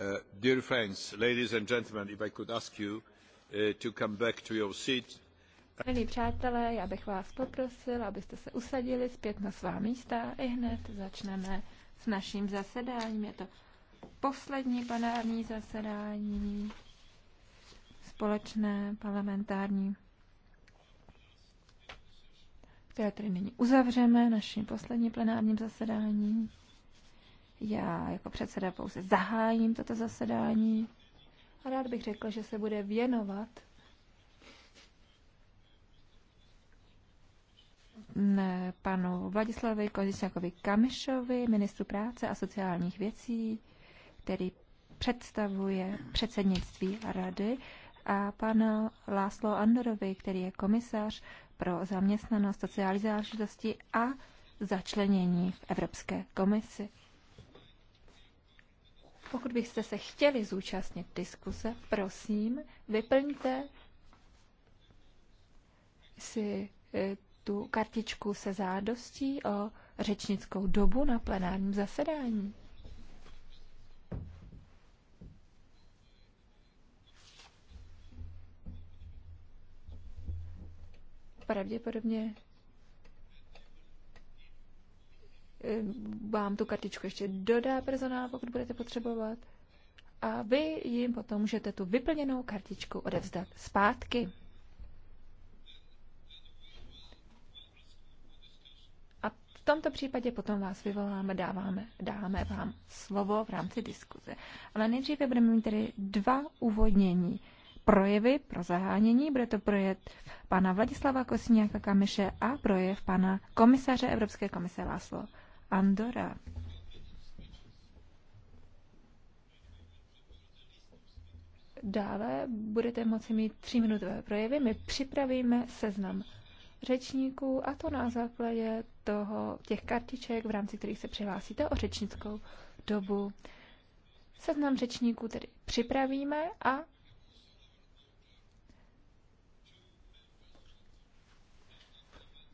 Uh, dear friends, ladies and gentlemen, if I could ask you uh, to come back to your seats Milí přátelé, já bych vás poprosil, abyste se usadili zpět na svá místa. I hned začneme s naším zasedáním. Je to poslední plenární zasedání společné parlamentární, které tedy nyní uzavřeme naším posledním plenárním zasedáním. Já jako předseda pouze zahájím toto zasedání a rád bych řekl, že se bude věnovat panu Vladislavovi Kozičňakovi Kamišovi, ministru práce a sociálních věcí, který představuje předsednictví rady, a pana Láslo Andorovi, který je komisař pro zaměstnanost, sociální záležitosti a začlenění v Evropské komisi. Pokud byste se chtěli zúčastnit diskuse, prosím, vyplňte si eh, tu kartičku se zádostí o řečnickou dobu na plenárním zasedání. Pravděpodobně Eh, vám tu kartičku ještě dodá personál, pokud budete potřebovat. A vy jim potom můžete tu vyplněnou kartičku odevzdat zpátky. A v tomto případě potom vás vyvoláme, dáváme, dáme vám slovo v rámci diskuze. Ale nejdříve budeme mít tedy dva uvodnění projevy pro zahánění. Bude to projev pana Vladislava Kosiňáka Kamiše a projev pana komisaře Evropské komise Láslo Andora. Dále budete moci mít tříminutové projevy. My připravíme seznam řečníků a to na základě toho, těch kartiček, v rámci kterých se přihlásíte o řečnickou dobu. Seznam řečníků tedy připravíme a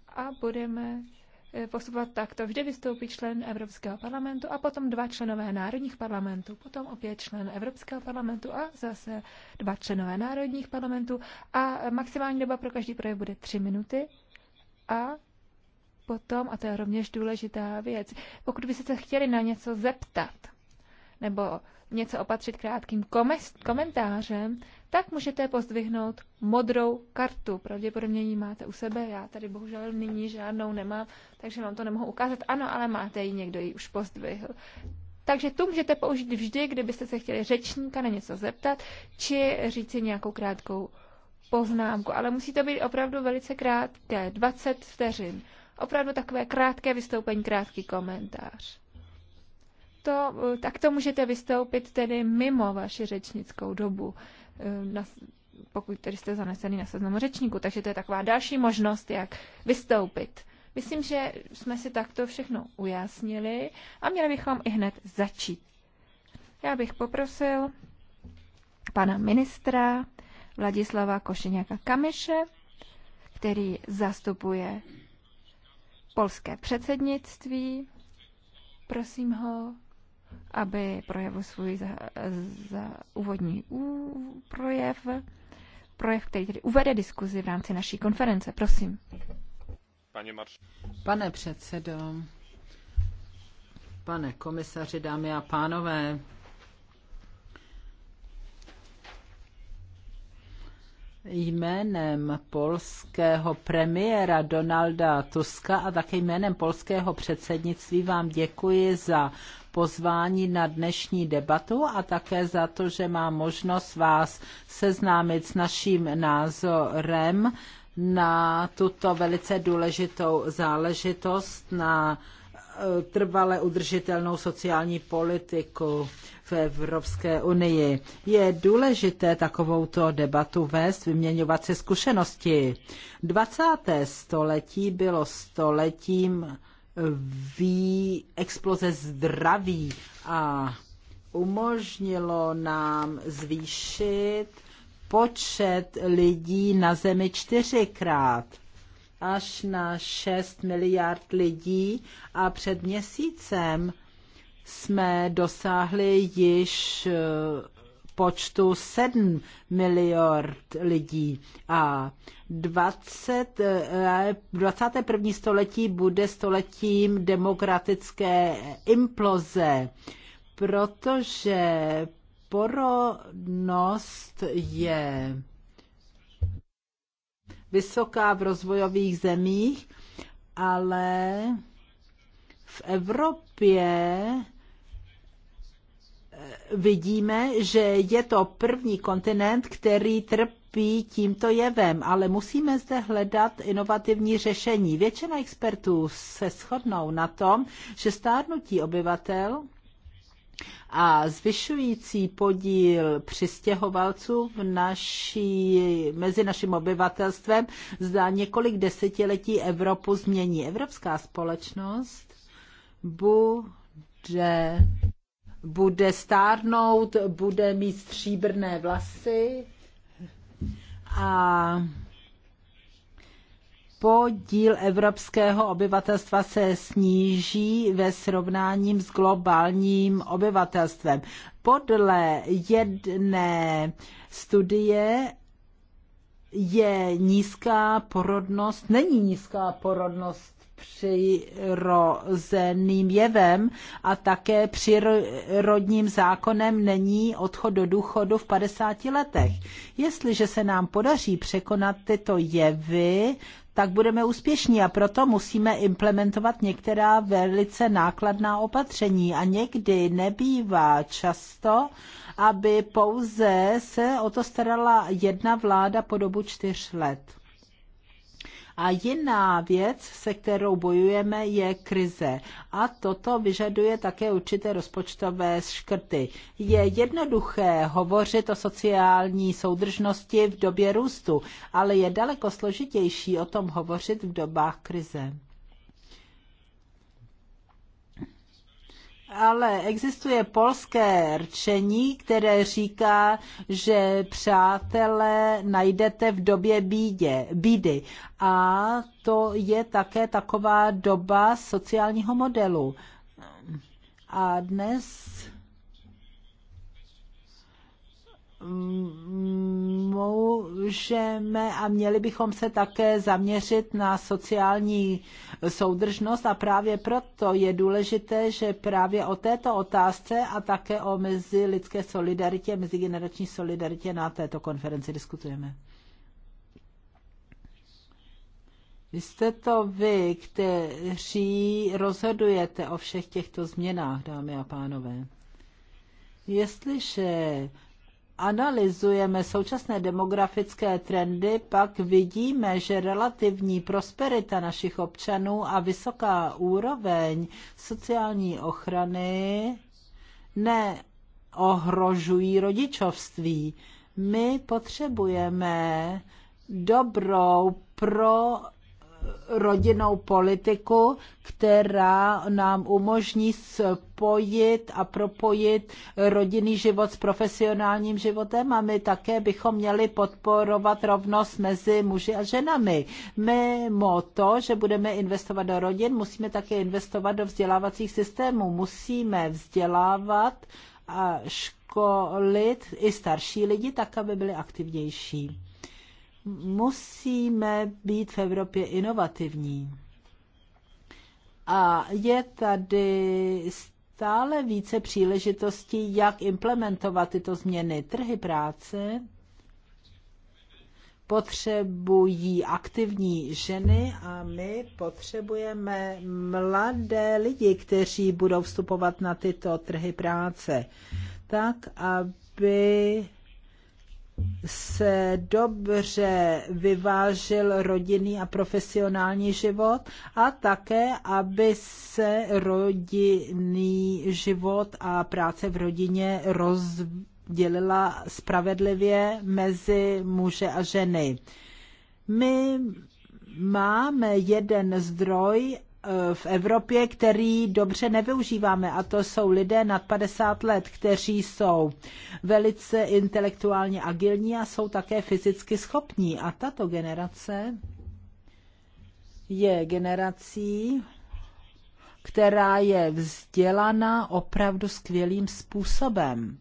a budeme Eh, postupovat takto. Vždy vystoupí člen Evropského parlamentu a potom dva členové národních parlamentů, potom opět člen Evropského parlamentu a zase dva členové národních parlamentů a maximální doba pro každý projev bude tři minuty a potom, a to je rovněž důležitá věc, pokud byste se chtěli na něco zeptat, nebo něco opatřit krátkým komentářem, tak můžete pozdvihnout modrou kartu. Pravděpodobně ji máte u sebe, já tady bohužel nyní žádnou nemám, takže vám to nemohu ukázat. Ano, ale máte ji, někdo ji už pozdvihl. Takže tu můžete použít vždy, kdybyste se chtěli řečníka na něco zeptat, či si nějakou krátkou poznámku. Ale musí to být opravdu velice krátké, 20 vteřin. Opravdu takové krátké vystoupení, krátký komentář to, tak to můžete vystoupit tedy mimo vaši řečnickou dobu, eh, na, pokud tedy jste zanesený na seznamu řečníku. Takže to je taková další možnost, jak vystoupit. Myslím, že jsme si takto všechno ujasnili a měli bychom i hned začít. Já bych poprosil pana ministra Vladislava Košiněka Kamiše, který zastupuje polské předsednictví. Prosím ho, aby projevil svůj za, za úvodní ú, projev, projev, který tedy uvede diskuzi v rámci naší konference. Prosím. Pane předsedo, pane komisaři, dámy a pánové, jménem polského premiéra Donalda Tuska a také jménem polského předsednictví vám děkuji za pozvání na dnešní debatu a také za to, že mám možnost vás seznámit s naším názorem na tuto velice důležitou záležitost na trvale udržitelnou sociální politiku v Evropské unii. Je důležité takovouto debatu vést, vyměňovat se zkušenosti. 20. století bylo stoletím ví exploze zdraví a umožnilo nám zvýšit počet lidí na zemi čtyřikrát až na 6 miliard lidí a před měsícem jsme dosáhli již eh, počtu 7 miliard lidí a 20, 21. Eh, století bude stoletím demokratické imploze, protože porodnost je vysoká v rozvojových zemích, ale v Evropě eh, vidíme, že je to první kontinent, který trpí tímto jevem, ale musíme zde hledat inovativní řešení. Většina expertů se shodnou na tom, že stárnutí obyvatel a zvyšující podíl přistěhovalců v naší, mezi naším obyvatelstvem za několik desetiletí Evropu změní. Evropská společnost bude, bude stárnout, bude mít stříbrné vlasy a podíl evropského obyvatelstva se sníží ve srovnání s globálním obyvatelstvem. Podle jedné studie je nízká porodnost, není nízká porodnost přirozeným jevem a také přirodním zákonem není odchod do důchodu v 50 letech. Jestliže se nám podaří překonat tyto jevy, tak budeme úspěšní a proto musíme implementovat některá velice nákladná opatření a někdy nebývá často, aby pouze se o to starala jedna vláda po dobu čtyř let. A jiná věc, se kterou bojujeme, je krize. A toto vyžaduje také určité rozpočtové škrty. Je jednoduché hovořit o sociální soudržnosti v době růstu, ale je daleko složitější o tom hovořit v dobách krize. ale existuje polské rčení, které říká, že přátelé najdete v době bídě, bídy. A to je také taková doba sociálního modelu. A dnes můžeme a měli bychom se také zaměřit na sociální soudržnost a právě proto je důležité, že právě o této otázce a také o mezilidské solidaritě, mezigenerační solidaritě na této konferenci diskutujeme. Vy jste to vy, kteří rozhodujete o všech těchto změnách, dámy a pánové. Jestliže analyzujeme současné demografické trendy, pak vidíme, že relativní prosperita našich občanů a vysoká úroveň sociální ochrany neohrožují rodičovství. My potřebujeme dobrou pro rodinnou politiku, která nám umožní spojit a propojit rodinný život s profesionálním životem a my také bychom měli podporovat rovnost mezi muži a ženami. Mimo to, že budeme investovat do rodin, musíme také investovat do vzdělávacích systémů. Musíme vzdělávat a školit i starší lidi tak, aby byli aktivnější. Musíme být v Evropě inovativní. A je tady stále více příležitostí, jak implementovat tyto změny. Trhy práce potřebují aktivní ženy a my potřebujeme mladé lidi, kteří budou vstupovat na tyto trhy práce, tak aby se dobře vyvážil rodinný a profesionální život a také, aby se rodinný život a práce v rodině rozdělila spravedlivě mezi muže a ženy. My máme jeden zdroj v Evropě, který dobře nevyužíváme, a to jsou lidé nad 50 let, kteří jsou velice intelektuálně agilní a jsou také fyzicky schopní. A tato generace je generací, která je vzdělaná opravdu skvělým způsobem.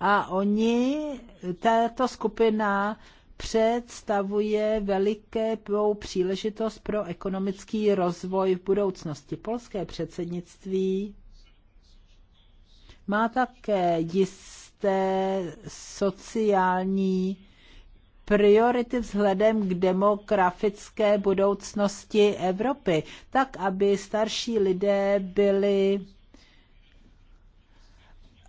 A oni, tato skupina představuje veliké příležitost pro ekonomický rozvoj v budoucnosti. Polské předsednictví má také jisté sociální priority vzhledem k demografické budoucnosti Evropy, tak aby starší lidé byli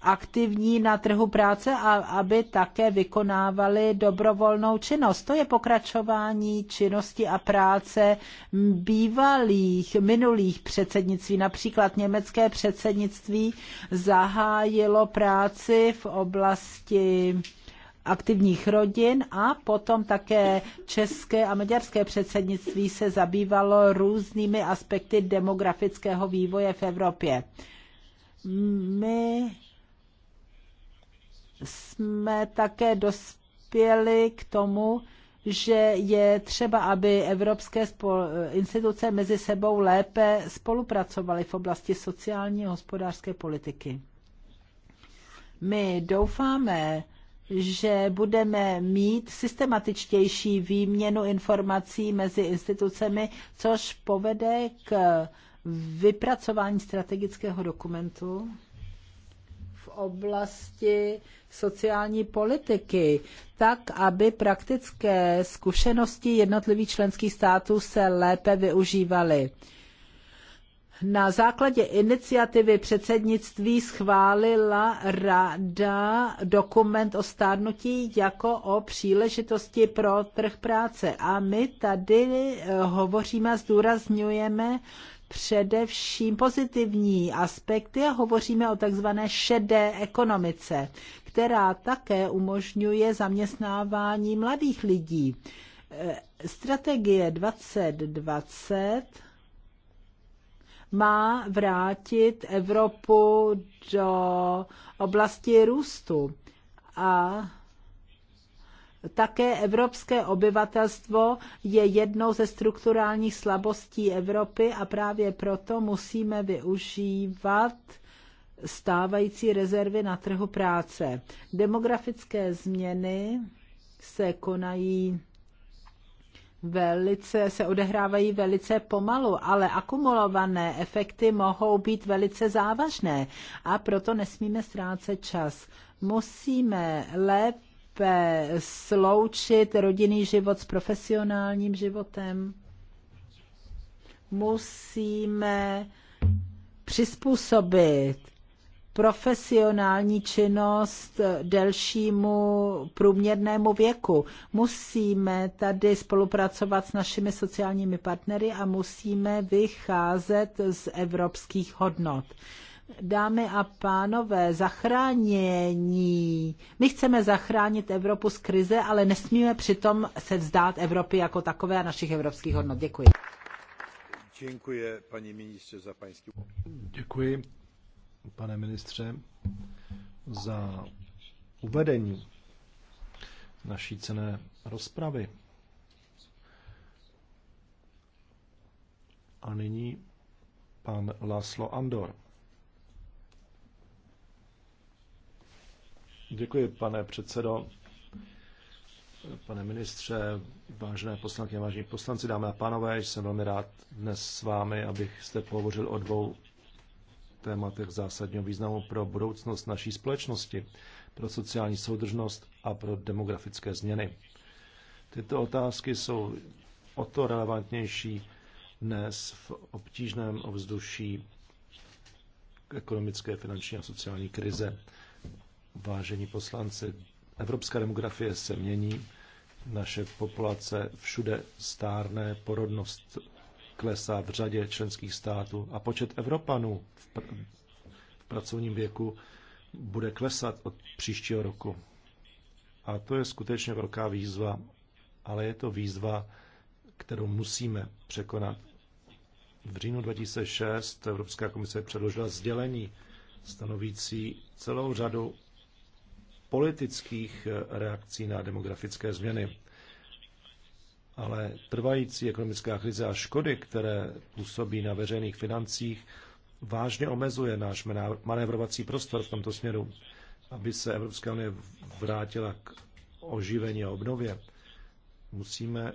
aktivní na trhu práce a aby také vykonávali dobrovolnou činnost. To je pokračování činnosti a práce bývalých, minulých předsednictví. Například německé předsednictví zahájilo práci v oblasti aktivních rodin a potom také české a maďarské předsednictví se zabývalo různými aspekty demografického vývoje v Evropě. My jsme také dospěli k tomu, že je třeba, aby evropské instituce mezi sebou lépe spolupracovaly v oblasti sociální a hospodářské politiky. My doufáme, že budeme mít systematičtější výměnu informací mezi institucemi, což povede k vypracování strategického dokumentu oblasti sociální politiky, tak aby praktické zkušenosti jednotlivých členských států se lépe využívaly. Na základě iniciativy předsednictví schválila rada dokument o stárnutí jako o příležitosti pro trh práce. A my tady eh, hovoříme a zdůrazňujeme především pozitivní aspekty a hovoříme o takzvané šedé ekonomice, která také umožňuje zaměstnávání mladých lidí. Eh, strategie 2020 má vrátit Evropu do oblasti růstu a také evropské obyvatelstvo je jednou ze strukturálních slabostí Evropy a právě proto musíme využívat stávající rezervy na trhu práce. Demografické změny se konají velice, se odehrávají velice pomalu, ale akumulované efekty mohou být velice závažné a proto nesmíme ztrácet čas. Musíme lépe lépe sloučit rodinný život s profesionálním životem. Musíme přizpůsobit profesionální činnost delšímu průměrnému věku. Musíme tady spolupracovat s našimi sociálními partnery a musíme vycházet z evropských hodnot. Dámy a pánové, zachránění. My chceme zachránit Evropu z krize, ale nesmíme přitom se vzdát Evropy jako takové a našich evropských hodnot. Děkuji. Děkuji, paní ministře, za paňský... Děkuji, pane ministře, za uvedení naší cené rozpravy. A nyní pan Laslo Andor. Děkuji, pane předsedo. Pane ministře, vážené poslankyně, vážení poslanci, dámy a pánové, jsem velmi rád dnes s vámi, abych jste pohovořil o dvou tématech zásadního významu pro budoucnost naší společnosti, pro sociální soudržnost a pro demografické změny. Tyto otázky jsou o to relevantnější dnes v obtížném ovzduší ekonomické, finanční a sociální krize. Vážení poslanci, evropská demografie se mění, naše populace všude stárne, porodnost klesá v řadě členských států a počet Evropanů v, pr- v pracovním věku bude klesat od příštího roku. A to je skutečně velká výzva, ale je to výzva, kterou musíme překonat. V říjnu 2006 Evropská komise předložila sdělení stanovící celou řadu politických eh, reakcí na demografické změny. Ale trvající ekonomická krize a škody, které působí na veřejných financích, vážně omezuje náš manévrovací prostor v tomto směru, aby se Evropská unie vrátila k oživení a obnově. Musíme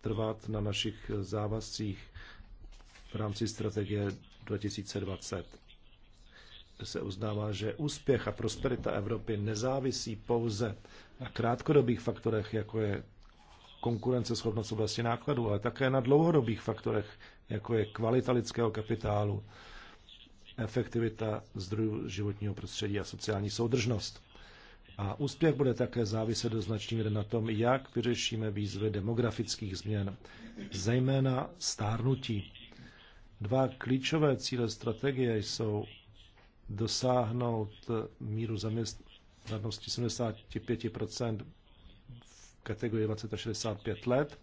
trvat na našich eh, závazcích v rámci strategie 2020 se uznává, že úspěch a prosperita Evropy nezávisí pouze na krátkodobých faktorech, jako je konkurenceschopnost oblasti nákladů, ale také na dlouhodobých faktorech, jako je kvalita lidského kapitálu, efektivita zdrojů životního prostředí a sociální soudržnost. A úspěch bude také záviset do značné míry na tom, jak vyřešíme výzvy demografických změn, zejména stárnutí. Dva klíčové cíle strategie jsou dosáhnout míru zaměstnanosti 75 v kategorii 20 až 65 let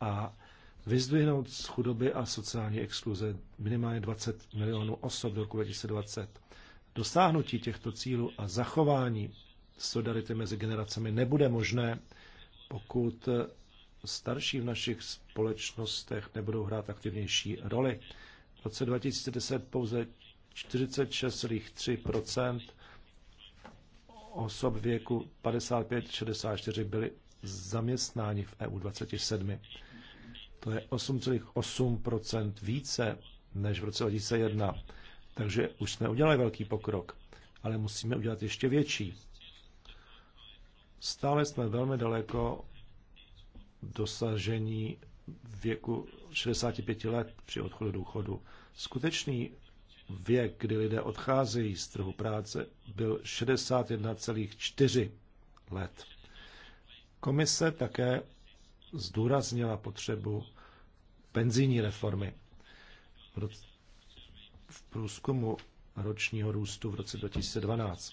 a vyzdvihnout z chudoby a sociální exkluze minimálně 20 milionů osob do roku 2020. Dosáhnutí těchto cílů a zachování solidarity mezi generacemi nebude možné, pokud starší v našich společnostech nebudou hrát aktivnější roli. V roce 2010 pouze 46,3 osob věku 55-64 byly zaměstnáni v EU 27. To je 8,8 více než v roce 2001. Takže už jsme udělali velký pokrok, ale musíme udělat ještě větší. Stále jsme velmi daleko dosažení věku 65 let při odchodu důchodu. Skutečný věk, kdy lidé odcházejí z trhu práce, byl 61,4 let. Komise také zdůraznila potřebu penzijní reformy. V průzkumu ročního růstu v roce 2012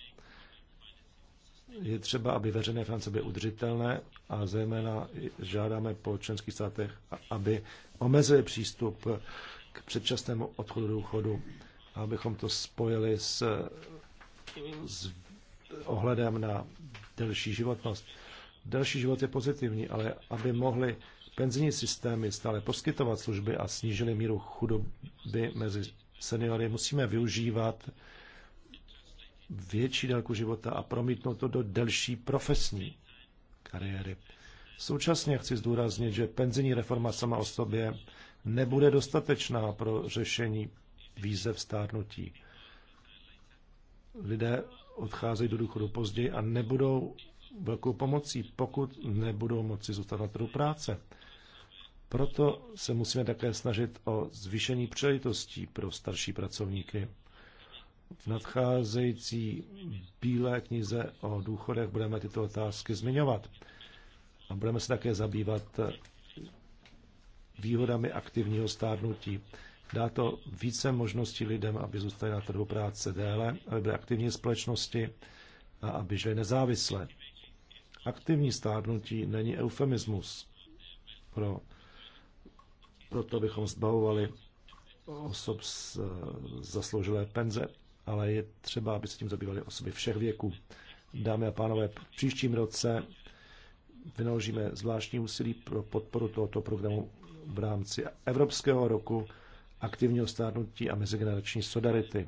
je třeba, aby veřejné finance byly udržitelné a zejména žádáme po členských státech, aby omezili přístup k předčasnému odchodu do důchodu abychom to spojili s, s ohledem na delší životnost. Delší život je pozitivní, ale aby mohli penzijní systémy stále poskytovat služby a snížili míru chudoby mezi seniory, musíme využívat větší délku života a promítnout to do delší profesní kariéry. Současně chci zdůraznit, že penzijní reforma sama o sobě nebude dostatečná pro řešení výzev stárnutí. Lidé odcházejí do důchodu později a nebudou velkou pomocí, pokud nebudou moci zůstat na trhu práce. Proto se musíme také snažit o zvýšení příležitostí pro starší pracovníky. V nadcházející bílé knize o důchodech budeme tyto otázky zmiňovat. A budeme se také zabývat výhodami aktivního stárnutí. Dá to více možností lidem, aby zůstali na trhu práce déle, aby byly aktivní společnosti a aby žili nezávisle. Aktivní stárnutí není eufemismus pro, pro to, abychom zbavovali osob z zasloužilé penze, ale je třeba, aby se tím zabývaly osoby všech věků. Dámy a pánové, v příštím roce vynaložíme zvláštní úsilí pro podporu tohoto programu v rámci Evropského roku aktivního stárnutí a mezigenerační solidarity.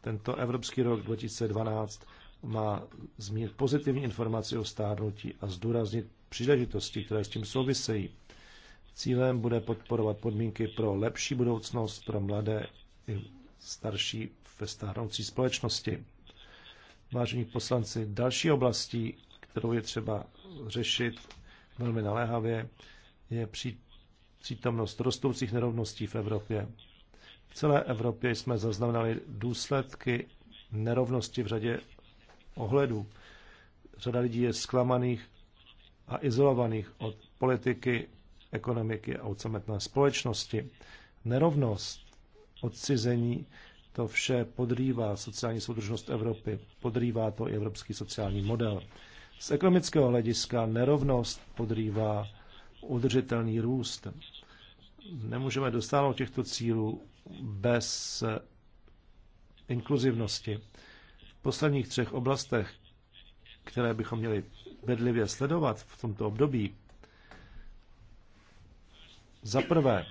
Tento Evropský rok 2012 má zmínit pozitivní informaci o stárnutí a zdůraznit příležitosti, které s tím souvisejí. Cílem bude podporovat podmínky pro lepší budoucnost pro mladé i starší ve stárnoucí společnosti. Vážení poslanci, další oblastí, kterou je třeba řešit velmi naléhavě, je, při, přítomnost rostoucích nerovností v Evropě. V celé Evropě jsme zaznamenali důsledky nerovnosti v řadě ohledů. Řada lidí je zklamaných a izolovaných od politiky, ekonomiky a od samotné společnosti. Nerovnost, odcizení, to vše podrývá sociální soudržnost Evropy, podrývá to i evropský sociální model. Z ekonomického hlediska nerovnost podrývá udržitelný růst. Nemůžeme dosáhnout těchto cílů bez inkluzivnosti. V posledních třech oblastech, které bychom měli bedlivě sledovat v tomto období, za prvé,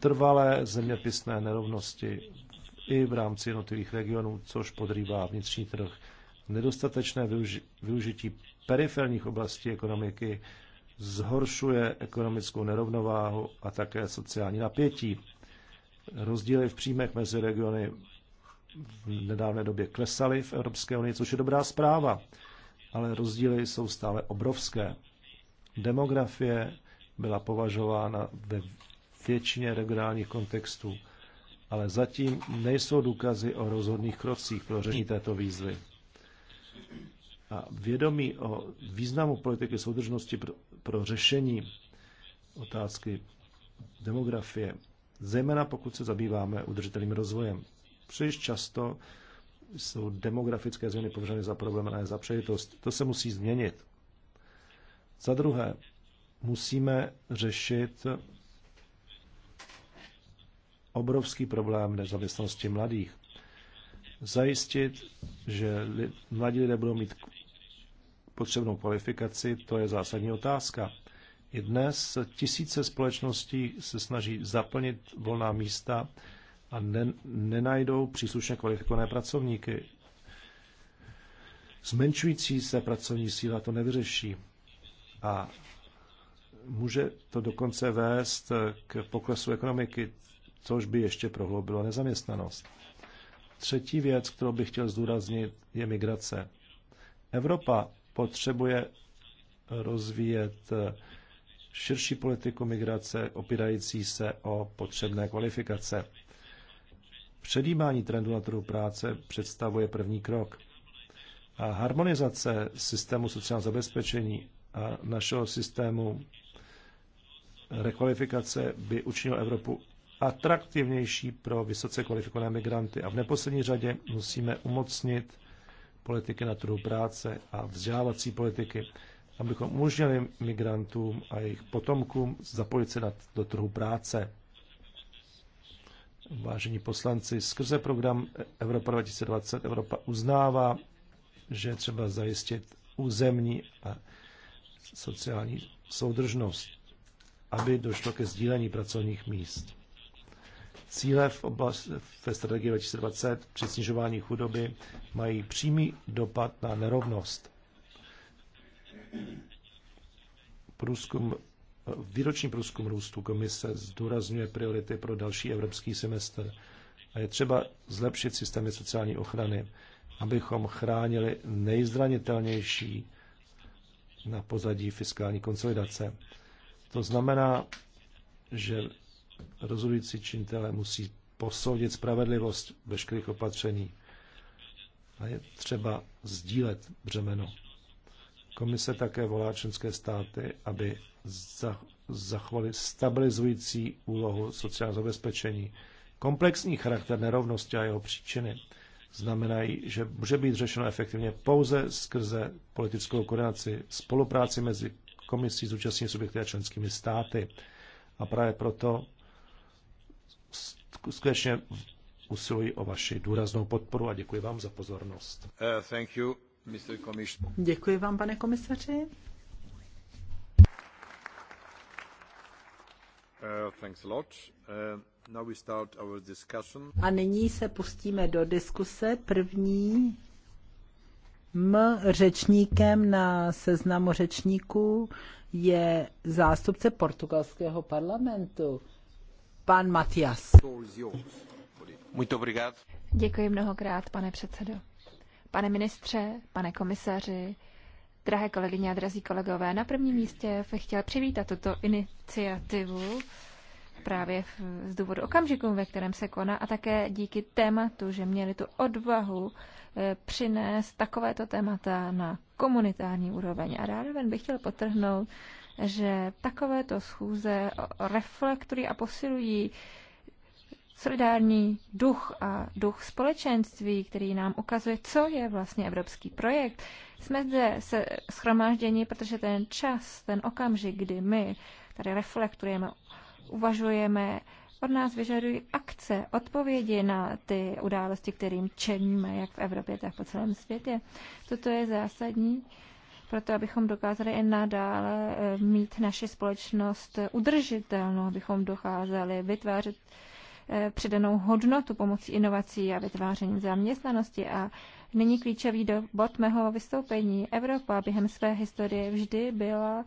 trvalé zeměpisné nerovnosti i v rámci jednotlivých regionů, což podrývá vnitřní trh, nedostatečné využi- využití periferních oblastí ekonomiky zhoršuje ekonomickou nerovnováhu a také sociální napětí. Rozdíly v příjmech mezi regiony v nedávné době klesaly v Evropské unii, což je dobrá zpráva, ale rozdíly jsou stále obrovské. Demografie byla považována ve většině regionálních kontextů, ale zatím nejsou důkazy o rozhodných krocích pro řešení této výzvy a vědomí o významu politiky soudržnosti pro, pro řešení otázky demografie, zejména pokud se zabýváme udržitelným rozvojem. Příliš často jsou demografické změny považovány za problém a za přejitost. To se musí změnit. Za druhé, musíme řešit obrovský problém nezaměstnanosti mladých. Zajistit, že mladí lidé budou mít potřebnou kvalifikaci, to je zásadní otázka. I dnes tisíce společností se snaží zaplnit volná místa a ne, nenajdou příslušně kvalifikované pracovníky. Zmenšující se pracovní síla to nevyřeší a může to dokonce vést k poklesu ekonomiky, což by ještě prohloubilo nezaměstnanost. Třetí věc, kterou bych chtěl zdůraznit, je migrace. Evropa potřebuje rozvíjet širší politiku migrace opírající se o potřebné kvalifikace. Předjímání trendu na trhu práce představuje první krok. A harmonizace systému sociálního zabezpečení a našeho systému rekvalifikace by učinil Evropu atraktivnější pro vysoce kvalifikované migranty. A v neposlední řadě musíme umocnit politiky na trhu práce a vzdělávací politiky, abychom umožnili migrantům a jejich potomkům zapojit se do trhu práce. Vážení poslanci, skrze program Evropa 2020 Evropa uznává, že je třeba zajistit územní a sociální soudržnost, aby došlo ke sdílení pracovních míst. Cíle v oblast, ve strategii 2020 při snižování chudoby mají přímý dopad na nerovnost. Průzkum, výroční průzkum růstu komise zdůrazňuje priority pro další evropský semestr a je třeba zlepšit systémy sociální ochrany, abychom chránili nejzranitelnější na pozadí fiskální konsolidace. To znamená, že rozhodující činitelé musí posoudit spravedlivost veškerých opatření a je třeba sdílet břemeno. Komise také volá členské státy, aby za, zachovali stabilizující úlohu sociálního zabezpečení. Komplexní charakter nerovnosti a jeho příčiny znamenají, že může být řešeno efektivně pouze skrze politickou koordinaci, spolupráci mezi komisí zúčastněnými subjekty a členskými státy. A právě proto skutečně usiluji o vaši důraznou podporu a děkuji vám za pozornost. Uh, děkuji vám, pane komisaři. Uh, a uh, A nyní se pustíme do diskuse. První M řečníkem na seznamu řečníků je zástupce portugalského parlamentu pan Matias. Děkuji mnohokrát, pane předsedo. Pane ministře, pane komisaři, drahé kolegyně a drazí kolegové, na prvním místě bych chtěl přivítat tuto iniciativu právě z důvodu okamžiku, ve kterém se koná a také díky tématu, že měli tu odvahu eh, přinést takovéto témata na komunitární úroveň. A ráda bych chtěl potrhnout, že takovéto schůze reflektují a posilují solidární duch a duch společenství, který nám ukazuje, co je vlastně evropský projekt. Jsme zde se schromážděni, protože ten čas, ten okamžik, kdy my tady reflektujeme, uvažujeme, od nás vyžadují akce, odpovědi na ty události, kterým čelíme, jak v Evropě, tak po celém světě. Toto je zásadní proto abychom dokázali i nadále eh, mít naši společnost eh, udržitelnou, abychom docházeli vytvářet eh, přidanou hodnotu pomocí inovací a vytváření zaměstnanosti. A nyní klíčový bod mého vystoupení. Evropa během své historie vždy byla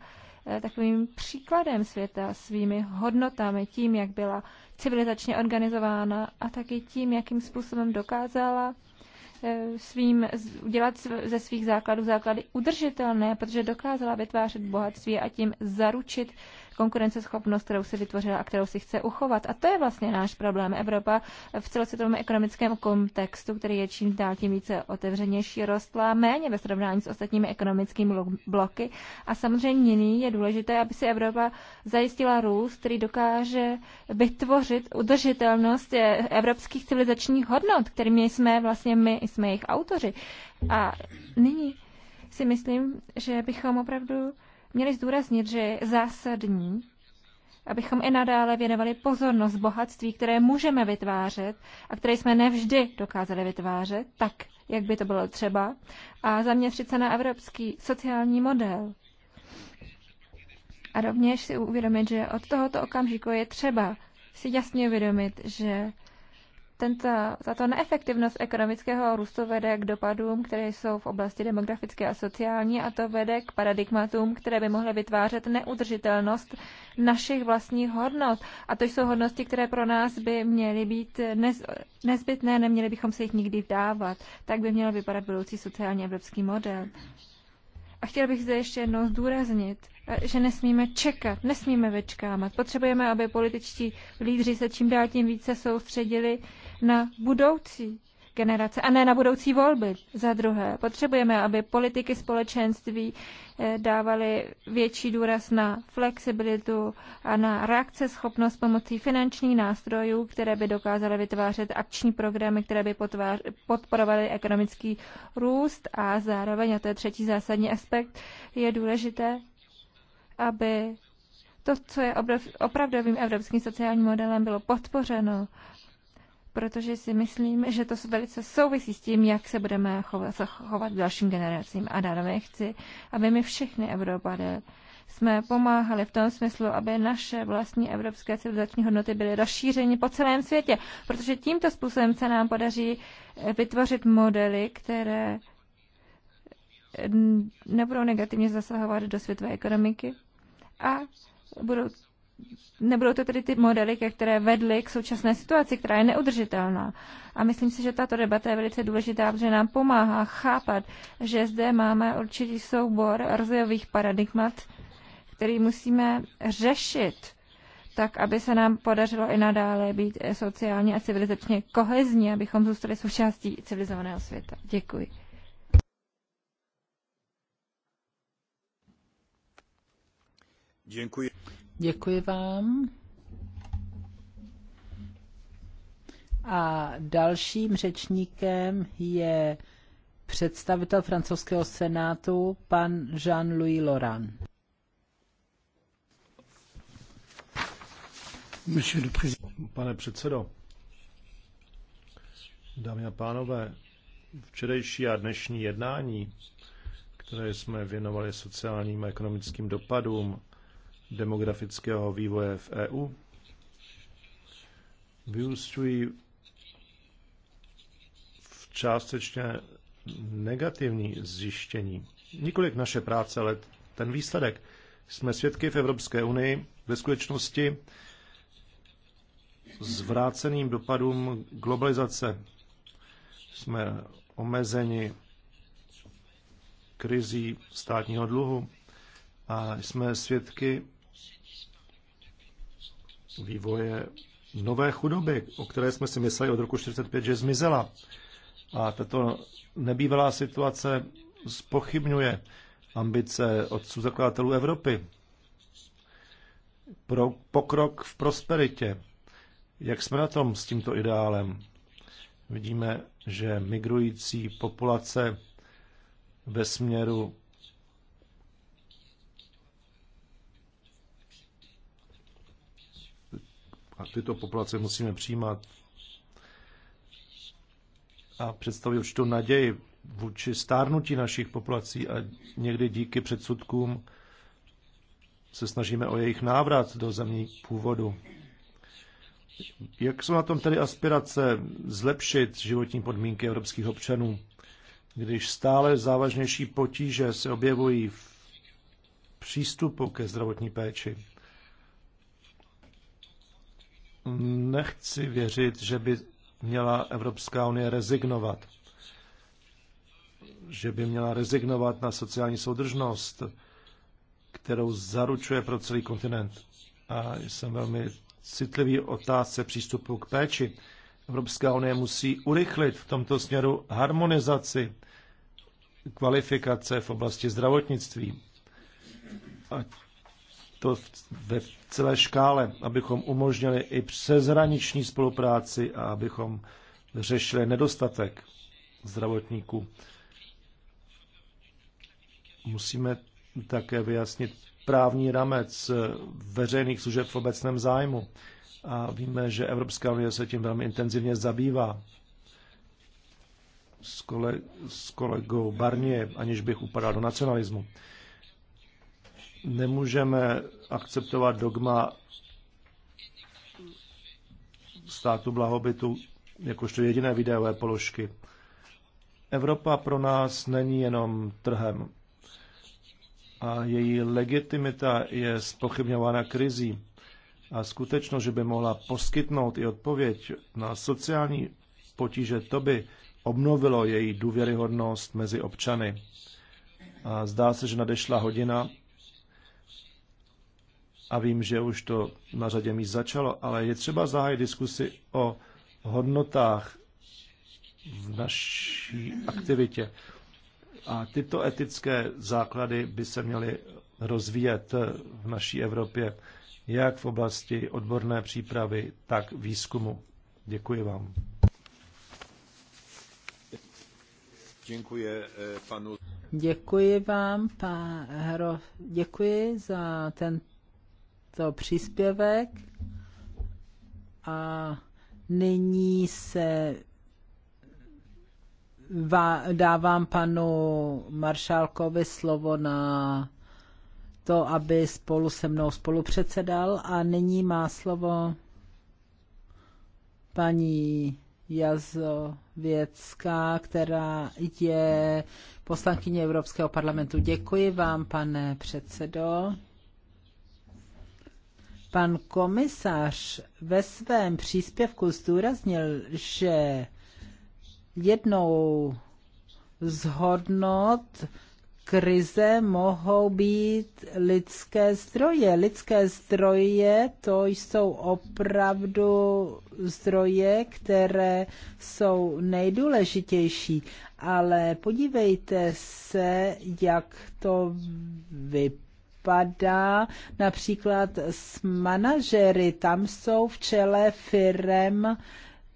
takovým příkladem světa svými hodnotami, tím, jak byla civilizačně organizována a taky tím, jakým způsobem dokázala Eh, svým, udělat ze svých základů základy udržitelné, protože dokázala vytvářet bohatství a tím zaručit konkurenceschopnost, kterou si vytvořila a kterou si chce uchovat. A to je vlastně náš problém. Evropa v celosvětovém ekonomickém kontextu, který je čím dál tím více otevřenější, rostla méně ve srovnání s ostatními ekonomickými bloky. A samozřejmě nyní je důležité, aby si Evropa zajistila růst, který dokáže vytvořit udržitelnost eh, evropských civilizačních hodnot, kterými jsme vlastně my, jsme jejich autoři. A nyní si myslím, že bychom opravdu měli zdůraznit, že je zásadní, abychom i nadále věnovali pozornost bohatství, které můžeme vytvářet a které jsme nevždy dokázali vytvářet, tak, jak by to bylo třeba, a zaměřit se na evropský sociální model. A rovněž si uvědomit, že od tohoto okamžiku je třeba si jasně uvědomit, že tento, tato neefektivnost ekonomického růstu vede k dopadům, které jsou v oblasti demografické a sociální a to vede k paradigmatům, které by mohly vytvářet neudržitelnost našich vlastních hodnot. A to jsou hodnosti, které pro nás by měly být nez, nezbytné, neměli bychom se jich nikdy vdávat. Tak by měl vypadat budoucí sociálně evropský model. A chtěl bych zde ještě jednou zdůraznit, že nesmíme čekat, nesmíme večkámat. Potřebujeme, aby političtí lídři se čím dál tím více soustředili na budoucí generace a ne na budoucí volby. Za druhé, potřebujeme, aby politiky společenství eh, dávaly větší důraz na flexibilitu a na reakce schopnost pomocí finančních nástrojů, které by dokázaly vytvářet akční programy, které by podporovaly ekonomický růst a zároveň, a to je třetí zásadní aspekt, je důležité, aby to, co je opravdovým evropským sociálním modelem, bylo podpořeno protože si myslím, že to velice souvisí s tím, jak se budeme chovat, chovat dalším generacím. A dále chci, aby my všechny Evropané jsme pomáhali v tom smyslu, aby naše vlastní evropské civilizační hodnoty byly rozšířeny po celém světě, protože tímto způsobem se nám podaří vytvořit modely, které nebudou negativně zasahovat do světové ekonomiky a budou nebudou to tedy ty modely, které vedly k současné situaci, která je neudržitelná. A myslím si, že tato debata je velice důležitá, protože nám pomáhá chápat, že zde máme určitý soubor rozvojových paradigmat, který musíme řešit tak, aby se nám podařilo i nadále být sociálně a civilizačně kohezní, abychom zůstali součástí civilizovaného světa. Děkuji. Děkuji. Děkuji vám. A dalším řečníkem je představitel francouzského senátu, pan Jean-Louis Laurent. Pane předsedo, dámy a pánové, včerejší a dnešní jednání, které jsme věnovali sociálním a ekonomickým dopadům demografického vývoje v EU vyústují v částečně negativní zjištění. Nikolik naše práce, ale ten výsledek. Jsme svědky v Evropské unii ve skutečnosti zvráceným dopadům globalizace. Jsme omezeni krizí státního dluhu a jsme svědky vývoje nové chudoby, o které jsme si mysleli od roku 1945, že zmizela. A tato nebývalá situace spochybňuje ambice otců zakladatelů Evropy. Pro pokrok v prosperitě. Jak jsme na tom s tímto ideálem? Vidíme, že migrující populace ve směru a tyto populace musíme přijímat a představit určitou naději vůči stárnutí našich populací a někdy díky předsudkům se snažíme o jejich návrat do zemí původu. Jak jsou na tom tedy aspirace zlepšit životní podmínky evropských občanů, když stále závažnější potíže se objevují v přístupu ke zdravotní péči? nechci věřit, že by měla Evropská unie rezignovat. Že by měla rezignovat na sociální soudržnost, kterou zaručuje pro celý kontinent. A jsem velmi citlivý otázce přístupu k péči. Evropská unie musí urychlit v tomto směru harmonizaci kvalifikace v oblasti zdravotnictví. A to ve celé škále, abychom umožnili i přeshraniční spolupráci a abychom řešili nedostatek zdravotníků. Musíme také vyjasnit právní ramec veřejných služeb v obecném zájmu. A víme, že Evropská unie se tím velmi intenzivně zabývá. S, kole, s kolegou Barnier, aniž bych upadal do nacionalismu. Nemůžeme akceptovat dogma státu blahobytu jakožto jediné videové položky. Evropa pro nás není jenom trhem a její legitimita je spochybňována krizí. A skutečnost, že by mohla poskytnout i odpověď na sociální potíže, to by obnovilo její důvěryhodnost mezi občany. A zdá se, že nadešla hodina, a vím, že už to na řadě míst začalo, ale je třeba zahájit diskusi o hodnotách v naší aktivitě. A tyto etické základy by se měly rozvíjet v naší Evropě, jak v oblasti odborné přípravy, tak výzkumu. Děkuji vám. Děkuji eh, panu. Děkuji vám, pan hro, děkuji za tento to příspěvek a nyní se dávám panu Maršálkovi slovo na to, aby spolu se mnou spolupředsedal a nyní má slovo paní Jazověcká, která je poslankyně Evropského parlamentu. Děkuji vám, pane předsedo. Pan komisař ve svém příspěvku zdůraznil, že jednou z hodnot krize mohou být lidské zdroje. Lidské zdroje to jsou opravdu zdroje, které jsou nejdůležitější. Ale podívejte se, jak to vypadá vypadá například s manažery. Tam jsou v čele firem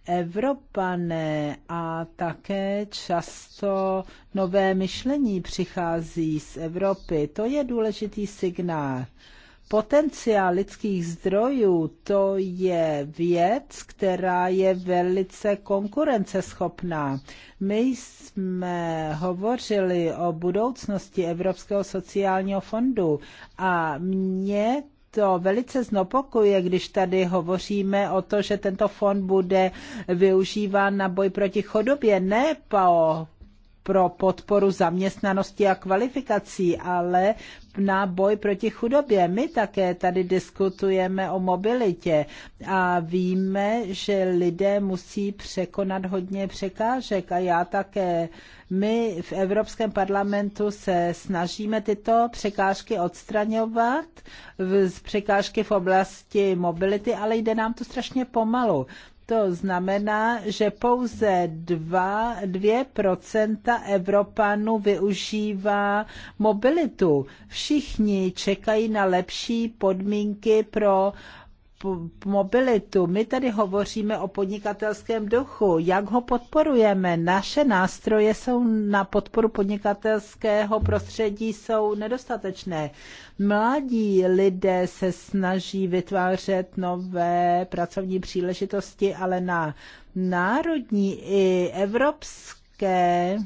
Evropané a také často nové myšlení přichází z Evropy. To je důležitý signál. Potenciál lidských zdrojů to je věc, která je velice konkurenceschopná. My jsme hovořili o budoucnosti Evropského sociálního fondu a mě to velice znopokuje, když tady hovoříme o to, že tento fond bude využíván na boj proti chodobě, ne po pro podporu zaměstnanosti a kvalifikací, ale na boj proti chudobě. My také tady diskutujeme o mobilitě a víme, že lidé musí překonat hodně překážek a já také. My v Evropském parlamentu se snažíme tyto překážky odstraňovat, z překážky v oblasti mobility, ale jde nám to strašně pomalu. To znamená, že pouze 2, 2% Evropanů využívá mobilitu. Všichni čekají na lepší podmínky pro mobilitu. My tady hovoříme o podnikatelském duchu. Jak ho podporujeme? Naše nástroje jsou na podporu podnikatelského prostředí jsou nedostatečné. Mladí lidé se snaží vytvářet nové pracovní příležitosti, ale na národní i evropské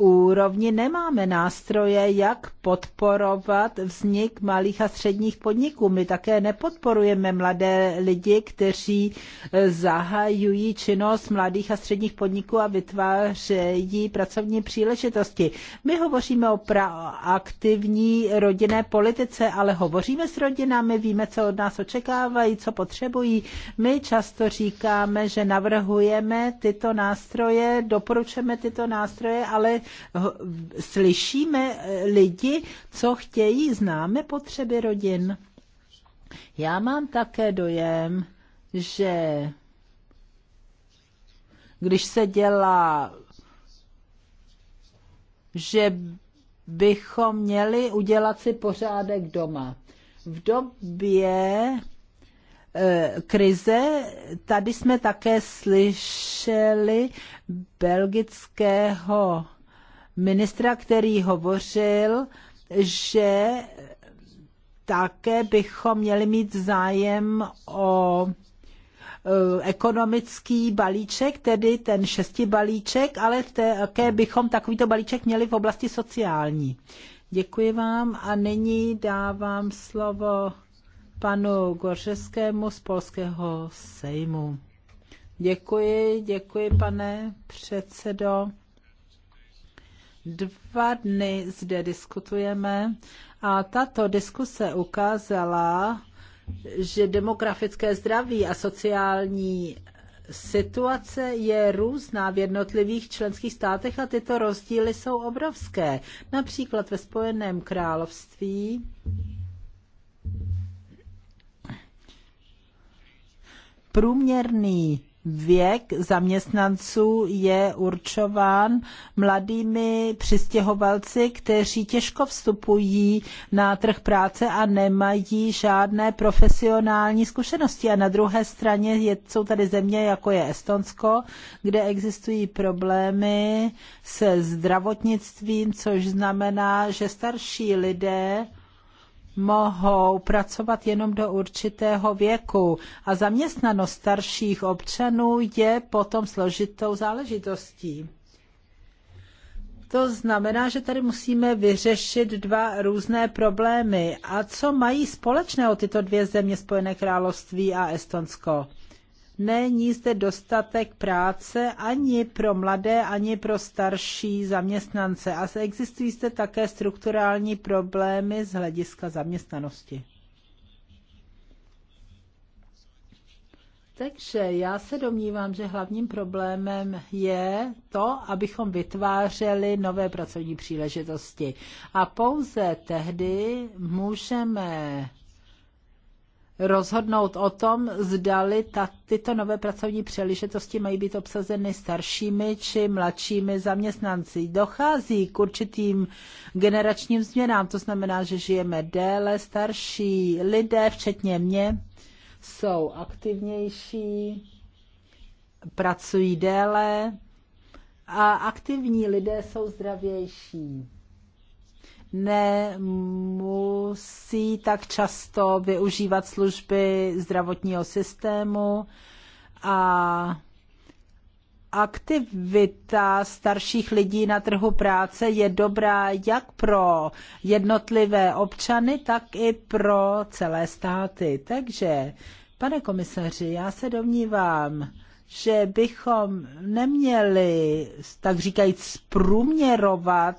úrovni nemáme nástroje, jak podporovat vznik malých a středních podniků. My také nepodporujeme mladé lidi, kteří eh, zahajují činnost mladých a středních podniků a vytvářejí pracovní příležitosti. My hovoříme o aktivní rodinné politice, ale hovoříme s rodinami, víme, co od nás očekávají, co potřebují. My často říkáme, že navrhujeme tyto nástroje, doporučujeme tyto nástroje, ale Slyšíme eh, lidi, co chtějí, známe potřeby rodin. Já mám také dojem, že když se dělá, že bychom měli udělat si pořádek doma. V době eh, krize. Tady jsme také slyšeli belgického ministra, který hovořil, že také bychom měli mít zájem o eh, ekonomický balíček, tedy ten šesti balíček, ale také bychom takovýto balíček měli v oblasti sociální. Děkuji vám a nyní dávám slovo panu Gořeskému z Polského sejmu. Děkuji, děkuji, pane předsedo. Dva dny zde diskutujeme a tato diskuse ukázala, že demografické zdraví a sociální situace je různá v jednotlivých členských státech a tyto rozdíly jsou obrovské. Například ve Spojeném království průměrný věk zaměstnanců je určován mladými přistěhovalci, kteří těžko vstupují na trh práce a nemají žádné profesionální zkušenosti. A na druhé straně je, jsou tady země, jako je Estonsko, kde existují problémy se zdravotnictvím, což znamená, že starší lidé mohou pracovat jenom do určitého věku a zaměstnanost starších občanů je potom složitou záležitostí. To znamená, že tady musíme vyřešit dva různé problémy. A co mají společného tyto dvě země, Spojené království a Estonsko? Není zde dostatek práce ani pro mladé, ani pro starší zaměstnance a existují zde také strukturální problémy z hlediska zaměstnanosti. Takže já se domnívám, že hlavním problémem je to, abychom vytvářeli nové pracovní příležitosti. A pouze tehdy můžeme rozhodnout o tom, zdali ta, tyto nové pracovní příležitosti mají být obsazeny staršími či mladšími zaměstnanci. Dochází k určitým generačním změnám, to znamená, že žijeme déle, starší lidé, včetně mě, jsou aktivnější, pracují déle a aktivní lidé jsou zdravější nemusí tak často využívat služby zdravotního systému a aktivita starších lidí na trhu práce je dobrá jak pro jednotlivé občany, tak i pro celé státy. Takže, pane komisaři, já se domnívám, že bychom neměli, tak říkajíc, průměrovat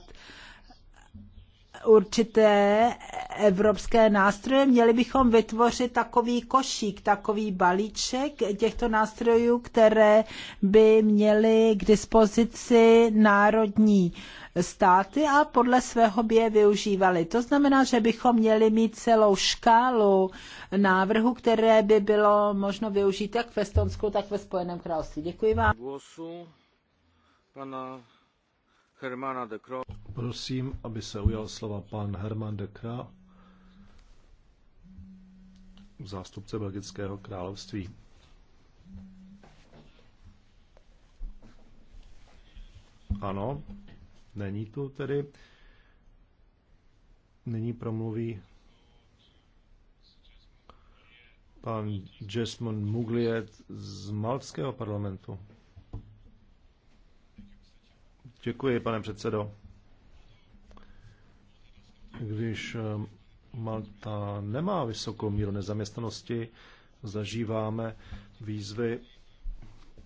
určité evropské nástroje, měli bychom vytvořit takový košík, takový balíček těchto nástrojů, které by měly k dispozici národní státy a podle svého by je využívali. To znamená, že bychom měli mít celou škálu návrhů, které by bylo možno využít jak v Estonsku, tak ve Spojeném království. Děkuji vám. pana Hermana de Prosím, aby se ujal slova pan Herman de Kra, zástupce Belgického království. Ano, není tu tedy. Nyní promluví pan Jasmine Mugliet z Maltského parlamentu. Děkuji, pane předsedo. Když eh, Malta nemá vysokou míru nezaměstnanosti, zažíváme výzvy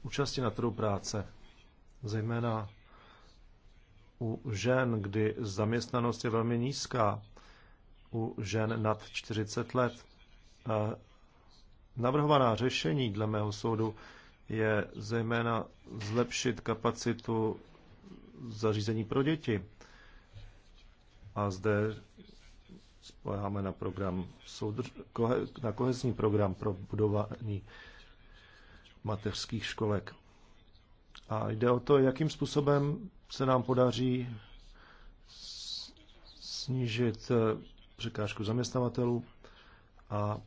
účasti na trhu práce, zejména u žen, kdy zaměstnanost je velmi nízká, u žen nad 40 let. navrhovaná řešení, dle mého soudu, je zejména zlepšit kapacitu zařízení pro děti. A zde spoleháme na program na kohezní program pro budování mateřských školek. A jde o to, jakým způsobem se nám podaří snížit eh, překážku zaměstnavatelů a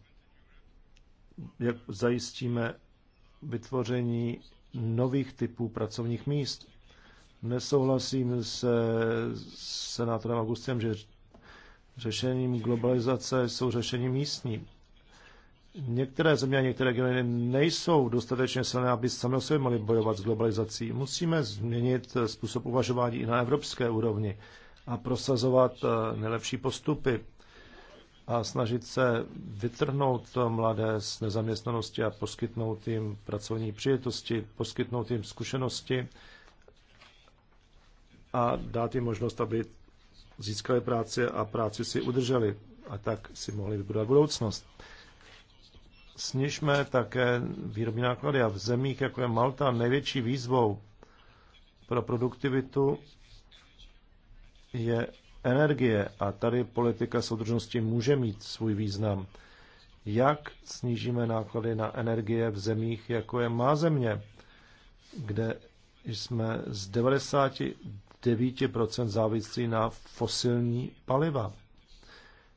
jak zajistíme vytvoření nových typů pracovních míst. Nesouhlasím se senátorem Augustem, že řešením globalizace jsou řešení místní. Některé země a některé regiony nejsou dostatečně silné, aby sami o sobě mohli bojovat s globalizací. Musíme změnit způsob uvažování i na evropské úrovni a prosazovat eh, nejlepší postupy a snažit se vytrhnout mladé z nezaměstnanosti a poskytnout jim pracovní přijetosti, poskytnout jim zkušenosti a dát jim možnost, aby získali práci a práci si udrželi a tak si mohli vybudovat budoucnost. Snižme také výrobní náklady a v zemích, jako je Malta, největší výzvou pro produktivitu je energie a tady politika soudržnosti může mít svůj význam. Jak snížíme náklady na energie v zemích, jako je má země, kde jsme z 90 9% závislí na fosilní paliva.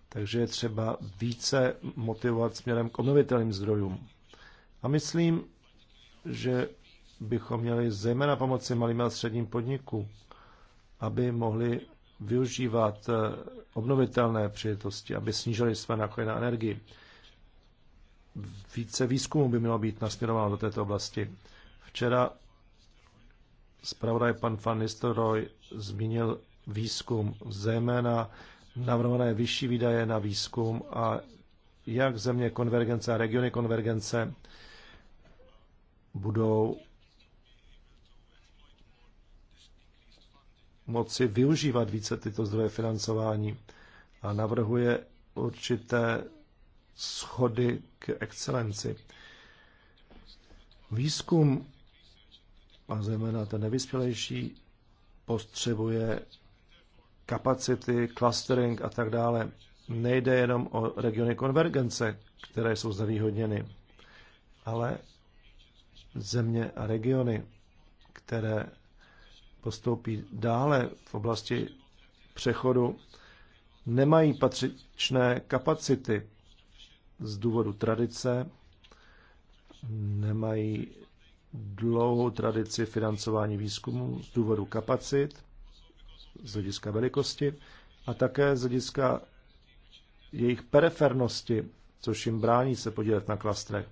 Takže je třeba více motivovat směrem k obnovitelným zdrojům. A myslím, že bychom měli zejména pomoci malým a středním podniku, aby mohli využívat eh, obnovitelné přijetosti, aby snížili své náklady na energii. Více výzkumu by mělo být nasměrováno do této oblasti. Včera zpravodaj pan Van Nistelrooy zmínil výzkum, zejména navrhované vyšší výdaje na výzkum a jak země konvergence a regiony konvergence budou moci využívat více tyto zdroje financování a navrhuje určité schody k excelenci. Výzkum a zejména ten nevyspělejší postřebuje kapacity, clustering a tak dále. Nejde jenom o regiony konvergence, které jsou zavýhodněny, ale země a regiony, které postoupí dále v oblasti přechodu, nemají patřičné kapacity z důvodu tradice, nemají dlouhou tradici financování výzkumu z důvodu kapacit, z hlediska velikosti a také z hlediska jejich perifernosti, což jim brání se podílet na klastrech.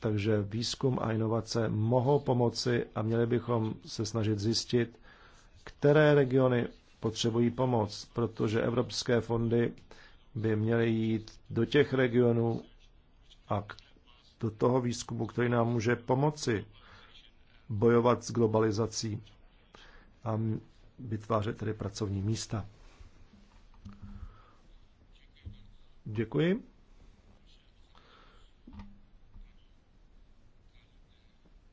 Takže výzkum a inovace mohou pomoci a měli bychom se snažit zjistit, které regiony potřebují pomoc, protože evropské fondy by měly jít do těch regionů a do toho výzkumu, který nám může pomoci bojovat s globalizací a vytvářet tedy pracovní místa. Děkuji.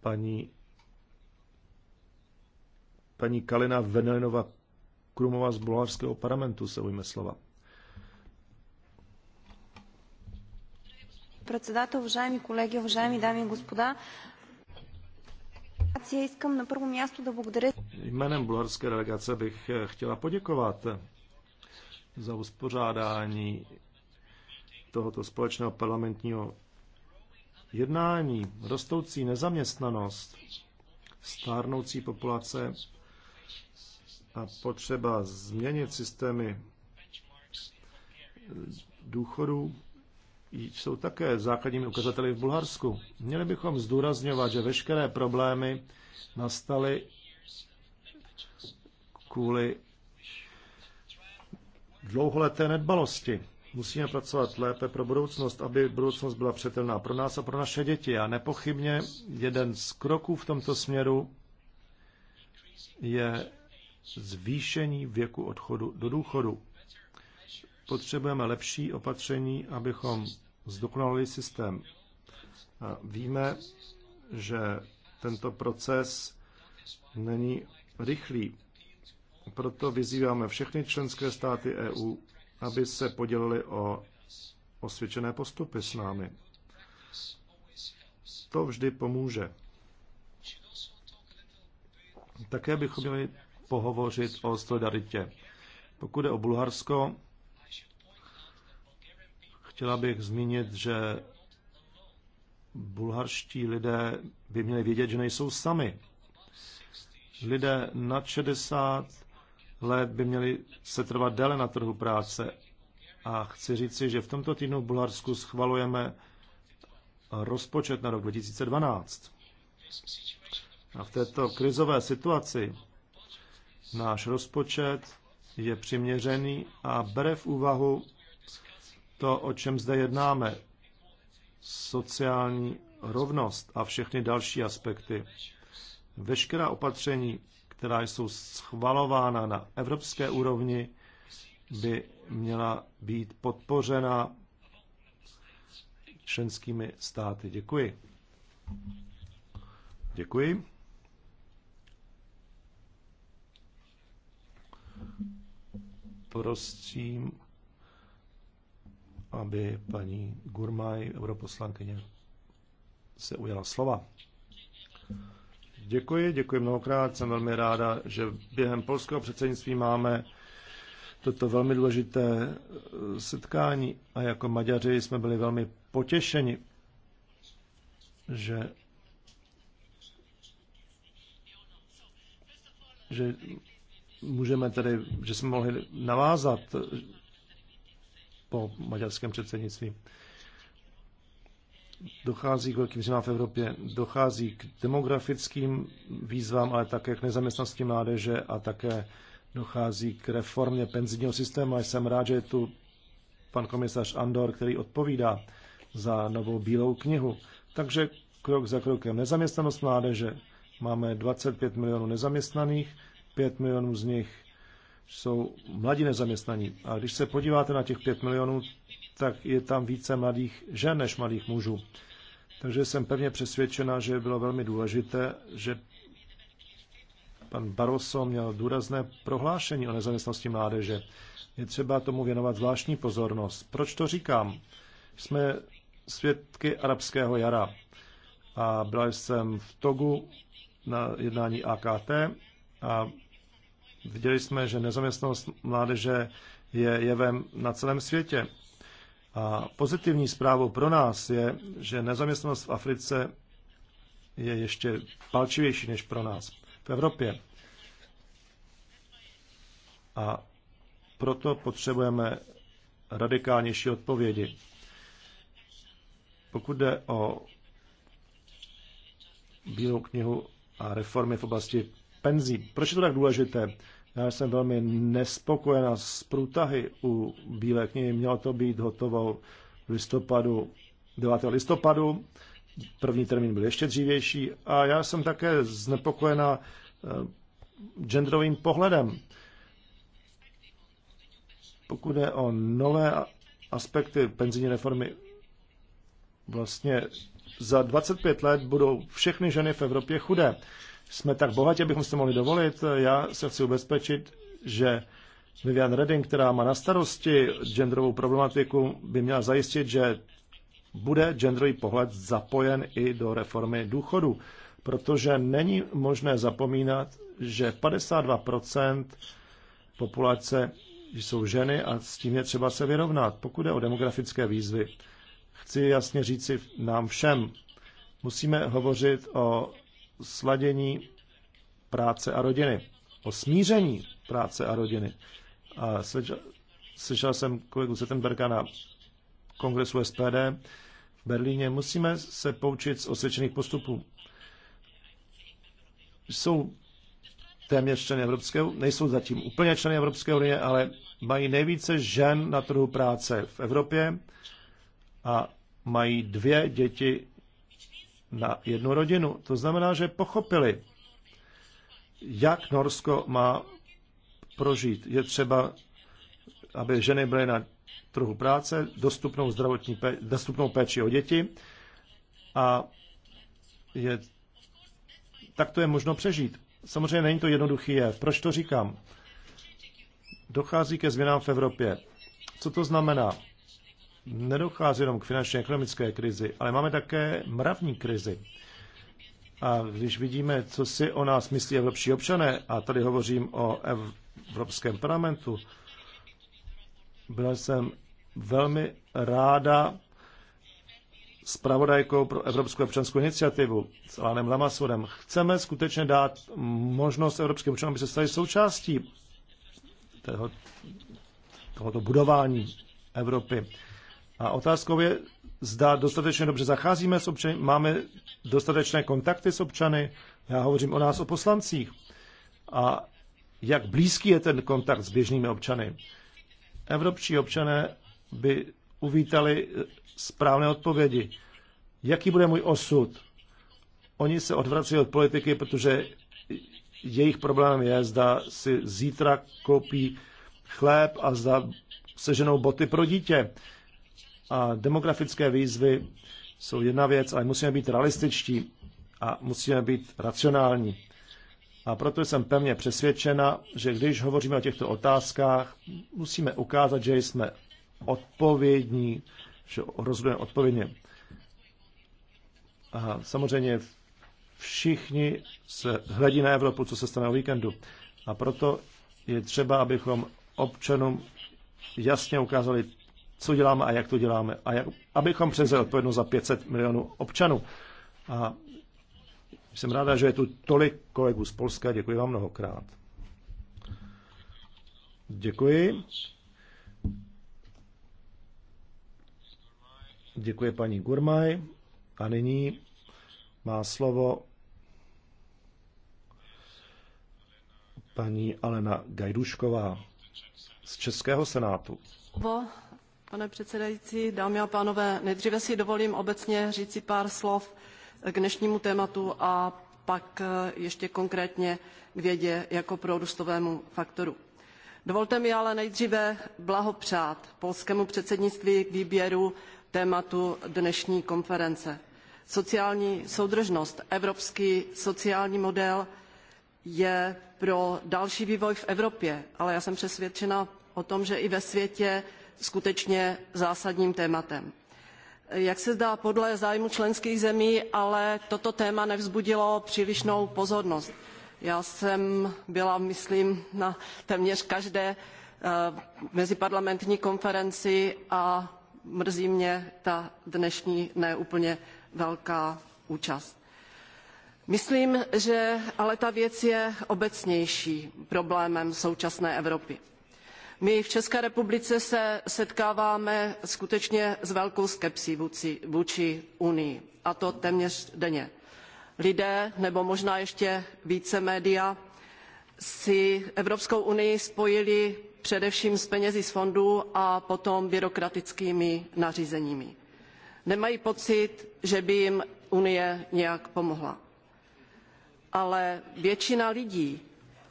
Paní, paní Kalina Venelinová Krumová z bulharského parlamentu se ujme slova. председател, уважаеми колеги, уважаеми дами и господа. Искам na prvom místu da благодаря. Jménem bulharské delegace bych eh, chtěla poděkovat eh, za uspořádání tohoto společného parlamentního jednání, rostoucí nezaměstnanost, stárnoucí populace a potřeba změnit systémy eh, důchodů jsou také základními ukazateli v Bulharsku. Měli bychom zdůrazňovat, že veškeré problémy nastaly kvůli dlouholeté nedbalosti. Musíme pracovat lépe pro budoucnost, aby budoucnost byla přetelná pro nás a pro naše děti. A nepochybně jeden z kroků v tomto směru je zvýšení věku odchodu do důchodu potřebujeme lepší opatření, abychom zdokonalili systém. A víme, že tento proces není rychlý. Proto vyzýváme všechny členské státy EU, aby se podělili o osvědčené postupy s námi. To vždy pomůže. Také bychom měli pohovořit o solidaritě. Pokud je o Bulharsko, Chtěla bych zmínit, že bulharští lidé by měli vědět, že nejsou sami. Lidé nad 60 let by měli se trvat déle na trhu práce. A chci říci, že v tomto týdnu v Bulharsku schvalujeme rozpočet na rok 2012. A v této krizové situaci náš rozpočet je přiměřený a bere v úvahu to, o čem zde jednáme, sociální rovnost a všechny další aspekty. Veškerá opatření, která jsou schvalována na evropské úrovni, by měla být podpořena členskými státy. Děkuji. Děkuji. Prosím aby paní Gurmaj, europoslankyně, se ujala slova. Děkuji, děkuji mnohokrát. Jsem velmi ráda, že během polského předsednictví máme toto velmi důležité eh, setkání a jako Maďaři jsme byli velmi potěšeni, že že můžeme tedy, že jsme mohli navázat po maďarském předsednictví. Dochází k velkým změnám v Evropě, dochází k demografickým výzvám, ale také k nezaměstnanosti mládeže a také dochází k reformě penzijního systému. A jsem rád, že je tu pan komisař Andor, který odpovídá za novou bílou knihu. Takže krok za krokem. Nezaměstnanost mládeže. Máme 25 milionů nezaměstnaných, 5 milionů z nich jsou mladí nezaměstnaní. A když se podíváte na těch 5 milionů, tak je tam více mladých žen než mladých mužů. Takže jsem pevně přesvědčena, že bylo velmi důležité, že pan Barroso měl důrazné prohlášení o nezaměstnosti mládeže. Je třeba tomu věnovat zvláštní pozornost. Proč to říkám? Jsme svědky arabského jara. A byl jsem v Togu na jednání AKT a Viděli jsme, že nezaměstnanost mládeže je jevem na celém světě. A pozitivní zprávou pro nás je, že nezaměstnanost v Africe je ještě palčivější než pro nás v Evropě. A proto potřebujeme radikálnější odpovědi. Pokud jde o Bílou knihu a reformy v oblasti penzí, proč je to tak důležité? Já jsem velmi nespokojená s průtahy u Bílé knihy. Mělo to být hotovo v listopadu, 9. listopadu. První termín byl ještě dřívější. A já jsem také znepokojená eh, genderovým pohledem. Pokud je o nové aspekty penzijní reformy, vlastně za 25 let budou všechny ženy v Evropě chudé jsme tak bohatí, abychom si mohli dovolit. Já se chci ubezpečit, že Vivian Redding, která má na starosti genderovou problematiku, by měla zajistit, že bude genderový pohled zapojen i do reformy důchodu, protože není možné zapomínat, že 52% populace jsou ženy a s tím je třeba se vyrovnat. Pokud je o demografické výzvy, chci jasně říci nám všem, musíme hovořit o sladění práce a rodiny, o smíření práce a rodiny. A slyšel, slyšel jsem kolegu Zettenberga na kongresu SPD v Berlíně. Musíme se poučit z osvědčených postupů. Jsou téměř členy Evropské nejsou zatím úplně členy Evropské unie, ale mají nejvíce žen na trhu práce v Evropě a mají dvě děti na jednu rodinu. To znamená, že pochopili, jak Norsko má prožít. Je třeba, aby ženy byly na trhu práce, dostupnou, zdravotní pe- dostupnou péči o děti a je, tak to je možno přežít. Samozřejmě není to jednoduchý jev. Proč to říkám? Dochází ke změnám v Evropě. Co to znamená? nedochází jenom k finančně ekonomické krizi, ale máme také mravní krizi. A když vidíme, co si o nás myslí evropští občané, a tady hovořím o Evropském parlamentu, byla jsem velmi ráda spravodajkou pro Evropskou občanskou iniciativu s Alánem Lamasurem. Chceme skutečně dát možnost evropským občanům, aby se stali součástí tohoto budování Evropy. A otázkou je, zda dostatečně dobře zacházíme s občany, máme dostatečné kontakty s občany, já hovořím o nás, o poslancích, a jak blízký je ten kontakt s běžnými občany. Evropští občané by uvítali správné odpovědi. Jaký bude můj osud? Oni se odvrací od politiky, protože jejich problém je, zda si zítra koupí chléb a zda seženou boty pro dítě a demografické výzvy jsou jedna věc, ale musíme být realističtí a musíme být racionální. A proto jsem pevně přesvědčena, že když hovoříme o těchto otázkách, musíme ukázat, že jsme odpovědní, že rozhodujeme odpovědně. A samozřejmě všichni se hledí na Evropu, co se stane o víkendu. A proto je třeba, abychom občanům jasně ukázali co děláme a jak to děláme. A jak, abychom převzali odpovědnost za 500 milionů občanů. A jsem ráda, že je tu tolik kolegů z Polska. Děkuji vám mnohokrát. Děkuji. Děkuji paní Gurmaj. A nyní má slovo paní Alena Gajdušková z Českého senátu. Bo. Pane předsedající, dámy a pánové, nejdříve si dovolím obecně říci pár slov k dnešnímu tématu a pak eh, ještě konkrétně k vědě jako prorůstovému faktoru. Dovolte mi ale nejdříve blahopřát polskému předsednictví k výběru tématu dnešní konference. Sociální soudržnost, evropský sociální model je pro další vývoj v Evropě, ale já jsem přesvědčena o tom, že i ve světě skutečně zásadním tématem. Jak se zdá podle zájmu členských zemí, ale toto téma nevzbudilo přílišnou pozornost. Já jsem byla, myslím, na téměř každé eh, meziparlamentní konferenci a mrzí mě ta dnešní neúplně velká účast. Myslím, že ale ta věc je obecnější problémem současné Evropy. My v České republice se setkáváme skutečně s velkou skepsí vůči, vůči Unii, a to téměř denně. Lidé, nebo možná ještě více média, si Evropskou unii spojili především s penězi z fondů a potom byrokratickými nařízeními. Nemají pocit, že by jim Unie nějak pomohla. Ale většina lidí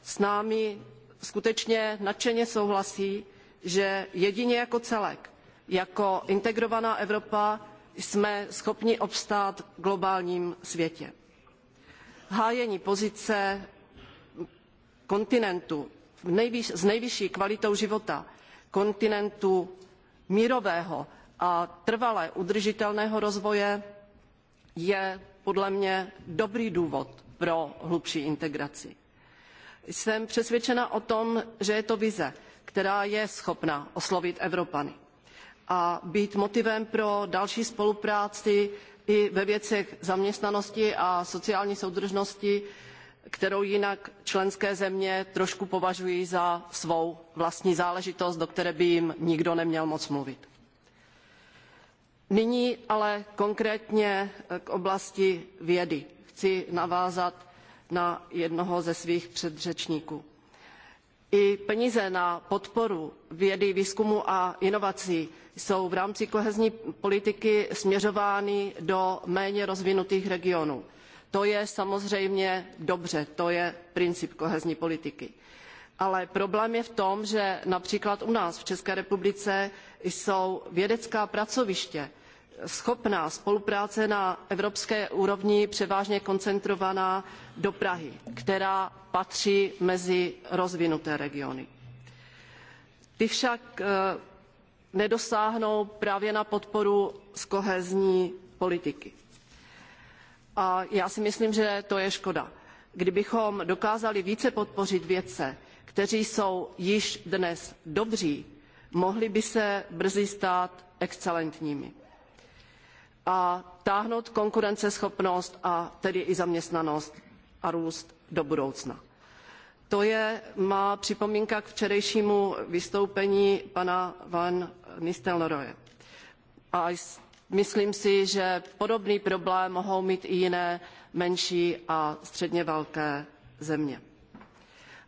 s námi skutečně nadšeně souhlasí, že jedině jako celek, jako integrovaná Evropa, jsme schopni obstát v globálním světě. Hájení pozice kontinentu nejvyš, s nejvyšší kvalitou života, kontinentu mírového a trvale udržitelného rozvoje je podle mě dobrý důvod pro hlubší integraci. Jsem přesvědčena o tom, že je to vize, která je schopna oslovit Evropany a být motivem pro další spolupráci i ve věcech zaměstnanosti a sociální soudržnosti, kterou jinak členské země trošku považují za svou vlastní záležitost, do které by jim nikdo neměl moc mluvit. Nyní ale konkrétně k oblasti vědy. Chci navázat na jednoho ze svých předřečníků. I peníze na podporu vědy, výzkumu a inovací jsou v rámci kohezní politiky směřovány do méně rozvinutých regionů. To je samozřejmě dobře, to je princip kohezní politiky. Ale problém je v tom, že například u nás v České republice jsou vědecká pracoviště, schopná spolupráce na evropské úrovni převážně koncentrovaná do Prahy, která patří mezi rozvinuté regiony. Ty však eh, nedosáhnou právě na podporu z kohezní politiky. A já si myslím, že to je škoda. Kdybychom dokázali více podpořit vědce, kteří jsou již dnes dobří, mohli by se brzy stát excelentními a táhnout konkurenceschopnost a tedy i zaměstnanost a růst do budoucna. To je má připomínka k včerejšímu vystoupení pana Van Nistelrooye. A myslím si, že podobný problém mohou mít i jiné menší a středně velké země.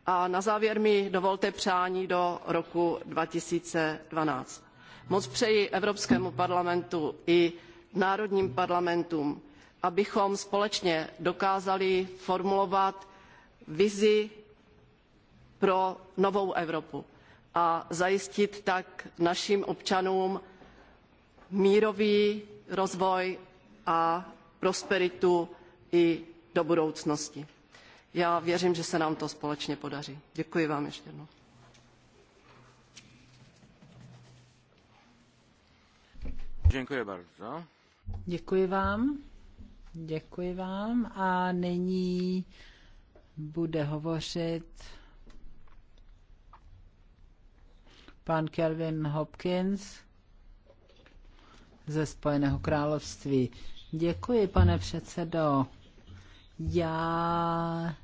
A na závěr mi dovolte přání do roku 2012. Moc přeji Evropskému parlamentu i národním parlamentům, abychom společně dokázali formulovat vizi pro novou Evropu a zajistit tak našim občanům mírový rozvoj a prosperitu i do budoucnosti. Já věřím, že se nám to společně podaří. Děkuji vám ještě jednou. Dziękuję bardzo. Děkuji vám. Děkuji vám. A nyní bude hovořit pan Kelvin Hopkins ze Spojeného království. Děkuji, pane předsedo. Já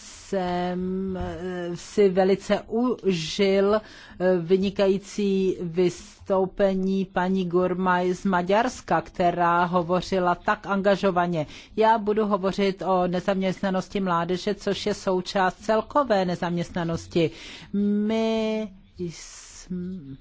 jsem eh, si velice užil eh, vynikající vystoupení paní Gurmaj z Maďarska, která hovořila tak angažovaně. Já budu hovořit o nezaměstnanosti mládeže, což je součást celkové nezaměstnanosti. My jsme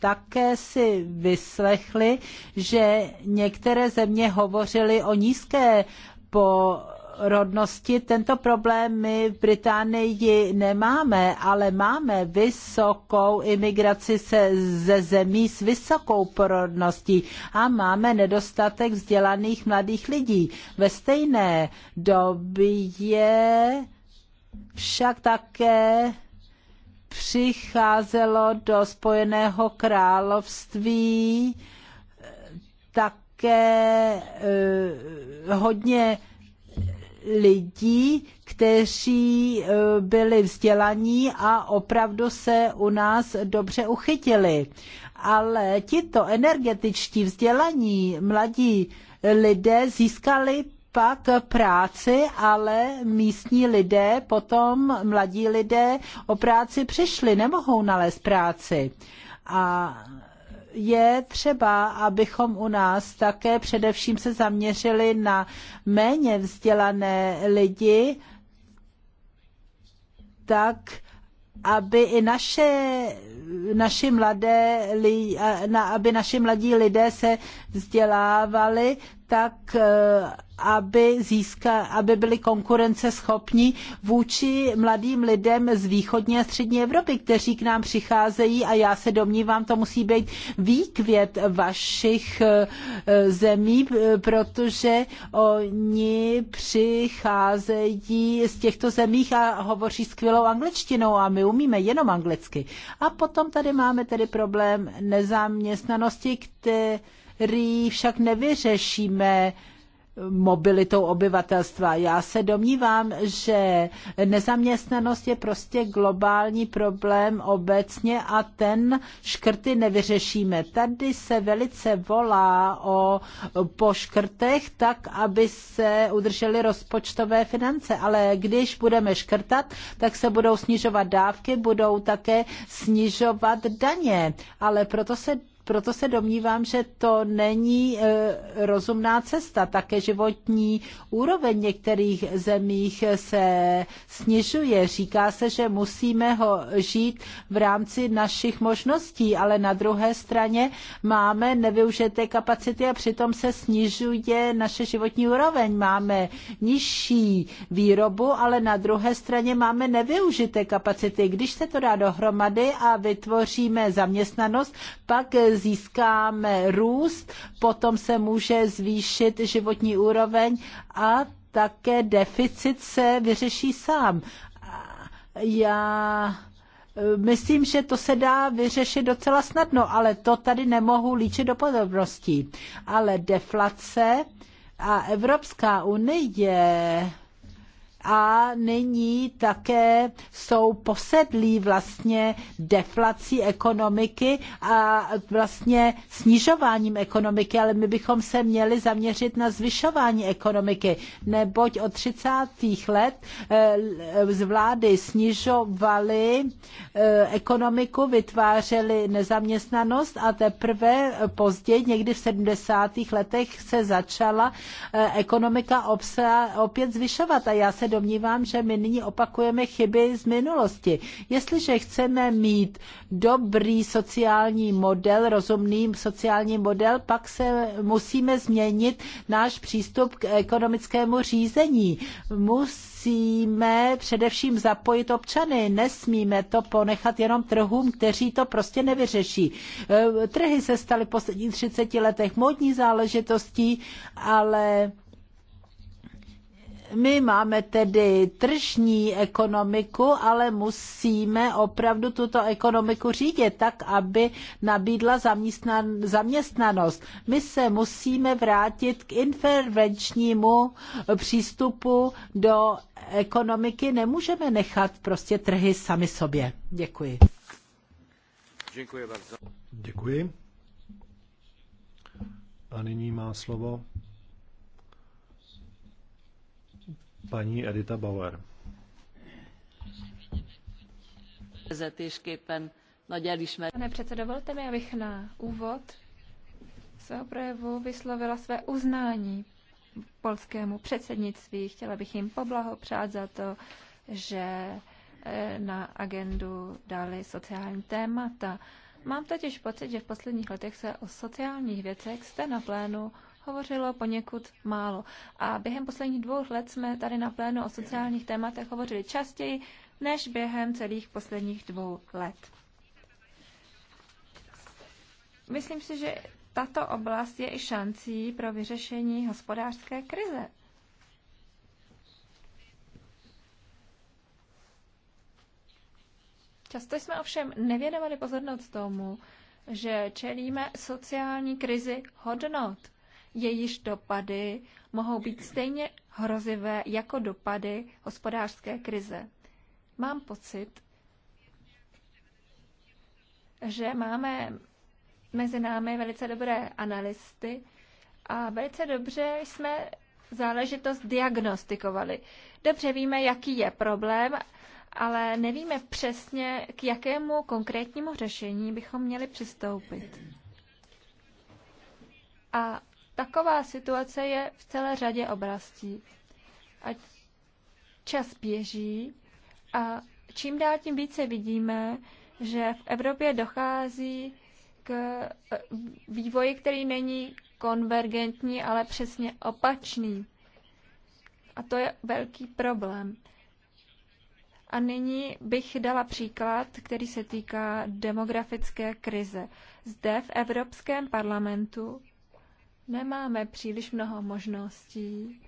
také si vyslechli, že některé země hovořily o nízké po rodnosti. Tento problém my v Británii nemáme, ale máme vysokou imigraci se, ze zemí s vysokou porodností a máme nedostatek vzdělaných mladých lidí. Ve stejné době však také přicházelo do Spojeného království také eh, hodně lidí, kteří eh, byli vzdělaní a opravdu se u nás dobře uchytili. Ale tito energetičtí vzdělaní mladí lidé získali pak práci, ale místní lidé, potom mladí lidé o práci přišli, nemohou nalézt práci. A je třeba, abychom u nás také především se zaměřili na méně vzdělané lidi, tak aby i naše, naši mladé, aby naši mladí lidé se vzdělávali, tak, eh, aby, získa, aby byli konkurenceschopní vůči mladým lidem z východní a střední Evropy, kteří k nám přicházejí a já se domnívám, to musí být výkvět vašich eh, eh, zemí, protože oni přicházejí z těchto zemích a hovoří skvělou angličtinou a my umíme jenom anglicky. A potom tady máme tedy problém nezaměstnanosti, který který však nevyřešíme mobilitou obyvatelstva. Já se domnívám, že nezaměstnanost je prostě globální problém obecně a ten škrty nevyřešíme. Tady se velice volá o po škrtech tak, aby se udržely rozpočtové finance, ale když budeme škrtat, tak se budou snižovat dávky, budou také snižovat daně, ale proto se proto se domnívám, že to není e, rozumná cesta. Také životní úroveň některých zemích se snižuje. Říká se, že musíme ho žít v rámci našich možností, ale na druhé straně máme nevyužité kapacity a přitom se snižuje naše životní úroveň. Máme nižší výrobu, ale na druhé straně máme nevyužité kapacity. Když se to dá dohromady a vytvoříme zaměstnanost, pak získáme růst, potom se může zvýšit životní úroveň a také deficit se vyřeší sám. Já eh, myslím, že to se dá vyřešit docela snadno, ale to tady nemohu líčit do podrobností. Ale deflace a Evropská unie a nyní také jsou posedlí vlastně deflací ekonomiky a vlastně snižováním ekonomiky, ale my bychom se měli zaměřit na zvyšování ekonomiky, neboť od 30. let eh, z vlády snižovaly eh, ekonomiku, vytvářely nezaměstnanost a teprve později, někdy v 70. letech se začala eh, ekonomika opět zvyšovat a já se domnívám, že my nyní opakujeme chyby z minulosti. Jestliže chceme mít dobrý sociální model, rozumný sociální model, pak se musíme změnit náš přístup k ekonomickému řízení. Musíme především zapojit občany. Nesmíme to ponechat jenom trhům, kteří to prostě nevyřeší. E, trhy se staly v posledních 30 letech módní záležitostí, ale my máme tedy tržní ekonomiku, ale musíme opravdu tuto ekonomiku řídit tak, aby nabídla zaměstnanost. My se musíme vrátit k intervenčnímu přístupu do ekonomiky. Nemůžeme nechat prostě trhy sami sobě. Děkuji. Děkuji. Děkuji. A nyní má slovo paní Edita Bauer. Pane předsedo, dovolte mi, abych na úvod svého projevu vyslovila své uznání polskému předsednictví. Chtěla bych jim poblahopřát za to, že eh, na agendu dali sociální témata. Mám totiž pocit, že v posledních letech se o sociálních věcech jste na plénu hovořilo poněkud málo. A během posledních dvou let jsme tady na plénu o sociálních tématech hovořili častěji než během celých posledních dvou let. Myslím si, že tato oblast je i šancí pro vyřešení hospodářské krize. Často jsme ovšem nevěnovali pozornost tomu, že čelíme sociální krizi hodnot jejíž dopady mohou být stejně hrozivé jako dopady hospodářské krize. Mám pocit, že máme mezi námi velice dobré analysty a velice dobře jsme záležitost diagnostikovali. Dobře víme, jaký je problém, ale nevíme přesně, k jakému konkrétnímu řešení bychom měli přistoupit. A Taková situace je v celé řadě oblastí. A čas běží a čím dál tím více vidíme, že v Evropě dochází k eh, vývoji, který není konvergentní, ale přesně opačný. A to je velký problém. A nyní bych dala příklad, který se týká demografické krize. Zde v Evropském parlamentu nemáme příliš mnoho možností,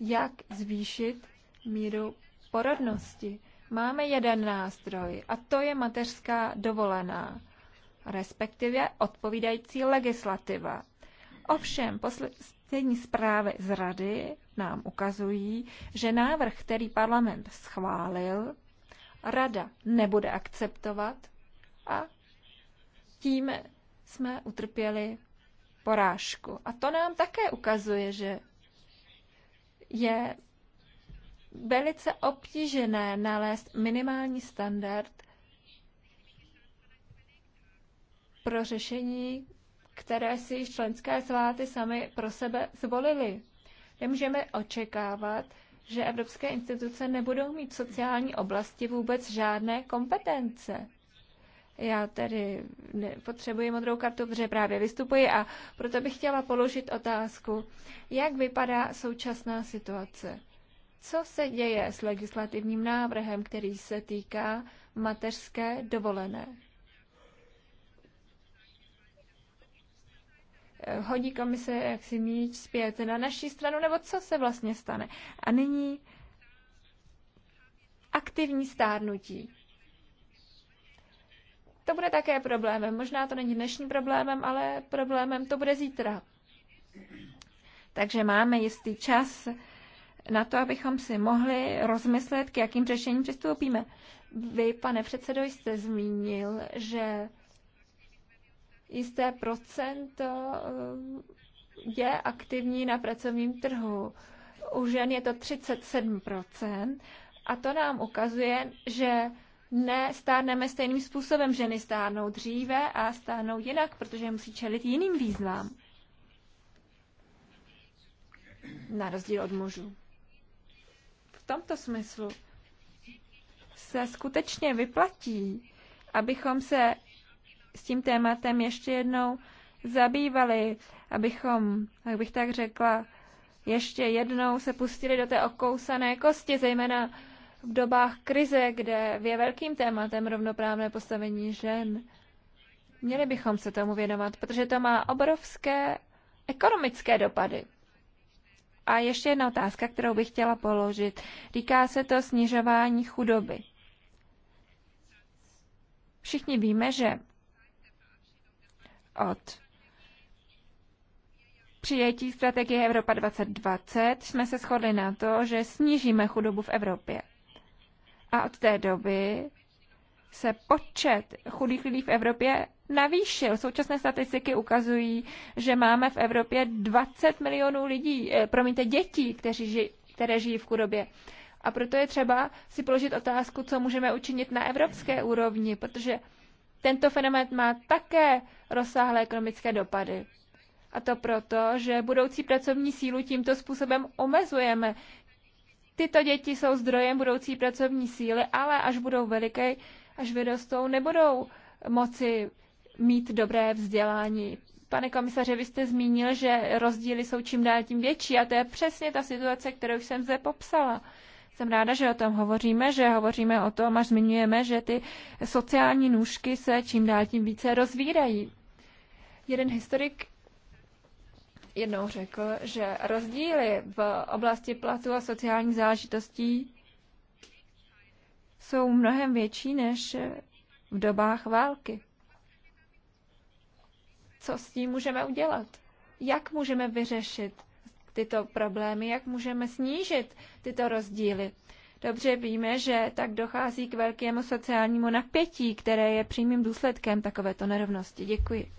jak zvýšit míru porodnosti. Máme jeden nástroj a to je mateřská dovolená, respektive odpovídající legislativa. Ovšem, poslední zprávy z Rady nám ukazují, že návrh, který parlament schválil, Rada nebude akceptovat a tím jsme utrpěli porážku. A to nám také ukazuje, že je velice obtížné nalézt minimální standard pro řešení, které si členské sváty sami pro sebe zvolili. Nemůžeme očekávat, že evropské instituce nebudou mít v sociální oblasti vůbec žádné kompetence. Já tedy potřebuji modrou kartu, protože právě vystupuji a proto bych chtěla položit otázku, jak vypadá současná situace. Co se děje s legislativním návrhem, který se týká mateřské dovolené? Hodí komise jaksi míč zpět na naší stranu, nebo co se vlastně stane? A nyní aktivní stárnutí to bude také problémem. Možná to není dnešním problémem, ale problémem to bude zítra. Takže máme jistý čas na to, abychom si mohli rozmyslet, k jakým řešením přistoupíme. Vy, pane předsedo, jste zmínil, že jisté procento eh, je aktivní na pracovním trhu. U žen je to 37 a to nám ukazuje, že nestárneme stejným způsobem. Ženy stárnou dříve a stárnou jinak, protože musí čelit jiným výzvám. Na rozdíl od mužů. V tomto smyslu se skutečně vyplatí, abychom se s tím tématem ještě jednou zabývali, abychom, jak bych tak řekla, ještě jednou se pustili do té okousané kosti, zejména v dobách krize, kde je velkým tématem rovnoprávné postavení žen. Měli bychom se tomu věnovat, protože to má obrovské ekonomické dopady. A ještě jedna otázka, kterou bych chtěla položit. Říká se to snižování chudoby. Všichni víme, že od přijetí strategie Evropa 2020 jsme se shodli na to, že snížíme chudobu v Evropě. A od té doby se počet chudých lidí v Evropě navýšil. Současné statistiky ukazují, že máme v Evropě 20 milionů lidí, eh, promiňte, dětí, kteří ži, které žijí v chudobě. A proto je třeba si položit otázku, co můžeme učinit na evropské úrovni, protože tento fenomén má také rozsáhlé ekonomické dopady. A to proto, že budoucí pracovní sílu tímto způsobem omezujeme. Tyto děti jsou zdrojem budoucí pracovní síly, ale až budou veliké, až vyrostou, nebudou moci mít dobré vzdělání. Pane komisaře, vy jste zmínil, že rozdíly jsou čím dál tím větší a to je přesně ta situace, kterou jsem zde popsala. Jsem ráda, že o tom hovoříme, že hovoříme o tom, až zmiňujeme, že ty sociální nůžky se čím dál tím více rozvírají. Jeden historik jednou řekl, že rozdíly v oblasti platu a sociálních záležitostí jsou mnohem větší než v dobách války. Co s tím můžeme udělat? Jak můžeme vyřešit tyto problémy? Jak můžeme snížit tyto rozdíly? Dobře víme, že tak dochází k velkému sociálnímu napětí, které je přímým důsledkem takovéto nerovnosti. Děkuji.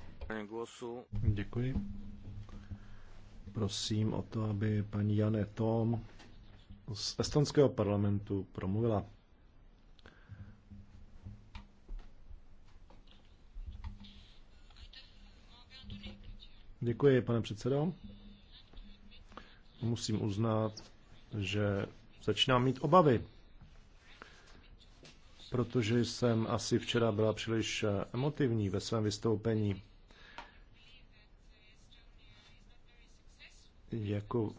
Děkuji prosím o to, aby paní Jane Tom z estonského parlamentu promluvila. Děkuji, pane předsedo. Musím uznat, že začínám mít obavy, protože jsem asi včera byla příliš emotivní ve svém vystoupení. jako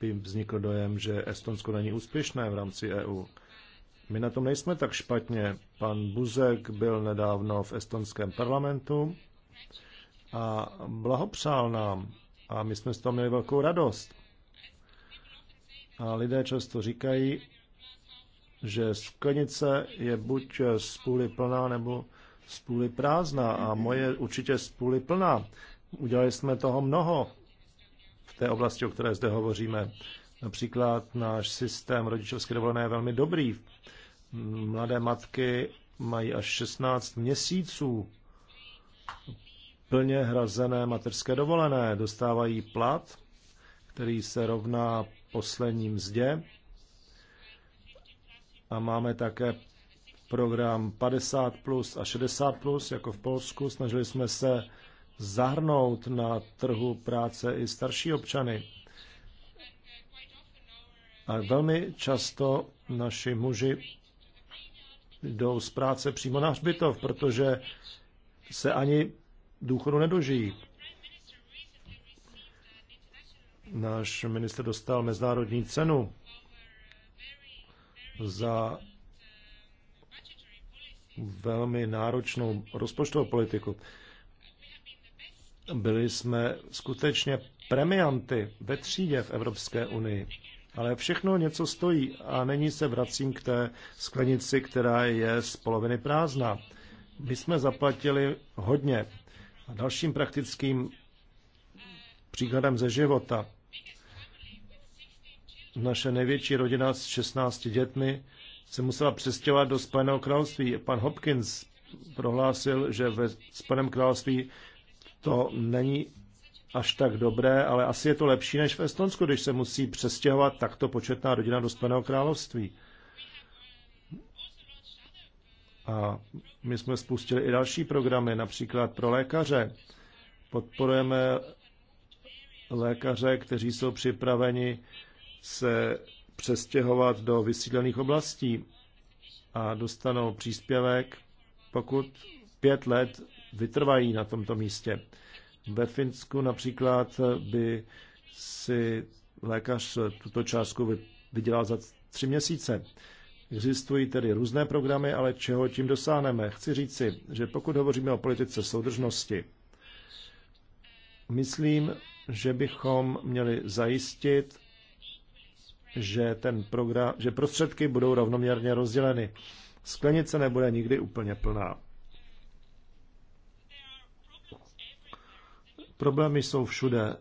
by vznikl dojem, že Estonsko není úspěšné v rámci EU. My na tom nejsme tak špatně. Pan Buzek byl nedávno v estonském parlamentu a blahopřál nám. A my jsme z toho měli velkou radost. A lidé často říkají, že sklenice je buď z půly plná nebo z půly prázdná. A moje určitě z půly plná. Udělali jsme toho mnoho té oblasti, o které zde hovoříme. Například náš systém rodičovské dovolené je velmi dobrý. Mladé matky mají až 16 měsíců plně hrazené mateřské dovolené. Dostávají plat, který se rovná poslední mzdě. A máme také program 50 plus a 60 plus, jako v Polsku. Snažili jsme se zahrnout na trhu práce i starší občany. A velmi často naši muži jdou z práce přímo na hřbitov, protože se ani důchodu nedožijí. Náš minister dostal mezinárodní cenu za velmi náročnou rozpočtovou politiku. Byli jsme skutečně premianty ve třídě v Evropské unii. Ale všechno něco stojí a není se vracím k té sklenici, která je z poloviny prázdná. My jsme zaplatili hodně. A dalším praktickým příkladem ze života. Naše největší rodina s 16 dětmi se musela přestěhovat do Spojeného království. Pan Hopkins prohlásil, že ve Spojeném království to není až tak dobré, ale asi je to lepší než v Estonsku, když se musí přestěhovat takto početná rodina do Spojeného království. A my jsme spustili i další programy, například pro lékaře. Podporujeme lékaře, kteří jsou připraveni se přestěhovat do vysídlených oblastí a dostanou příspěvek, pokud pět let vytrvají na tomto místě. Ve Finsku například by si lékař tuto částku vydělal za tři měsíce. Existují tedy různé programy, ale čeho tím dosáhneme? Chci říci, že pokud hovoříme o politice soudržnosti, myslím, že bychom měli zajistit, že, ten program, že prostředky budou rovnoměrně rozděleny. Sklenice nebude nikdy úplně plná. Problémy jsou všude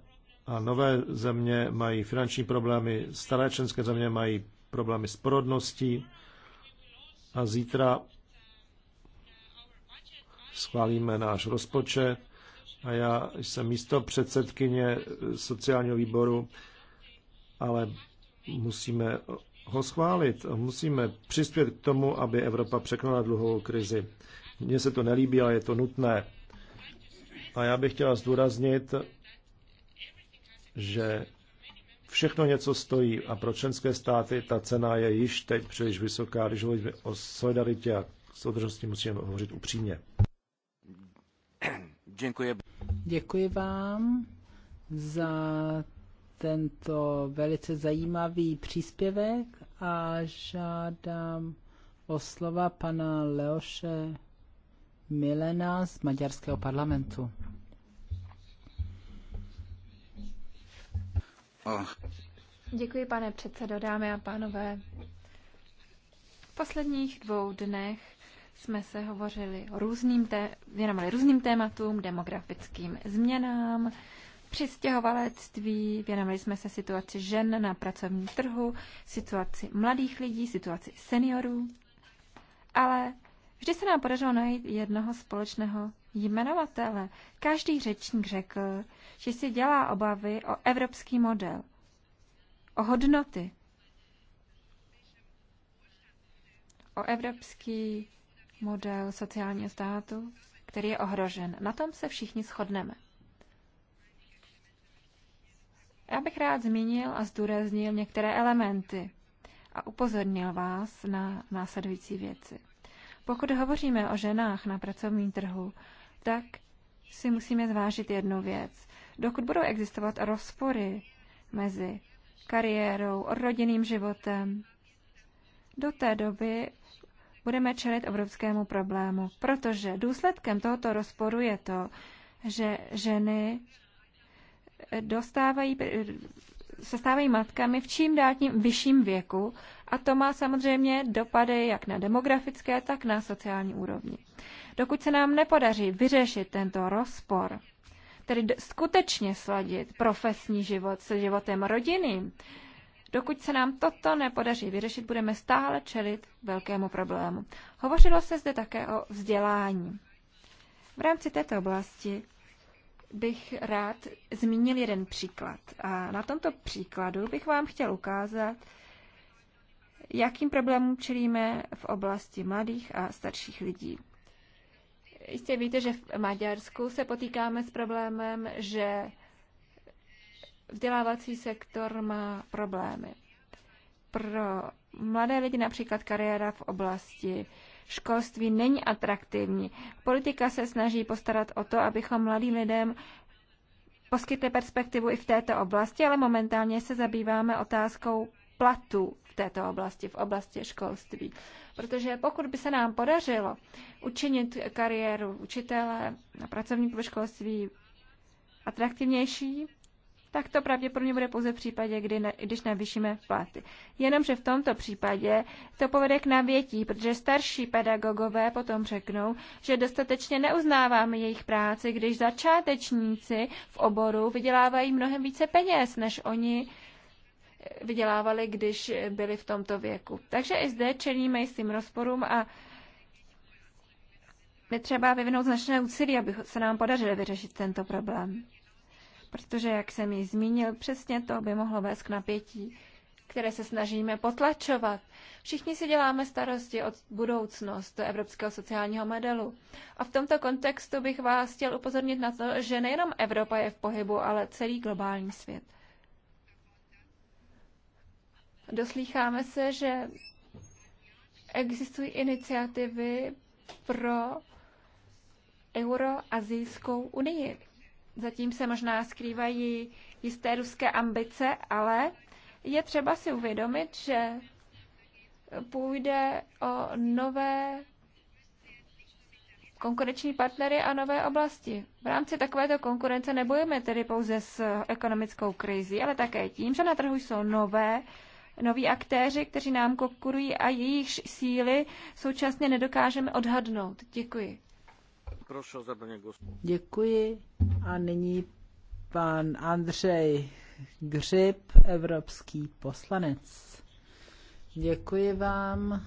a nové země mají finanční problémy, staré členské země mají problémy s porodností a zítra schválíme náš rozpočet a já jsem místo předsedkyně sociálního výboru, ale musíme ho schválit. Musíme přispět k tomu, aby Evropa překonala dluhovou krizi. Mně se to nelíbí, ale je to nutné. A já bych chtěla zdůraznit, že všechno něco stojí a pro členské státy ta cena je již teď příliš vysoká. Když hovoříme o solidaritě a soudržnosti, musíme hovořit upřímně. Děkuji. Děkuji vám za tento velice zajímavý příspěvek a žádám o slova pana Leoše Milena z maďarského parlamentu. Ah. Děkuji, pane předsedo, dámy a pánové. V posledních dvou dnech jsme se hovořili o různým té, věnovali různým tématům, demografickým změnám, přistěhovalectví, věnovali jsme se situaci žen na pracovním trhu, situaci mladých lidí, situaci seniorů. Ale Vždy se nám podařilo najít jednoho společného jmenovatele. Každý řečník řekl, že si dělá obavy o evropský model, o hodnoty, o evropský model sociálního státu, který je ohrožen. Na tom se všichni shodneme. Já bych rád zmínil a zdůraznil některé elementy a upozornil vás na následující věci. Pokud hovoříme o ženách na pracovním trhu, tak si musíme zvážit jednu věc. Dokud budou existovat rozpory mezi kariérou, rodinným životem, do té doby budeme čelit obrovskému problému, protože důsledkem tohoto rozporu je to, že ženy dostávají se stávají matkami v čím dál tím vyšším věku a to má samozřejmě dopady jak na demografické, tak na sociální úrovni. Dokud se nám nepodaří vyřešit tento rozpor, tedy skutečně sladit profesní život se životem rodinným, dokud se nám toto nepodaří vyřešit, budeme stále čelit velkému problému. Hovořilo se zde také o vzdělání. V rámci této oblasti bych rád zmínil jeden příklad. A na tomto příkladu bych vám chtěl ukázat, jakým problémům čelíme v oblasti mladých a starších lidí. Jistě víte, že v Maďarsku se potýkáme s problémem, že vzdělávací sektor má problémy. Pro mladé lidi například kariéra v oblasti školství není atraktivní. Politika se snaží postarat o to, abychom mladým lidem poskytli perspektivu i v této oblasti, ale momentálně se zabýváme otázkou platů v této oblasti, v oblasti školství. Protože pokud by se nám podařilo učinit kariéru učitele na ve školství atraktivnější, tak to pravděpodobně bude pouze v případě, kdy ne, když navýšíme platy. Jenomže v tomto případě to povede k navětí, protože starší pedagogové potom řeknou, že dostatečně neuznáváme jejich práci, když začátečníci v oboru vydělávají mnohem více peněz, než oni eh, vydělávali, když byli v tomto věku. Takže i zde čelíme tím rozporům a je třeba vyvinout značné úsilí, aby se nám podařilo vyřešit tento problém protože, jak jsem ji zmínil, přesně to by mohlo vést k napětí, které se snažíme potlačovat. Všichni si děláme starosti o budoucnost evropského sociálního modelu. A v tomto kontextu bych vás chtěl upozornit na to, že nejenom Evropa je v pohybu, ale celý globální svět. Doslýcháme se, že existují iniciativy pro Euroazijskou unii zatím se možná skrývají jisté ruské ambice, ale je třeba si uvědomit, že půjde o nové konkurenční partnery a nové oblasti. V rámci takovéto konkurence nebojujeme tedy pouze s ekonomickou krizí, ale také tím, že na trhu jsou nové, noví aktéři, kteří nám konkurují a jejich síly současně nedokážeme odhadnout. Děkuji. Děkuji a nyní pan Andřej Gřib, evropský poslanec. Děkuji vám,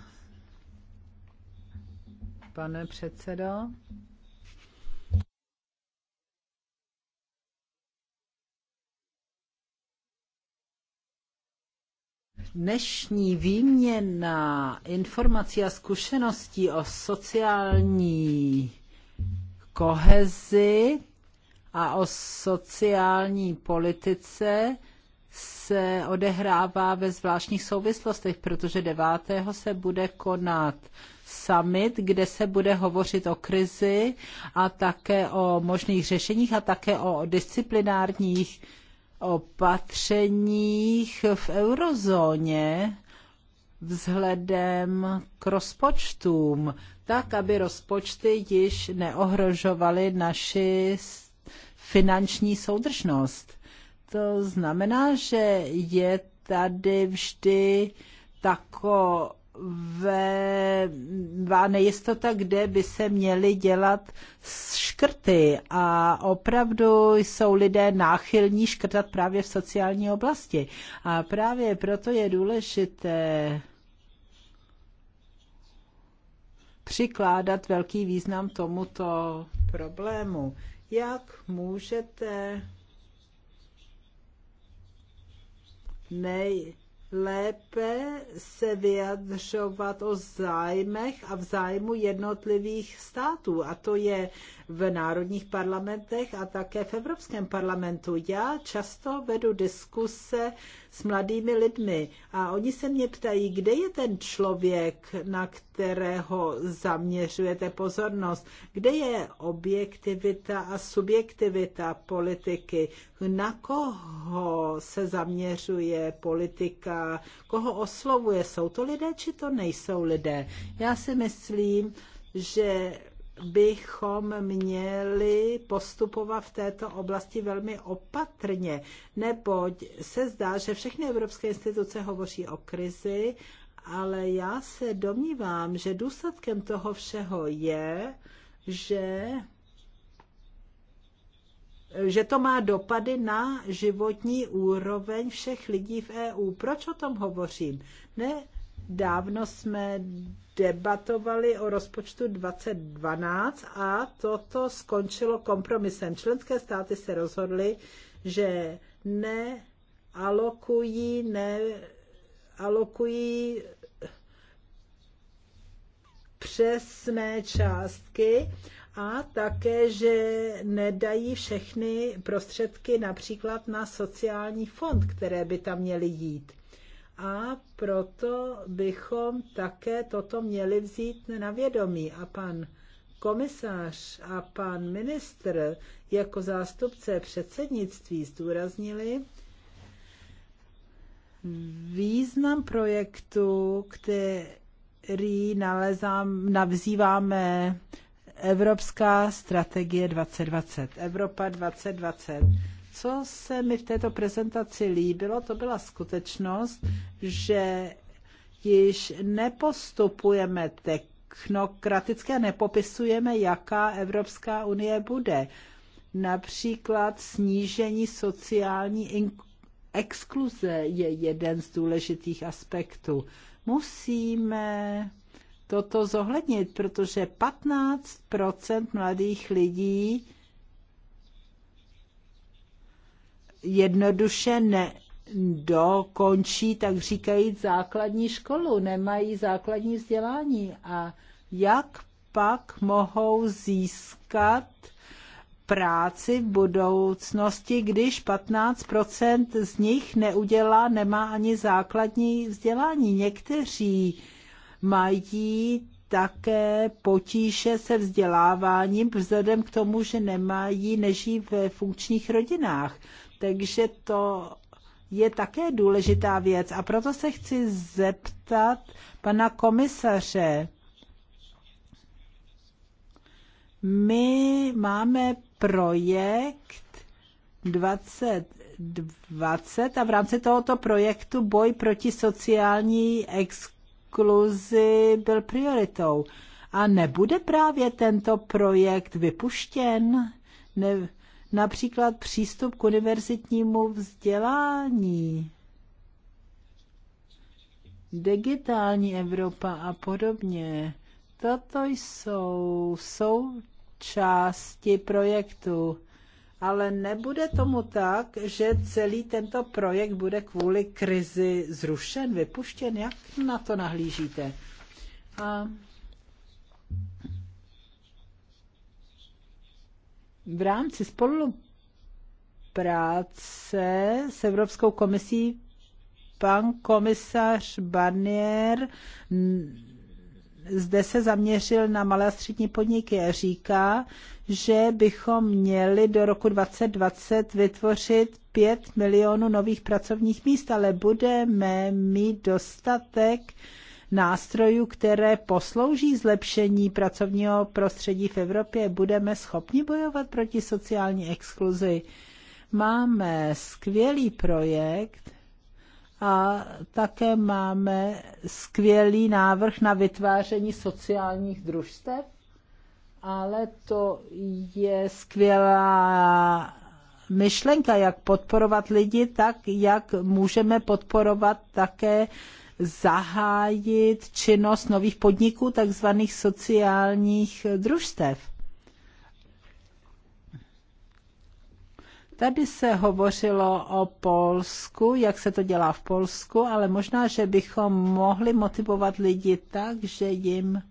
pane předsedo. Dnešní výměna informací a zkušeností o sociální kohezi a o sociální politice se odehrává ve zvláštních souvislostech, protože 9. se bude konat summit, kde se bude hovořit o krizi a také o možných řešeních a také o disciplinárních opatřeních v eurozóně vzhledem k rozpočtům tak, aby rozpočty již neohrožovaly naši finanční soudržnost. To znamená, že je tady vždy taková nejistota, kde by se měly dělat škrty. A opravdu jsou lidé náchylní škrtat právě v sociální oblasti. A právě proto je důležité přikládat velký význam tomuto problému. Jak můžete nejlépe se vyjadřovat o zájmech a v zájmu jednotlivých států. A to je v národních parlamentech a také v Evropském parlamentu. Já často vedu diskuse s mladými lidmi a oni se mě ptají, kde je ten člověk, na kterého zaměřujete pozornost, kde je objektivita a subjektivita politiky, na koho se zaměřuje politika, koho oslovuje, jsou to lidé či to nejsou lidé. Já si myslím, že bychom měli postupovat v této oblasti velmi opatrně, neboť se zdá, že všechny evropské instituce hovoří o krizi, ale já se domnívám, že důsledkem toho všeho je, že že to má dopady na životní úroveň všech lidí v EU. Proč o tom hovořím? Ne, dávno jsme debatovali o rozpočtu 2012 a toto skončilo kompromisem. Členské státy se rozhodly, že nealokují, nealokují přesné částky a také, že nedají všechny prostředky například na sociální fond, které by tam měly jít a proto bychom také toto měli vzít na vědomí. A pan komisář a pan ministr jako zástupce předsednictví zdůraznili význam projektu, který nalezám, navzýváme Evropská strategie 2020, Evropa 2020. Co se mi v této prezentaci líbilo, to byla skutečnost, že již nepostupujeme technokraticky a nepopisujeme, jaká Evropská unie bude. Například snížení sociální exkluze je jeden z důležitých aspektů. Musíme toto zohlednit, protože 15 mladých lidí jednoduše ne, dokončí, tak říkají, základní školu, nemají základní vzdělání. A jak pak mohou získat práci v budoucnosti, když 15% z nich neudělá, nemá ani základní vzdělání. Někteří mají také potíže se vzděláváním vzhledem k tomu, že nemají, nežijí ve funkčních rodinách takže to je také důležitá věc. A proto se chci zeptat pana komisaře. My máme projekt 2020 a v rámci tohoto projektu boj proti sociální exkluzi byl prioritou. A nebude právě tento projekt vypuštěn? Ne, například přístup k univerzitnímu vzdělání, digitální Evropa a podobně. Toto jsou součásti projektu, ale nebude tomu tak, že celý tento projekt bude kvůli krizi zrušen, vypuštěn. Jak na to nahlížíte? A v rámci spolupráce s Evropskou komisí pan komisař Barnier zde se zaměřil na malé a střední podniky a říká, že bychom měli do roku 2020 vytvořit 5 milionů nových pracovních míst, ale budeme mít dostatek uh, nástrojů, které poslouží zlepšení pracovního prostředí v Evropě, budeme schopni bojovat proti sociální exkluzi. Máme skvělý projekt a také máme skvělý návrh na vytváření sociálních družstev, ale to je skvělá myšlenka, jak podporovat lidi, tak jak můžeme podporovat také zahájit činnost nových podniků, takzvaných sociálních družstev. Tady se hovořilo o Polsku, jak se to dělá v Polsku, ale možná, že bychom mohli motivovat lidi tak, že jim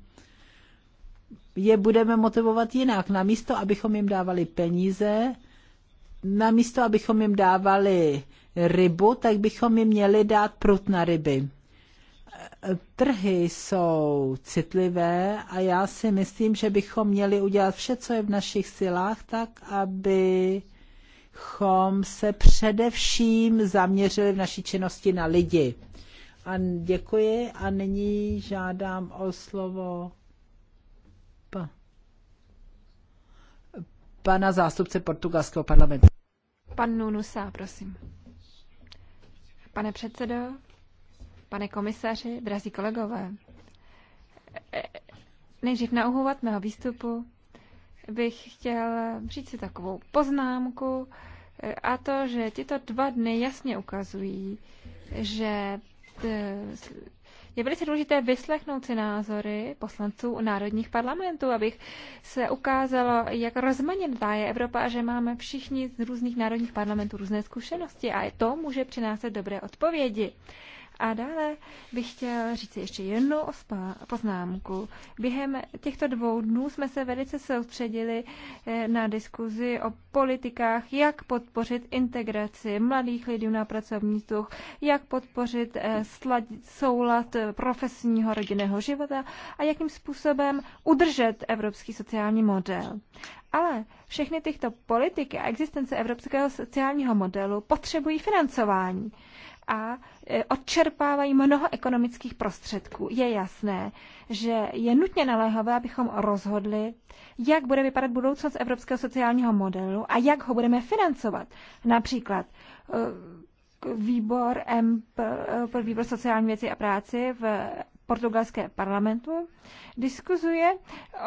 je budeme motivovat jinak. Namísto, abychom jim dávali peníze, namísto, abychom jim dávali rybu, tak bychom jim měli dát prut na ryby. Trhy jsou citlivé a já si myslím, že bychom měli udělat vše, co je v našich silách, tak, abychom se především zaměřili v naší činnosti na lidi. A děkuji a nyní žádám o slovo pa, pana zástupce portugalského parlamentu. Pan Nunusa, prosím. Pane předsedo, Pane komisaři, drazí kolegové, nejdřív na úvod mého výstupu bych chtěl říct si takovou poznámku a to, že tyto dva dny jasně ukazují, že e, je velice důležité vyslechnout si názory poslanců národních parlamentů, abych se ukázalo, jak rozmanitá je Evropa a že máme všichni z různých národních parlamentů různé zkušenosti a to může přinášet dobré odpovědi. A dále bych chtěl říct ještě jednu poznámku. Během těchto dvou dnů jsme se velice soustředili eh, na diskuzi o politikách, jak podpořit integraci mladých lidí na pracovní tuch, jak podpořit eh, soulad eh, profesního rodinného života a jakým způsobem udržet evropský sociální model. Ale všechny tyto politiky a existence evropského sociálního modelu potřebují financování a e, odčerpávají mnoho ekonomických prostředků. Je jasné, že je nutně naléhavé, abychom rozhodli, jak bude vypadat budoucnost evropského sociálního modelu a jak ho budeme financovat. Například e, výbor, MP, e, výbor sociální věci a práci v portugalské parlamentu diskuzuje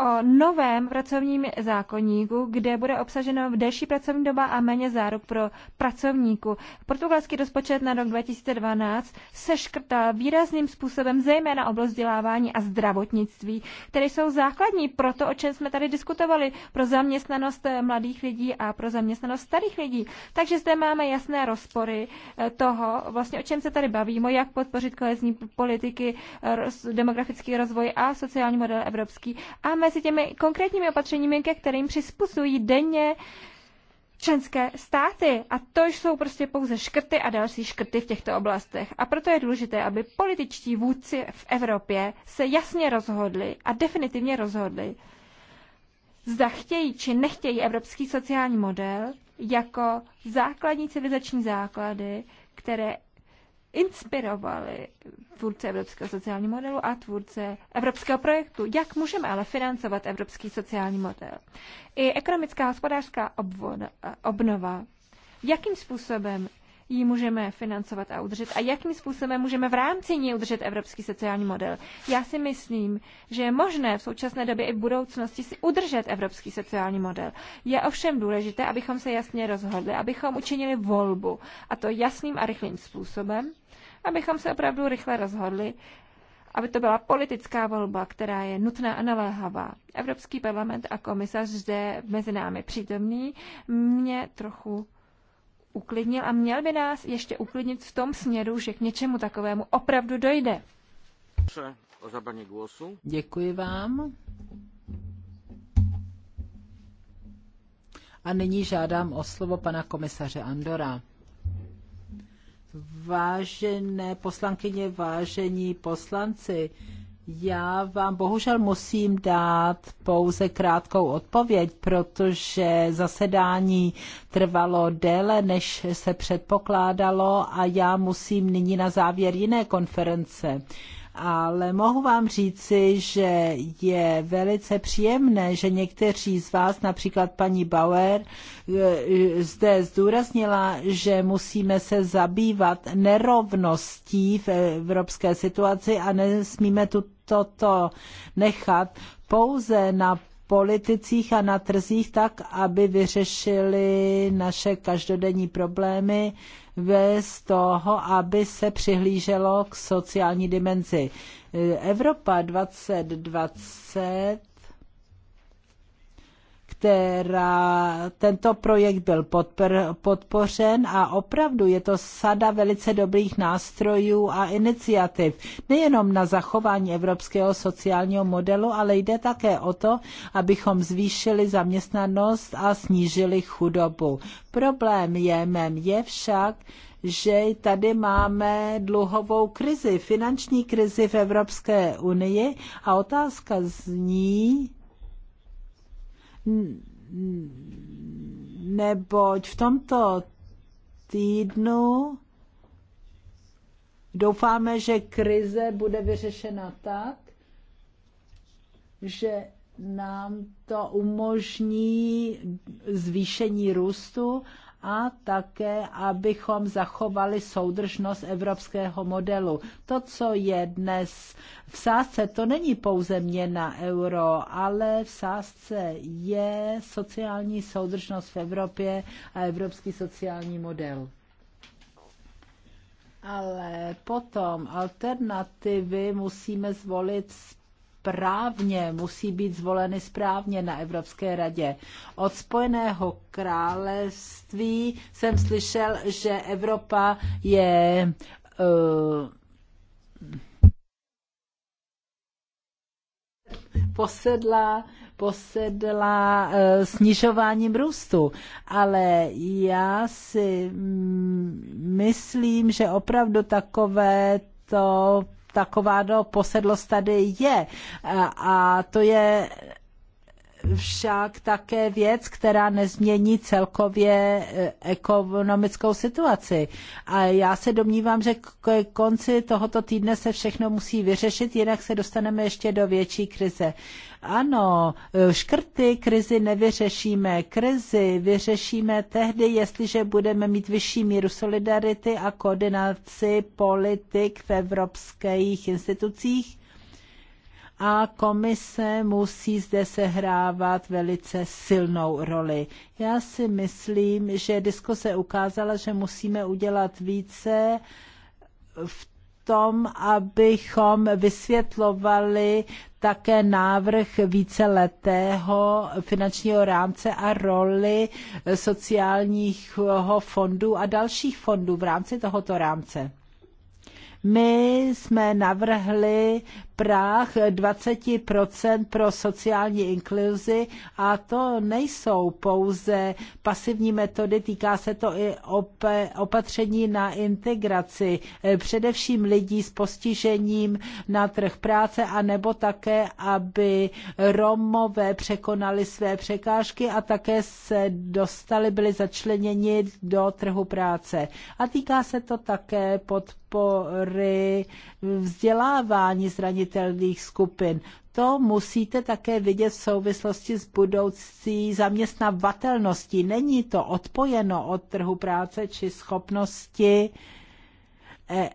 o novém pracovním zákonníku, kde bude obsaženo v delší pracovní doba a méně záruk pro pracovníku. Portugalský rozpočet na rok 2012 se škrtal výrazným způsobem zejména oblast vzdělávání a zdravotnictví, které jsou základní pro to, o čem jsme tady diskutovali, pro zaměstnanost mladých lidí a pro zaměstnanost starých lidí. Takže zde máme jasné rozpory eh, toho, vlastně o čem se tady bavíme, jak podpořit kohezní politiky, demografický rozvoj a sociální model evropský. A mezi těmi konkrétními opatřeními, ke kterým přizpůsobují denně členské státy. A to jsou prostě pouze škrty a další škrty v těchto oblastech. A proto je důležité, aby političtí vůdci v Evropě se jasně rozhodli a definitivně rozhodli, zda chtějí či nechtějí evropský sociální model jako základní civilizační základy, které inspirovali tvůrce evropského sociálního modelu a tvůrce evropského projektu. Jak můžeme ale financovat evropský sociální model? I ekonomická a hospodářská obnova. Jakým způsobem ji můžeme financovat a udržet a jakým způsobem můžeme v rámci ní udržet evropský sociální model. Já si myslím, že je možné v současné době i v budoucnosti si udržet evropský sociální model. Je ovšem důležité, abychom se jasně rozhodli, abychom učinili volbu a to jasným a rychlým způsobem abychom se opravdu rychle rozhodli, aby to byla politická volba, která je nutná a naléhavá. Evropský parlament a komisař zde mezi námi přítomný mě trochu uklidnil a měl by nás ještě uklidnit v tom směru, že k něčemu takovému opravdu dojde. Děkuji vám. A nyní žádám o slovo pana komisaře Andora. Vážené poslankyně, vážení poslanci, já vám bohužel musím dát pouze krátkou odpověď, protože zasedání trvalo déle, než se předpokládalo a já musím nyní na závěr jiné konference ale mohu vám říci, že je velice příjemné, že někteří z vás, například paní Bauer, eh, zde zdůraznila, že musíme se zabývat nerovností v evropské situaci a nesmíme tu toto nechat pouze na politicích a na trzích tak, aby vyřešili naše každodenní problémy, bez toho, aby se přihlíželo k sociální dimenzi. Evropa 2020 která tento projekt byl podpr, podpořen a opravdu je to sada velice dobrých nástrojů a iniciativ. Nejenom na zachování evropského sociálního modelu, ale jde také o to, abychom zvýšili zaměstnanost a snížili chudobu. Problém jemem je však, že tady máme dluhovou krizi, finanční krizi v Evropské unii a otázka zní, neboť v tomto týdnu doufáme, že krize bude vyřešena tak, že nám to umožní zvýšení růstu a také, abychom zachovali soudržnost evropského modelu. To, co je dnes v sázce, to není pouze měna euro, ale v sázce je sociální soudržnost v Evropě a evropský sociální model. Ale potom alternativy musíme zvolit správně, musí být zvoleny správně na Evropské radě. Od Spojeného království jsem slyšel, že Evropa je uh, posedla, posedla eh, snižováním růstu. Ale já si mm, myslím, že opravdu takové to taková do posedlost tady je. A to je však také věc, která nezmění celkově eh, ekonomickou situaci. A já se domnívám, že k konci tohoto týdne se všechno musí vyřešit, jinak se dostaneme ještě do větší krize. Ano, eh, škrty krizi nevyřešíme. Krizi vyřešíme tehdy, jestliže budeme mít vyšší míru solidarity a koordinaci politik v evropských institucích a komise musí zde sehrávat velice silnou roli. Já si myslím, že diskuse ukázala, že musíme udělat více v tom, abychom vysvětlovali také návrh víceletého finančního rámce a roli sociálního fondu a dalších fondů v rámci tohoto rámce. My jsme navrhli práh 20% pro sociální inkluzi a to nejsou pouze pasivní metody, týká se to i opatření na integraci, eh, především lidí s postižením na trh práce a nebo také, aby Romové překonali své překážky a také se dostali, byli začleněni do trhu práce. A týká se to také pod podpory vzdělávání zranitelných skupin. To musíte také vidět v souvislosti s budoucí zaměstnavatelností. Není to odpojeno od trhu práce či schopnosti eh,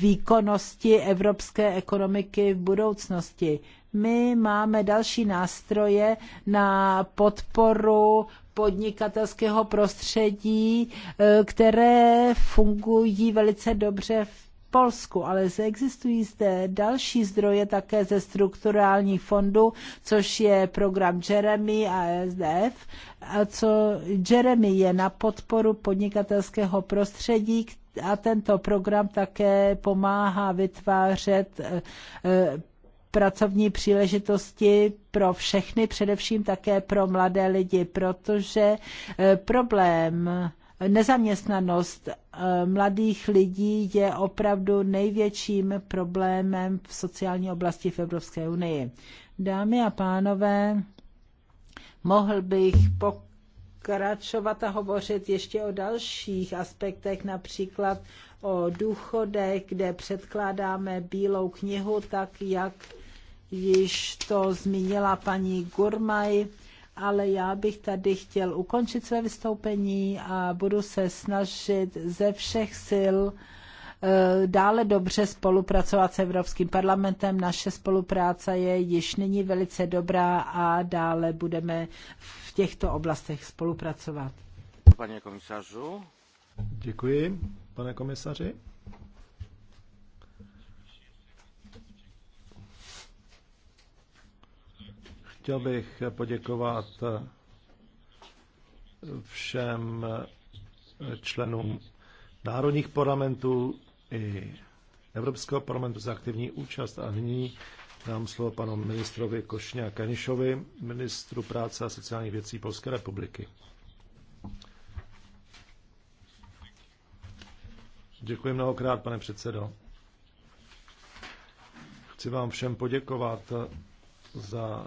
výkonnosti evropské ekonomiky v budoucnosti. My máme další nástroje na podporu podnikatelského prostředí, e, které fungují velice dobře v Polsku, ale existují zde další zdroje také ze strukturálních fondů, což je program Jeremy a SDF. A co Jeremy je na podporu podnikatelského prostředí a tento program také pomáhá vytvářet e, e, pracovní příležitosti pro všechny, především také pro mladé lidi, protože eh, problém nezaměstnanost eh, mladých lidí je opravdu největším problémem v sociální oblasti v Evropské unii. Dámy a pánové, mohl bych pokračovat a hovořit ještě o dalších aspektech, například o důchodech, kde předkládáme bílou knihu, tak jak již to zmínila paní Gurmaj, ale já bych tady chtěl ukončit své vystoupení a budu se snažit ze všech sil eh, dále dobře spolupracovat s Evropským parlamentem. Naše spolupráce je již nyní velice dobrá a dále budeme v těchto oblastech spolupracovat. Pane komisařu. Děkuji, pane komisaři. Chtěl bych poděkovat všem členům národních parlamentů i Evropského parlamentu za aktivní účast a nyní dám slovo panu ministrovi Košně a Kanišovi, ministru práce a sociálních věcí Polské republiky. Děkuji mnohokrát, pane předsedo. Chci vám všem poděkovat za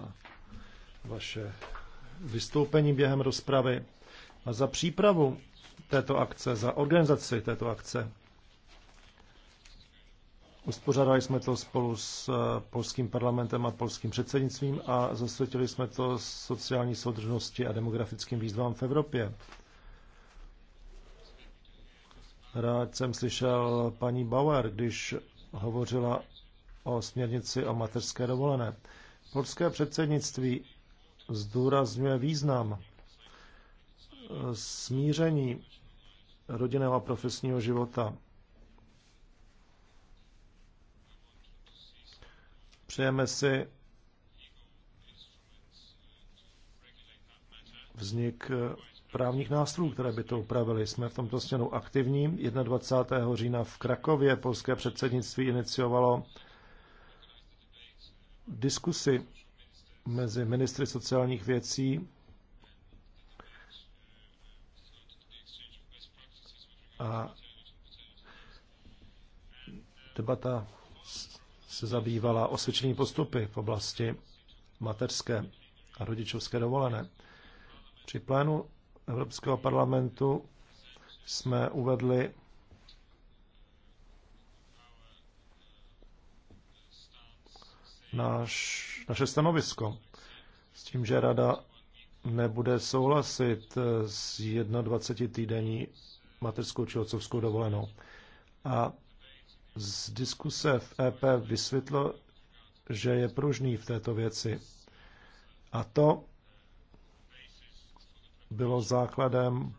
vaše vystoupení během rozpravy a za přípravu této akce, za organizaci této akce. Uspořádali jsme to spolu s eh, polským parlamentem a polským předsednictvím a zasvětili jsme to sociální soudržnosti a demografickým výzvám v Evropě. Rád jsem slyšel paní Bauer, když hovořila o směrnici o mateřské dovolené. Polské předsednictví zdůrazňuje význam e, smíření rodinného a profesního života. Přejeme si vznik e, právních nástrojů, které by to upravily. Jsme v tomto směru aktivní. 21. října v Krakově polské předsednictví iniciovalo diskusy mezi ministry sociálních věcí a debata se zabývala osvědčení postupy v oblasti mateřské a rodičovské dovolené. Při plénu Evropského parlamentu jsme uvedli náš naše stanovisko s tím, že rada nebude souhlasit s 21 týdenní mateřskou či otcovskou dovolenou. A z diskuse v EP vysvětlo, že je pružný v této věci. A to bylo základem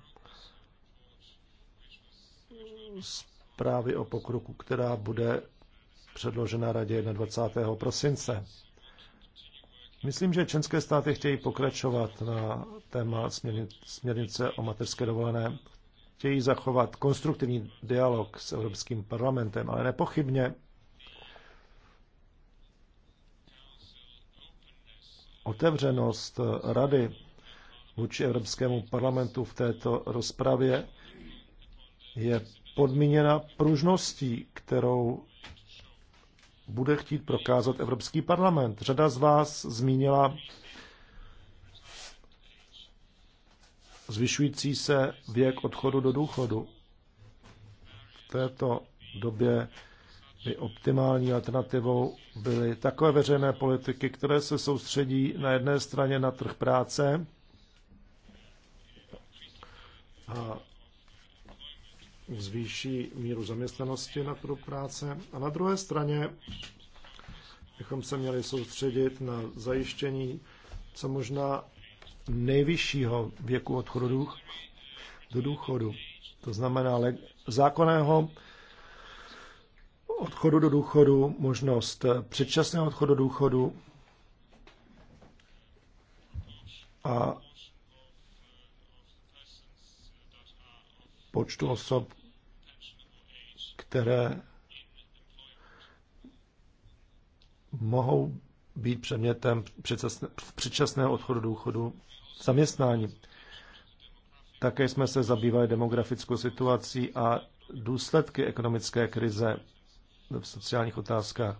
zprávy o pokroku, která bude předložena radě 21. prosince. Myslím, že členské státy chtějí pokračovat na téma směrnice o mateřské dovolené. Chtějí zachovat konstruktivní dialog s Evropským parlamentem, ale nepochybně otevřenost Rady vůči Evropskému parlamentu v této rozpravě je podmíněna pružností, kterou bude chtít prokázat Evropský parlament. Řada z vás zmínila zvyšující se věk odchodu do důchodu. V této době by optimální alternativou byly takové veřejné politiky, které se soustředí na jedné straně na trh práce a zvýší míru zaměstnanosti na trhu práce. A na druhé straně bychom se měli soustředit na zajištění co možná nejvyššího věku odchodu do důchodu. To znamená le- zákonného odchodu do důchodu, možnost předčasného odchodu do důchodu a počtu osob, které mohou být předmětem předčasného odchodu důchodu zaměstnání. Také jsme se zabývali demografickou situací a důsledky ekonomické krize v sociálních otázkách.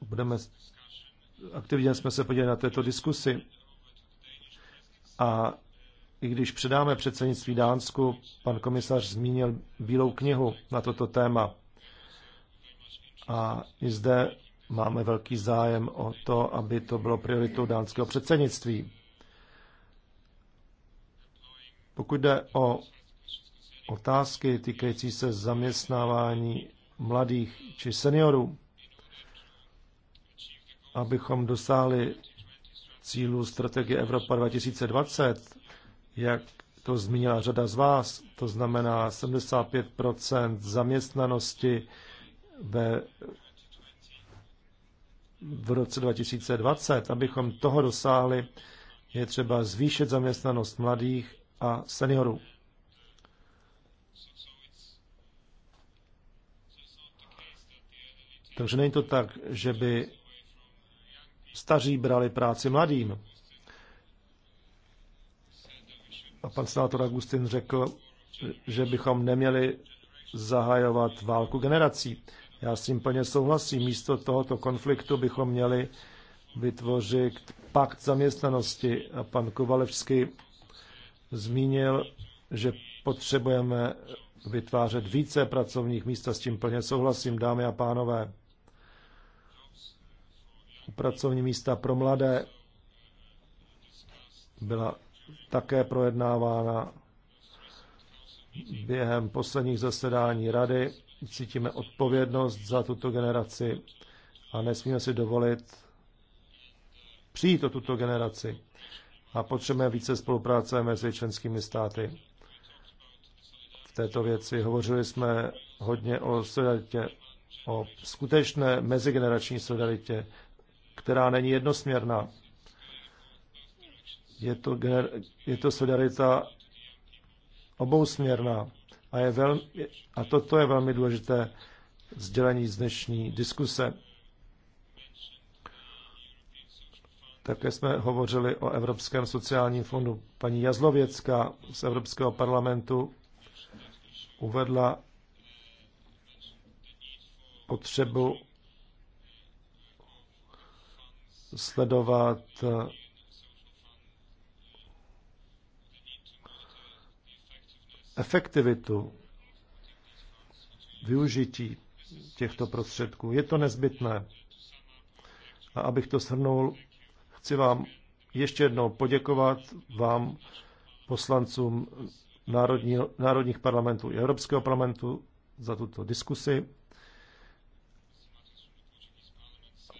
Budeme, aktivně jsme se podívali na této diskusi a i když předáme předsednictví Dánsku, pan komisař zmínil bílou knihu na toto téma. A i zde máme velký zájem o to, aby to bylo prioritou dánského předsednictví. Pokud jde o otázky týkající se zaměstnávání mladých či seniorů, abychom dosáhli cílu strategie Evropa 2020, jak to zmínila řada z vás, to znamená 75 zaměstnanosti ve, v roce 2020. Abychom toho dosáhli, je třeba zvýšit zaměstnanost mladých a seniorů. Takže není to tak, že by staří brali práci mladým. A pan senátor Agustin řekl, že bychom neměli zahajovat válku generací. Já s tím plně souhlasím. Místo tohoto konfliktu bychom měli vytvořit pakt zaměstnanosti. A pan Kovalevský zmínil, že potřebujeme vytvářet více pracovních míst a s tím plně souhlasím, dámy a pánové. Pracovní místa pro mladé byla také projednávána během posledních zasedání rady. Cítíme odpovědnost za tuto generaci a nesmíme si dovolit přijít o tuto generaci. A potřebujeme více spolupráce mezi členskými státy v této věci. Hovořili jsme hodně o solidaritě, o skutečné mezigenerační solidaritě, která není jednosměrná je to, gener, je to solidarita obousměrná a, je velmi, a toto je velmi důležité sdělení z dnešní diskuse. Také jsme hovořili o Evropském sociálním fondu. Paní Jazlověcka z Evropského parlamentu uvedla potřebu sledovat efektivitu využití těchto prostředků. Je to nezbytné. A abych to shrnul, chci vám ještě jednou poděkovat vám, poslancům národní, národních parlamentů i Evropského parlamentu za tuto diskusi.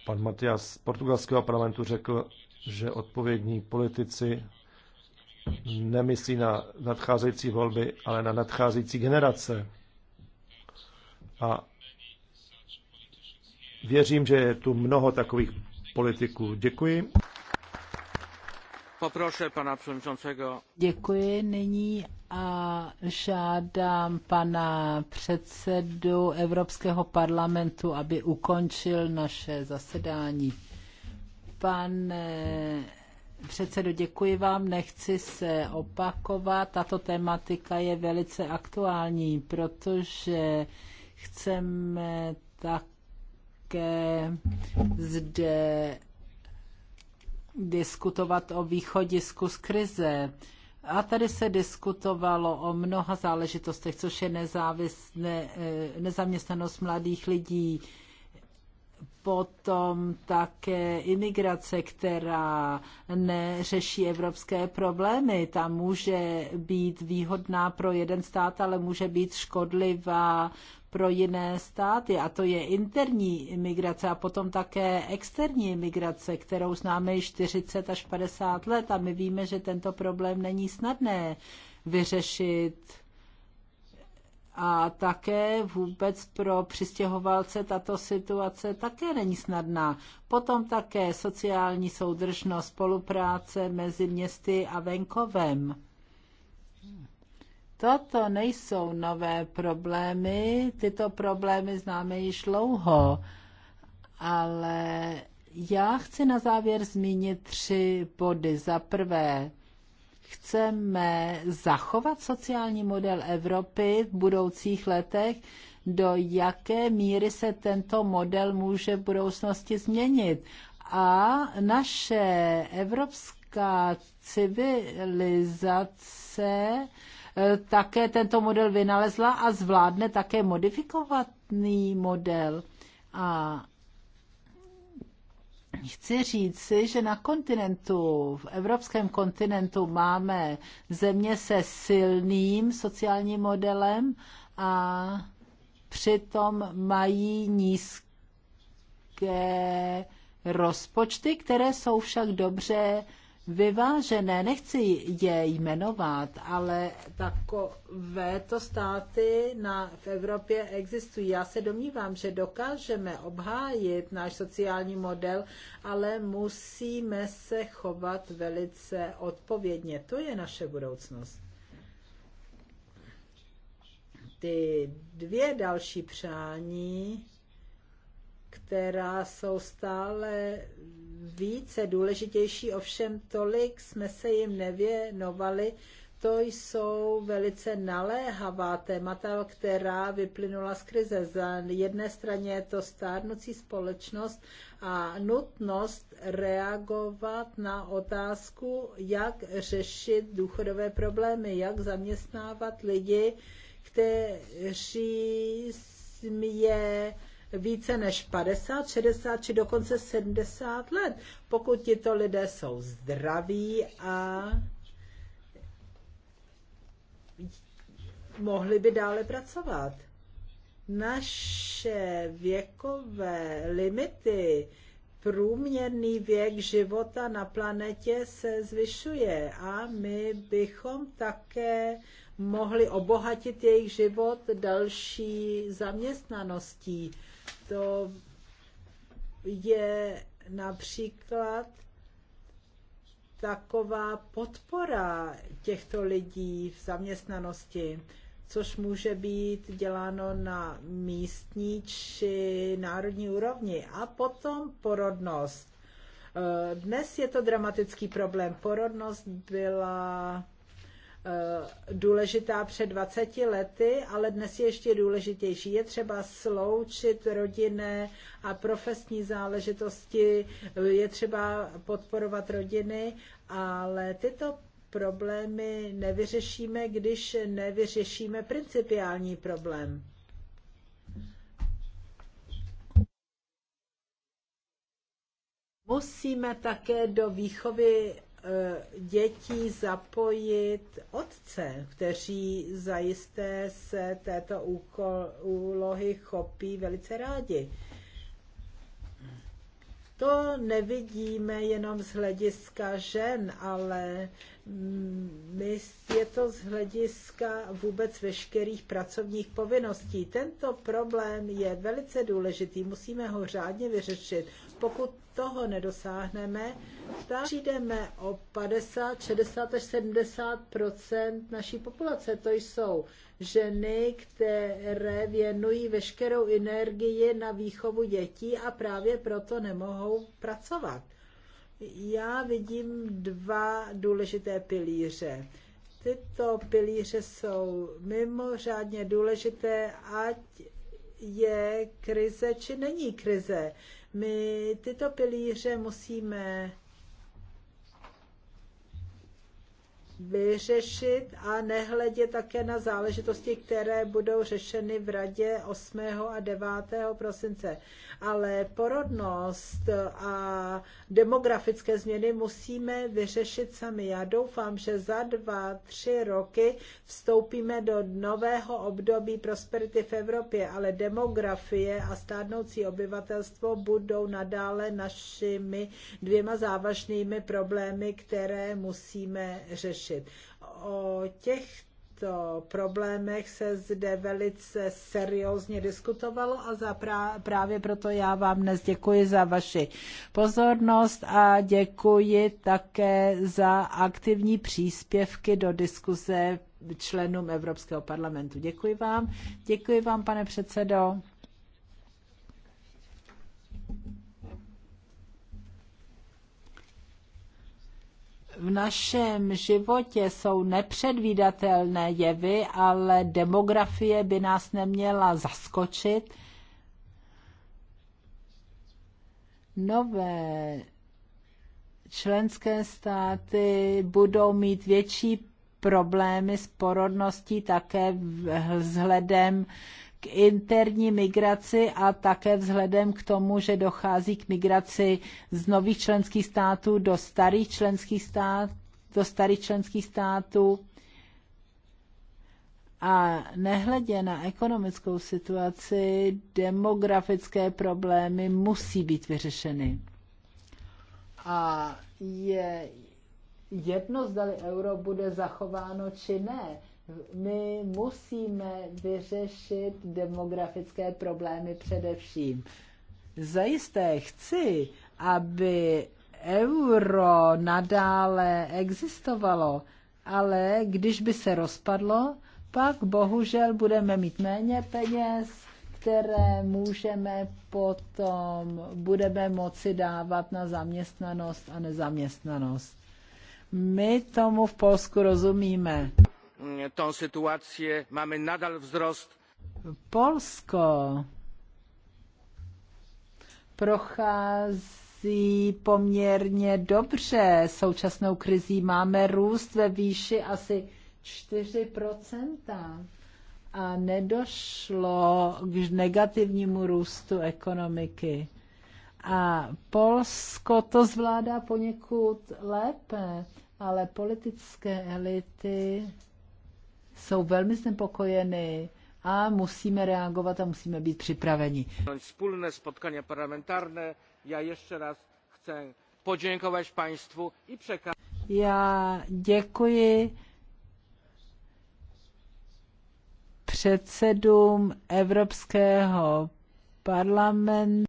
Pan Matias z portugalského parlamentu řekl, že odpovědní politici nemyslí na nadcházející volby, ale na nadcházející generace. A věřím, že je tu mnoho takových politiků. Děkuji. Poproše pana przewodniczącego. Děkuji nyní a žádám pana předsedu Evropského parlamentu, aby ukončil naše zasedání. Pane předsedo, děkuji vám, nechci se opakovat. Tato tematika je velice aktuální, protože chceme také zde diskutovat o východisku z krize. A tady se diskutovalo o mnoha záležitostech, což je nezávisne, e, nezaměstnanost mladých lidí, potom také imigrace, která neřeší evropské problémy. Ta může být výhodná pro jeden stát, ale může být škodlivá pro jiné státy. A to je interní imigrace a potom také externí imigrace, kterou známe již 40 až 50 let. A my víme, že tento problém není snadné vyřešit a také vůbec pro přistěhovalce tato situace také není snadná. Potom také sociální soudržnost, spolupráce mezi městy a venkovem. Toto nejsou nové problémy, tyto problémy známe již dlouho, ale já chci na závěr zmínit tři body. Za prvé, chceme zachovat sociální model Evropy v budoucích letech, do jaké míry se tento model může v budoucnosti změnit. A naše evropská civilizace eh, také tento model vynalezla a zvládne také modifikovaný model. A Chci říct si, že na kontinentu, v evropském kontinentu máme země se silným sociálním modelem a přitom mají nízké rozpočty, které jsou však dobře vyvážené, nechci je jmenovat, ale takovéto státy na, v Evropě existují. Já se domnívám, že dokážeme obhájit náš sociální model, ale musíme se chovat velice odpovědně. To je naše budoucnost. Ty dvě další přání která jsou stále více důležitější, ovšem tolik jsme se jim nevěnovali. To jsou velice naléhavá témata, která vyplynula z krize. Za jedné straně je to stárnucí společnost a nutnost reagovat na otázku, jak řešit důchodové problémy, jak zaměstnávat lidi, kteří je více než 50, 60 či dokonce 70 let, pokud tito lidé jsou zdraví a mohli by dále pracovat. Naše věkové limity, průměrný věk života na planetě se zvyšuje a my bychom také mohli obohatit jejich život další zaměstnaností to je například taková podpora těchto lidí v zaměstnanosti, což může být děláno na místní či národní úrovni. A potom porodnost. Dnes je to dramatický problém. Porodnost byla Eh, důležitá před 20 lety, ale dnes je ještě důležitější. Je třeba sloučit rodinné a profesní záležitosti, je třeba podporovat rodiny, ale tyto problémy nevyřešíme, když nevyřešíme principiální problém. Musíme také do výchovy Eh, dětí zapojit otce, kteří zajisté se této úlohy chopí velice rádi. To nevidíme jenom z hlediska žen, ale mm, je to z hlediska vůbec veškerých pracovních povinností. Tento problém je velice důležitý, musíme ho řádně vyřešit. Pokud toho nedosáhneme, tak přijdeme o 50, 60 až 70 naší populace. To jsou ženy, které věnují veškerou energii na výchovu dětí a právě proto nemohou pracovat. Já vidím dva důležité pilíře. Tyto pilíře jsou mimořádně důležité, ať je krize či není krize. My tyto pilíře musíme vyřešit a nehledě také na záležitosti, které budou řešeny v radě 8. a 9. prosince. Ale porodnost a demografické změny musíme vyřešit sami. Já doufám, že za dva, tři roky vstoupíme do nového období prosperity v Evropě, ale demografie a stádnoucí obyvatelstvo budou nadále našimi dvěma závažnými problémy, které musíme řešit řešit. O těchto problémech se zde velice seriózně diskutovalo a za prá- právě proto já vám dnes děkuji za vaši pozornost a děkuji také za aktivní příspěvky do diskuze členům Evropského parlamentu. Děkuji vám. Děkuji vám, pane předsedo. v našem životě jsou nepředvídatelné jevy, ale demografie by nás neměla zaskočit. Nové členské státy budou mít větší problémy s porodností také vzhledem k interní migraci a také vzhledem k tomu, že dochází k migraci z nových členských států do starých členských států, do starých členských států. A nehledě na ekonomickou situaci, demografické problémy musí být vyřešeny. A je jedno, zdali euro bude zachováno či ne my musíme vyřešit demografické problémy především. Zajisté chci, aby euro nadále existovalo, ale když by se rozpadlo, pak bohužel budeme mít méně peněz, které můžeme potom, budeme moci dávat na zaměstnanost a nezaměstnanost. My tomu v Polsku rozumíme tą sytuację. Mamy nadal wzrost. Polsko prochází poměrně dobře současnou krizí. Máme růst ve výši asi 4 a nedošlo k negativnímu růstu ekonomiky. A Polsko to zvládá poněkud lépe, ale politické elity jsou velmi znepokojeny a musíme reagovat a musíme být připraveni. Spolné spotkání parlamentární. já ještě raz chci poděkovat Państwu i překázat. Já děkuji předsedům Evropského parlamentu.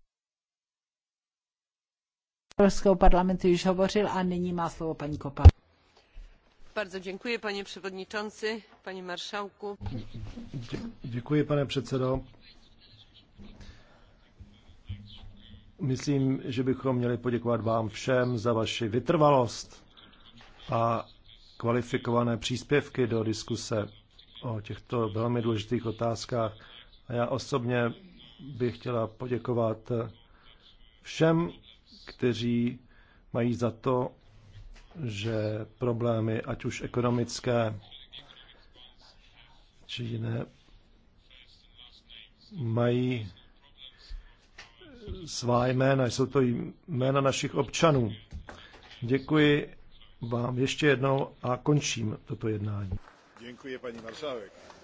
Evropského parlamentu již hovořil a nyní má slovo paní Kopa děkuji, pane předsedající, pane Děkuji, pane předsedo. Myslím, že bychom měli poděkovat vám všem za vaši vytrvalost a kvalifikované příspěvky do diskuse o těchto velmi důležitých otázkách. A já osobně bych chtěla poděkovat všem, kteří mají za to, že problémy, ať už ekonomické či jiné, mají svá jména, jsou to jména našich občanů. Děkuji vám ještě jednou a končím toto jednání. Děkuji, paní Marzávek.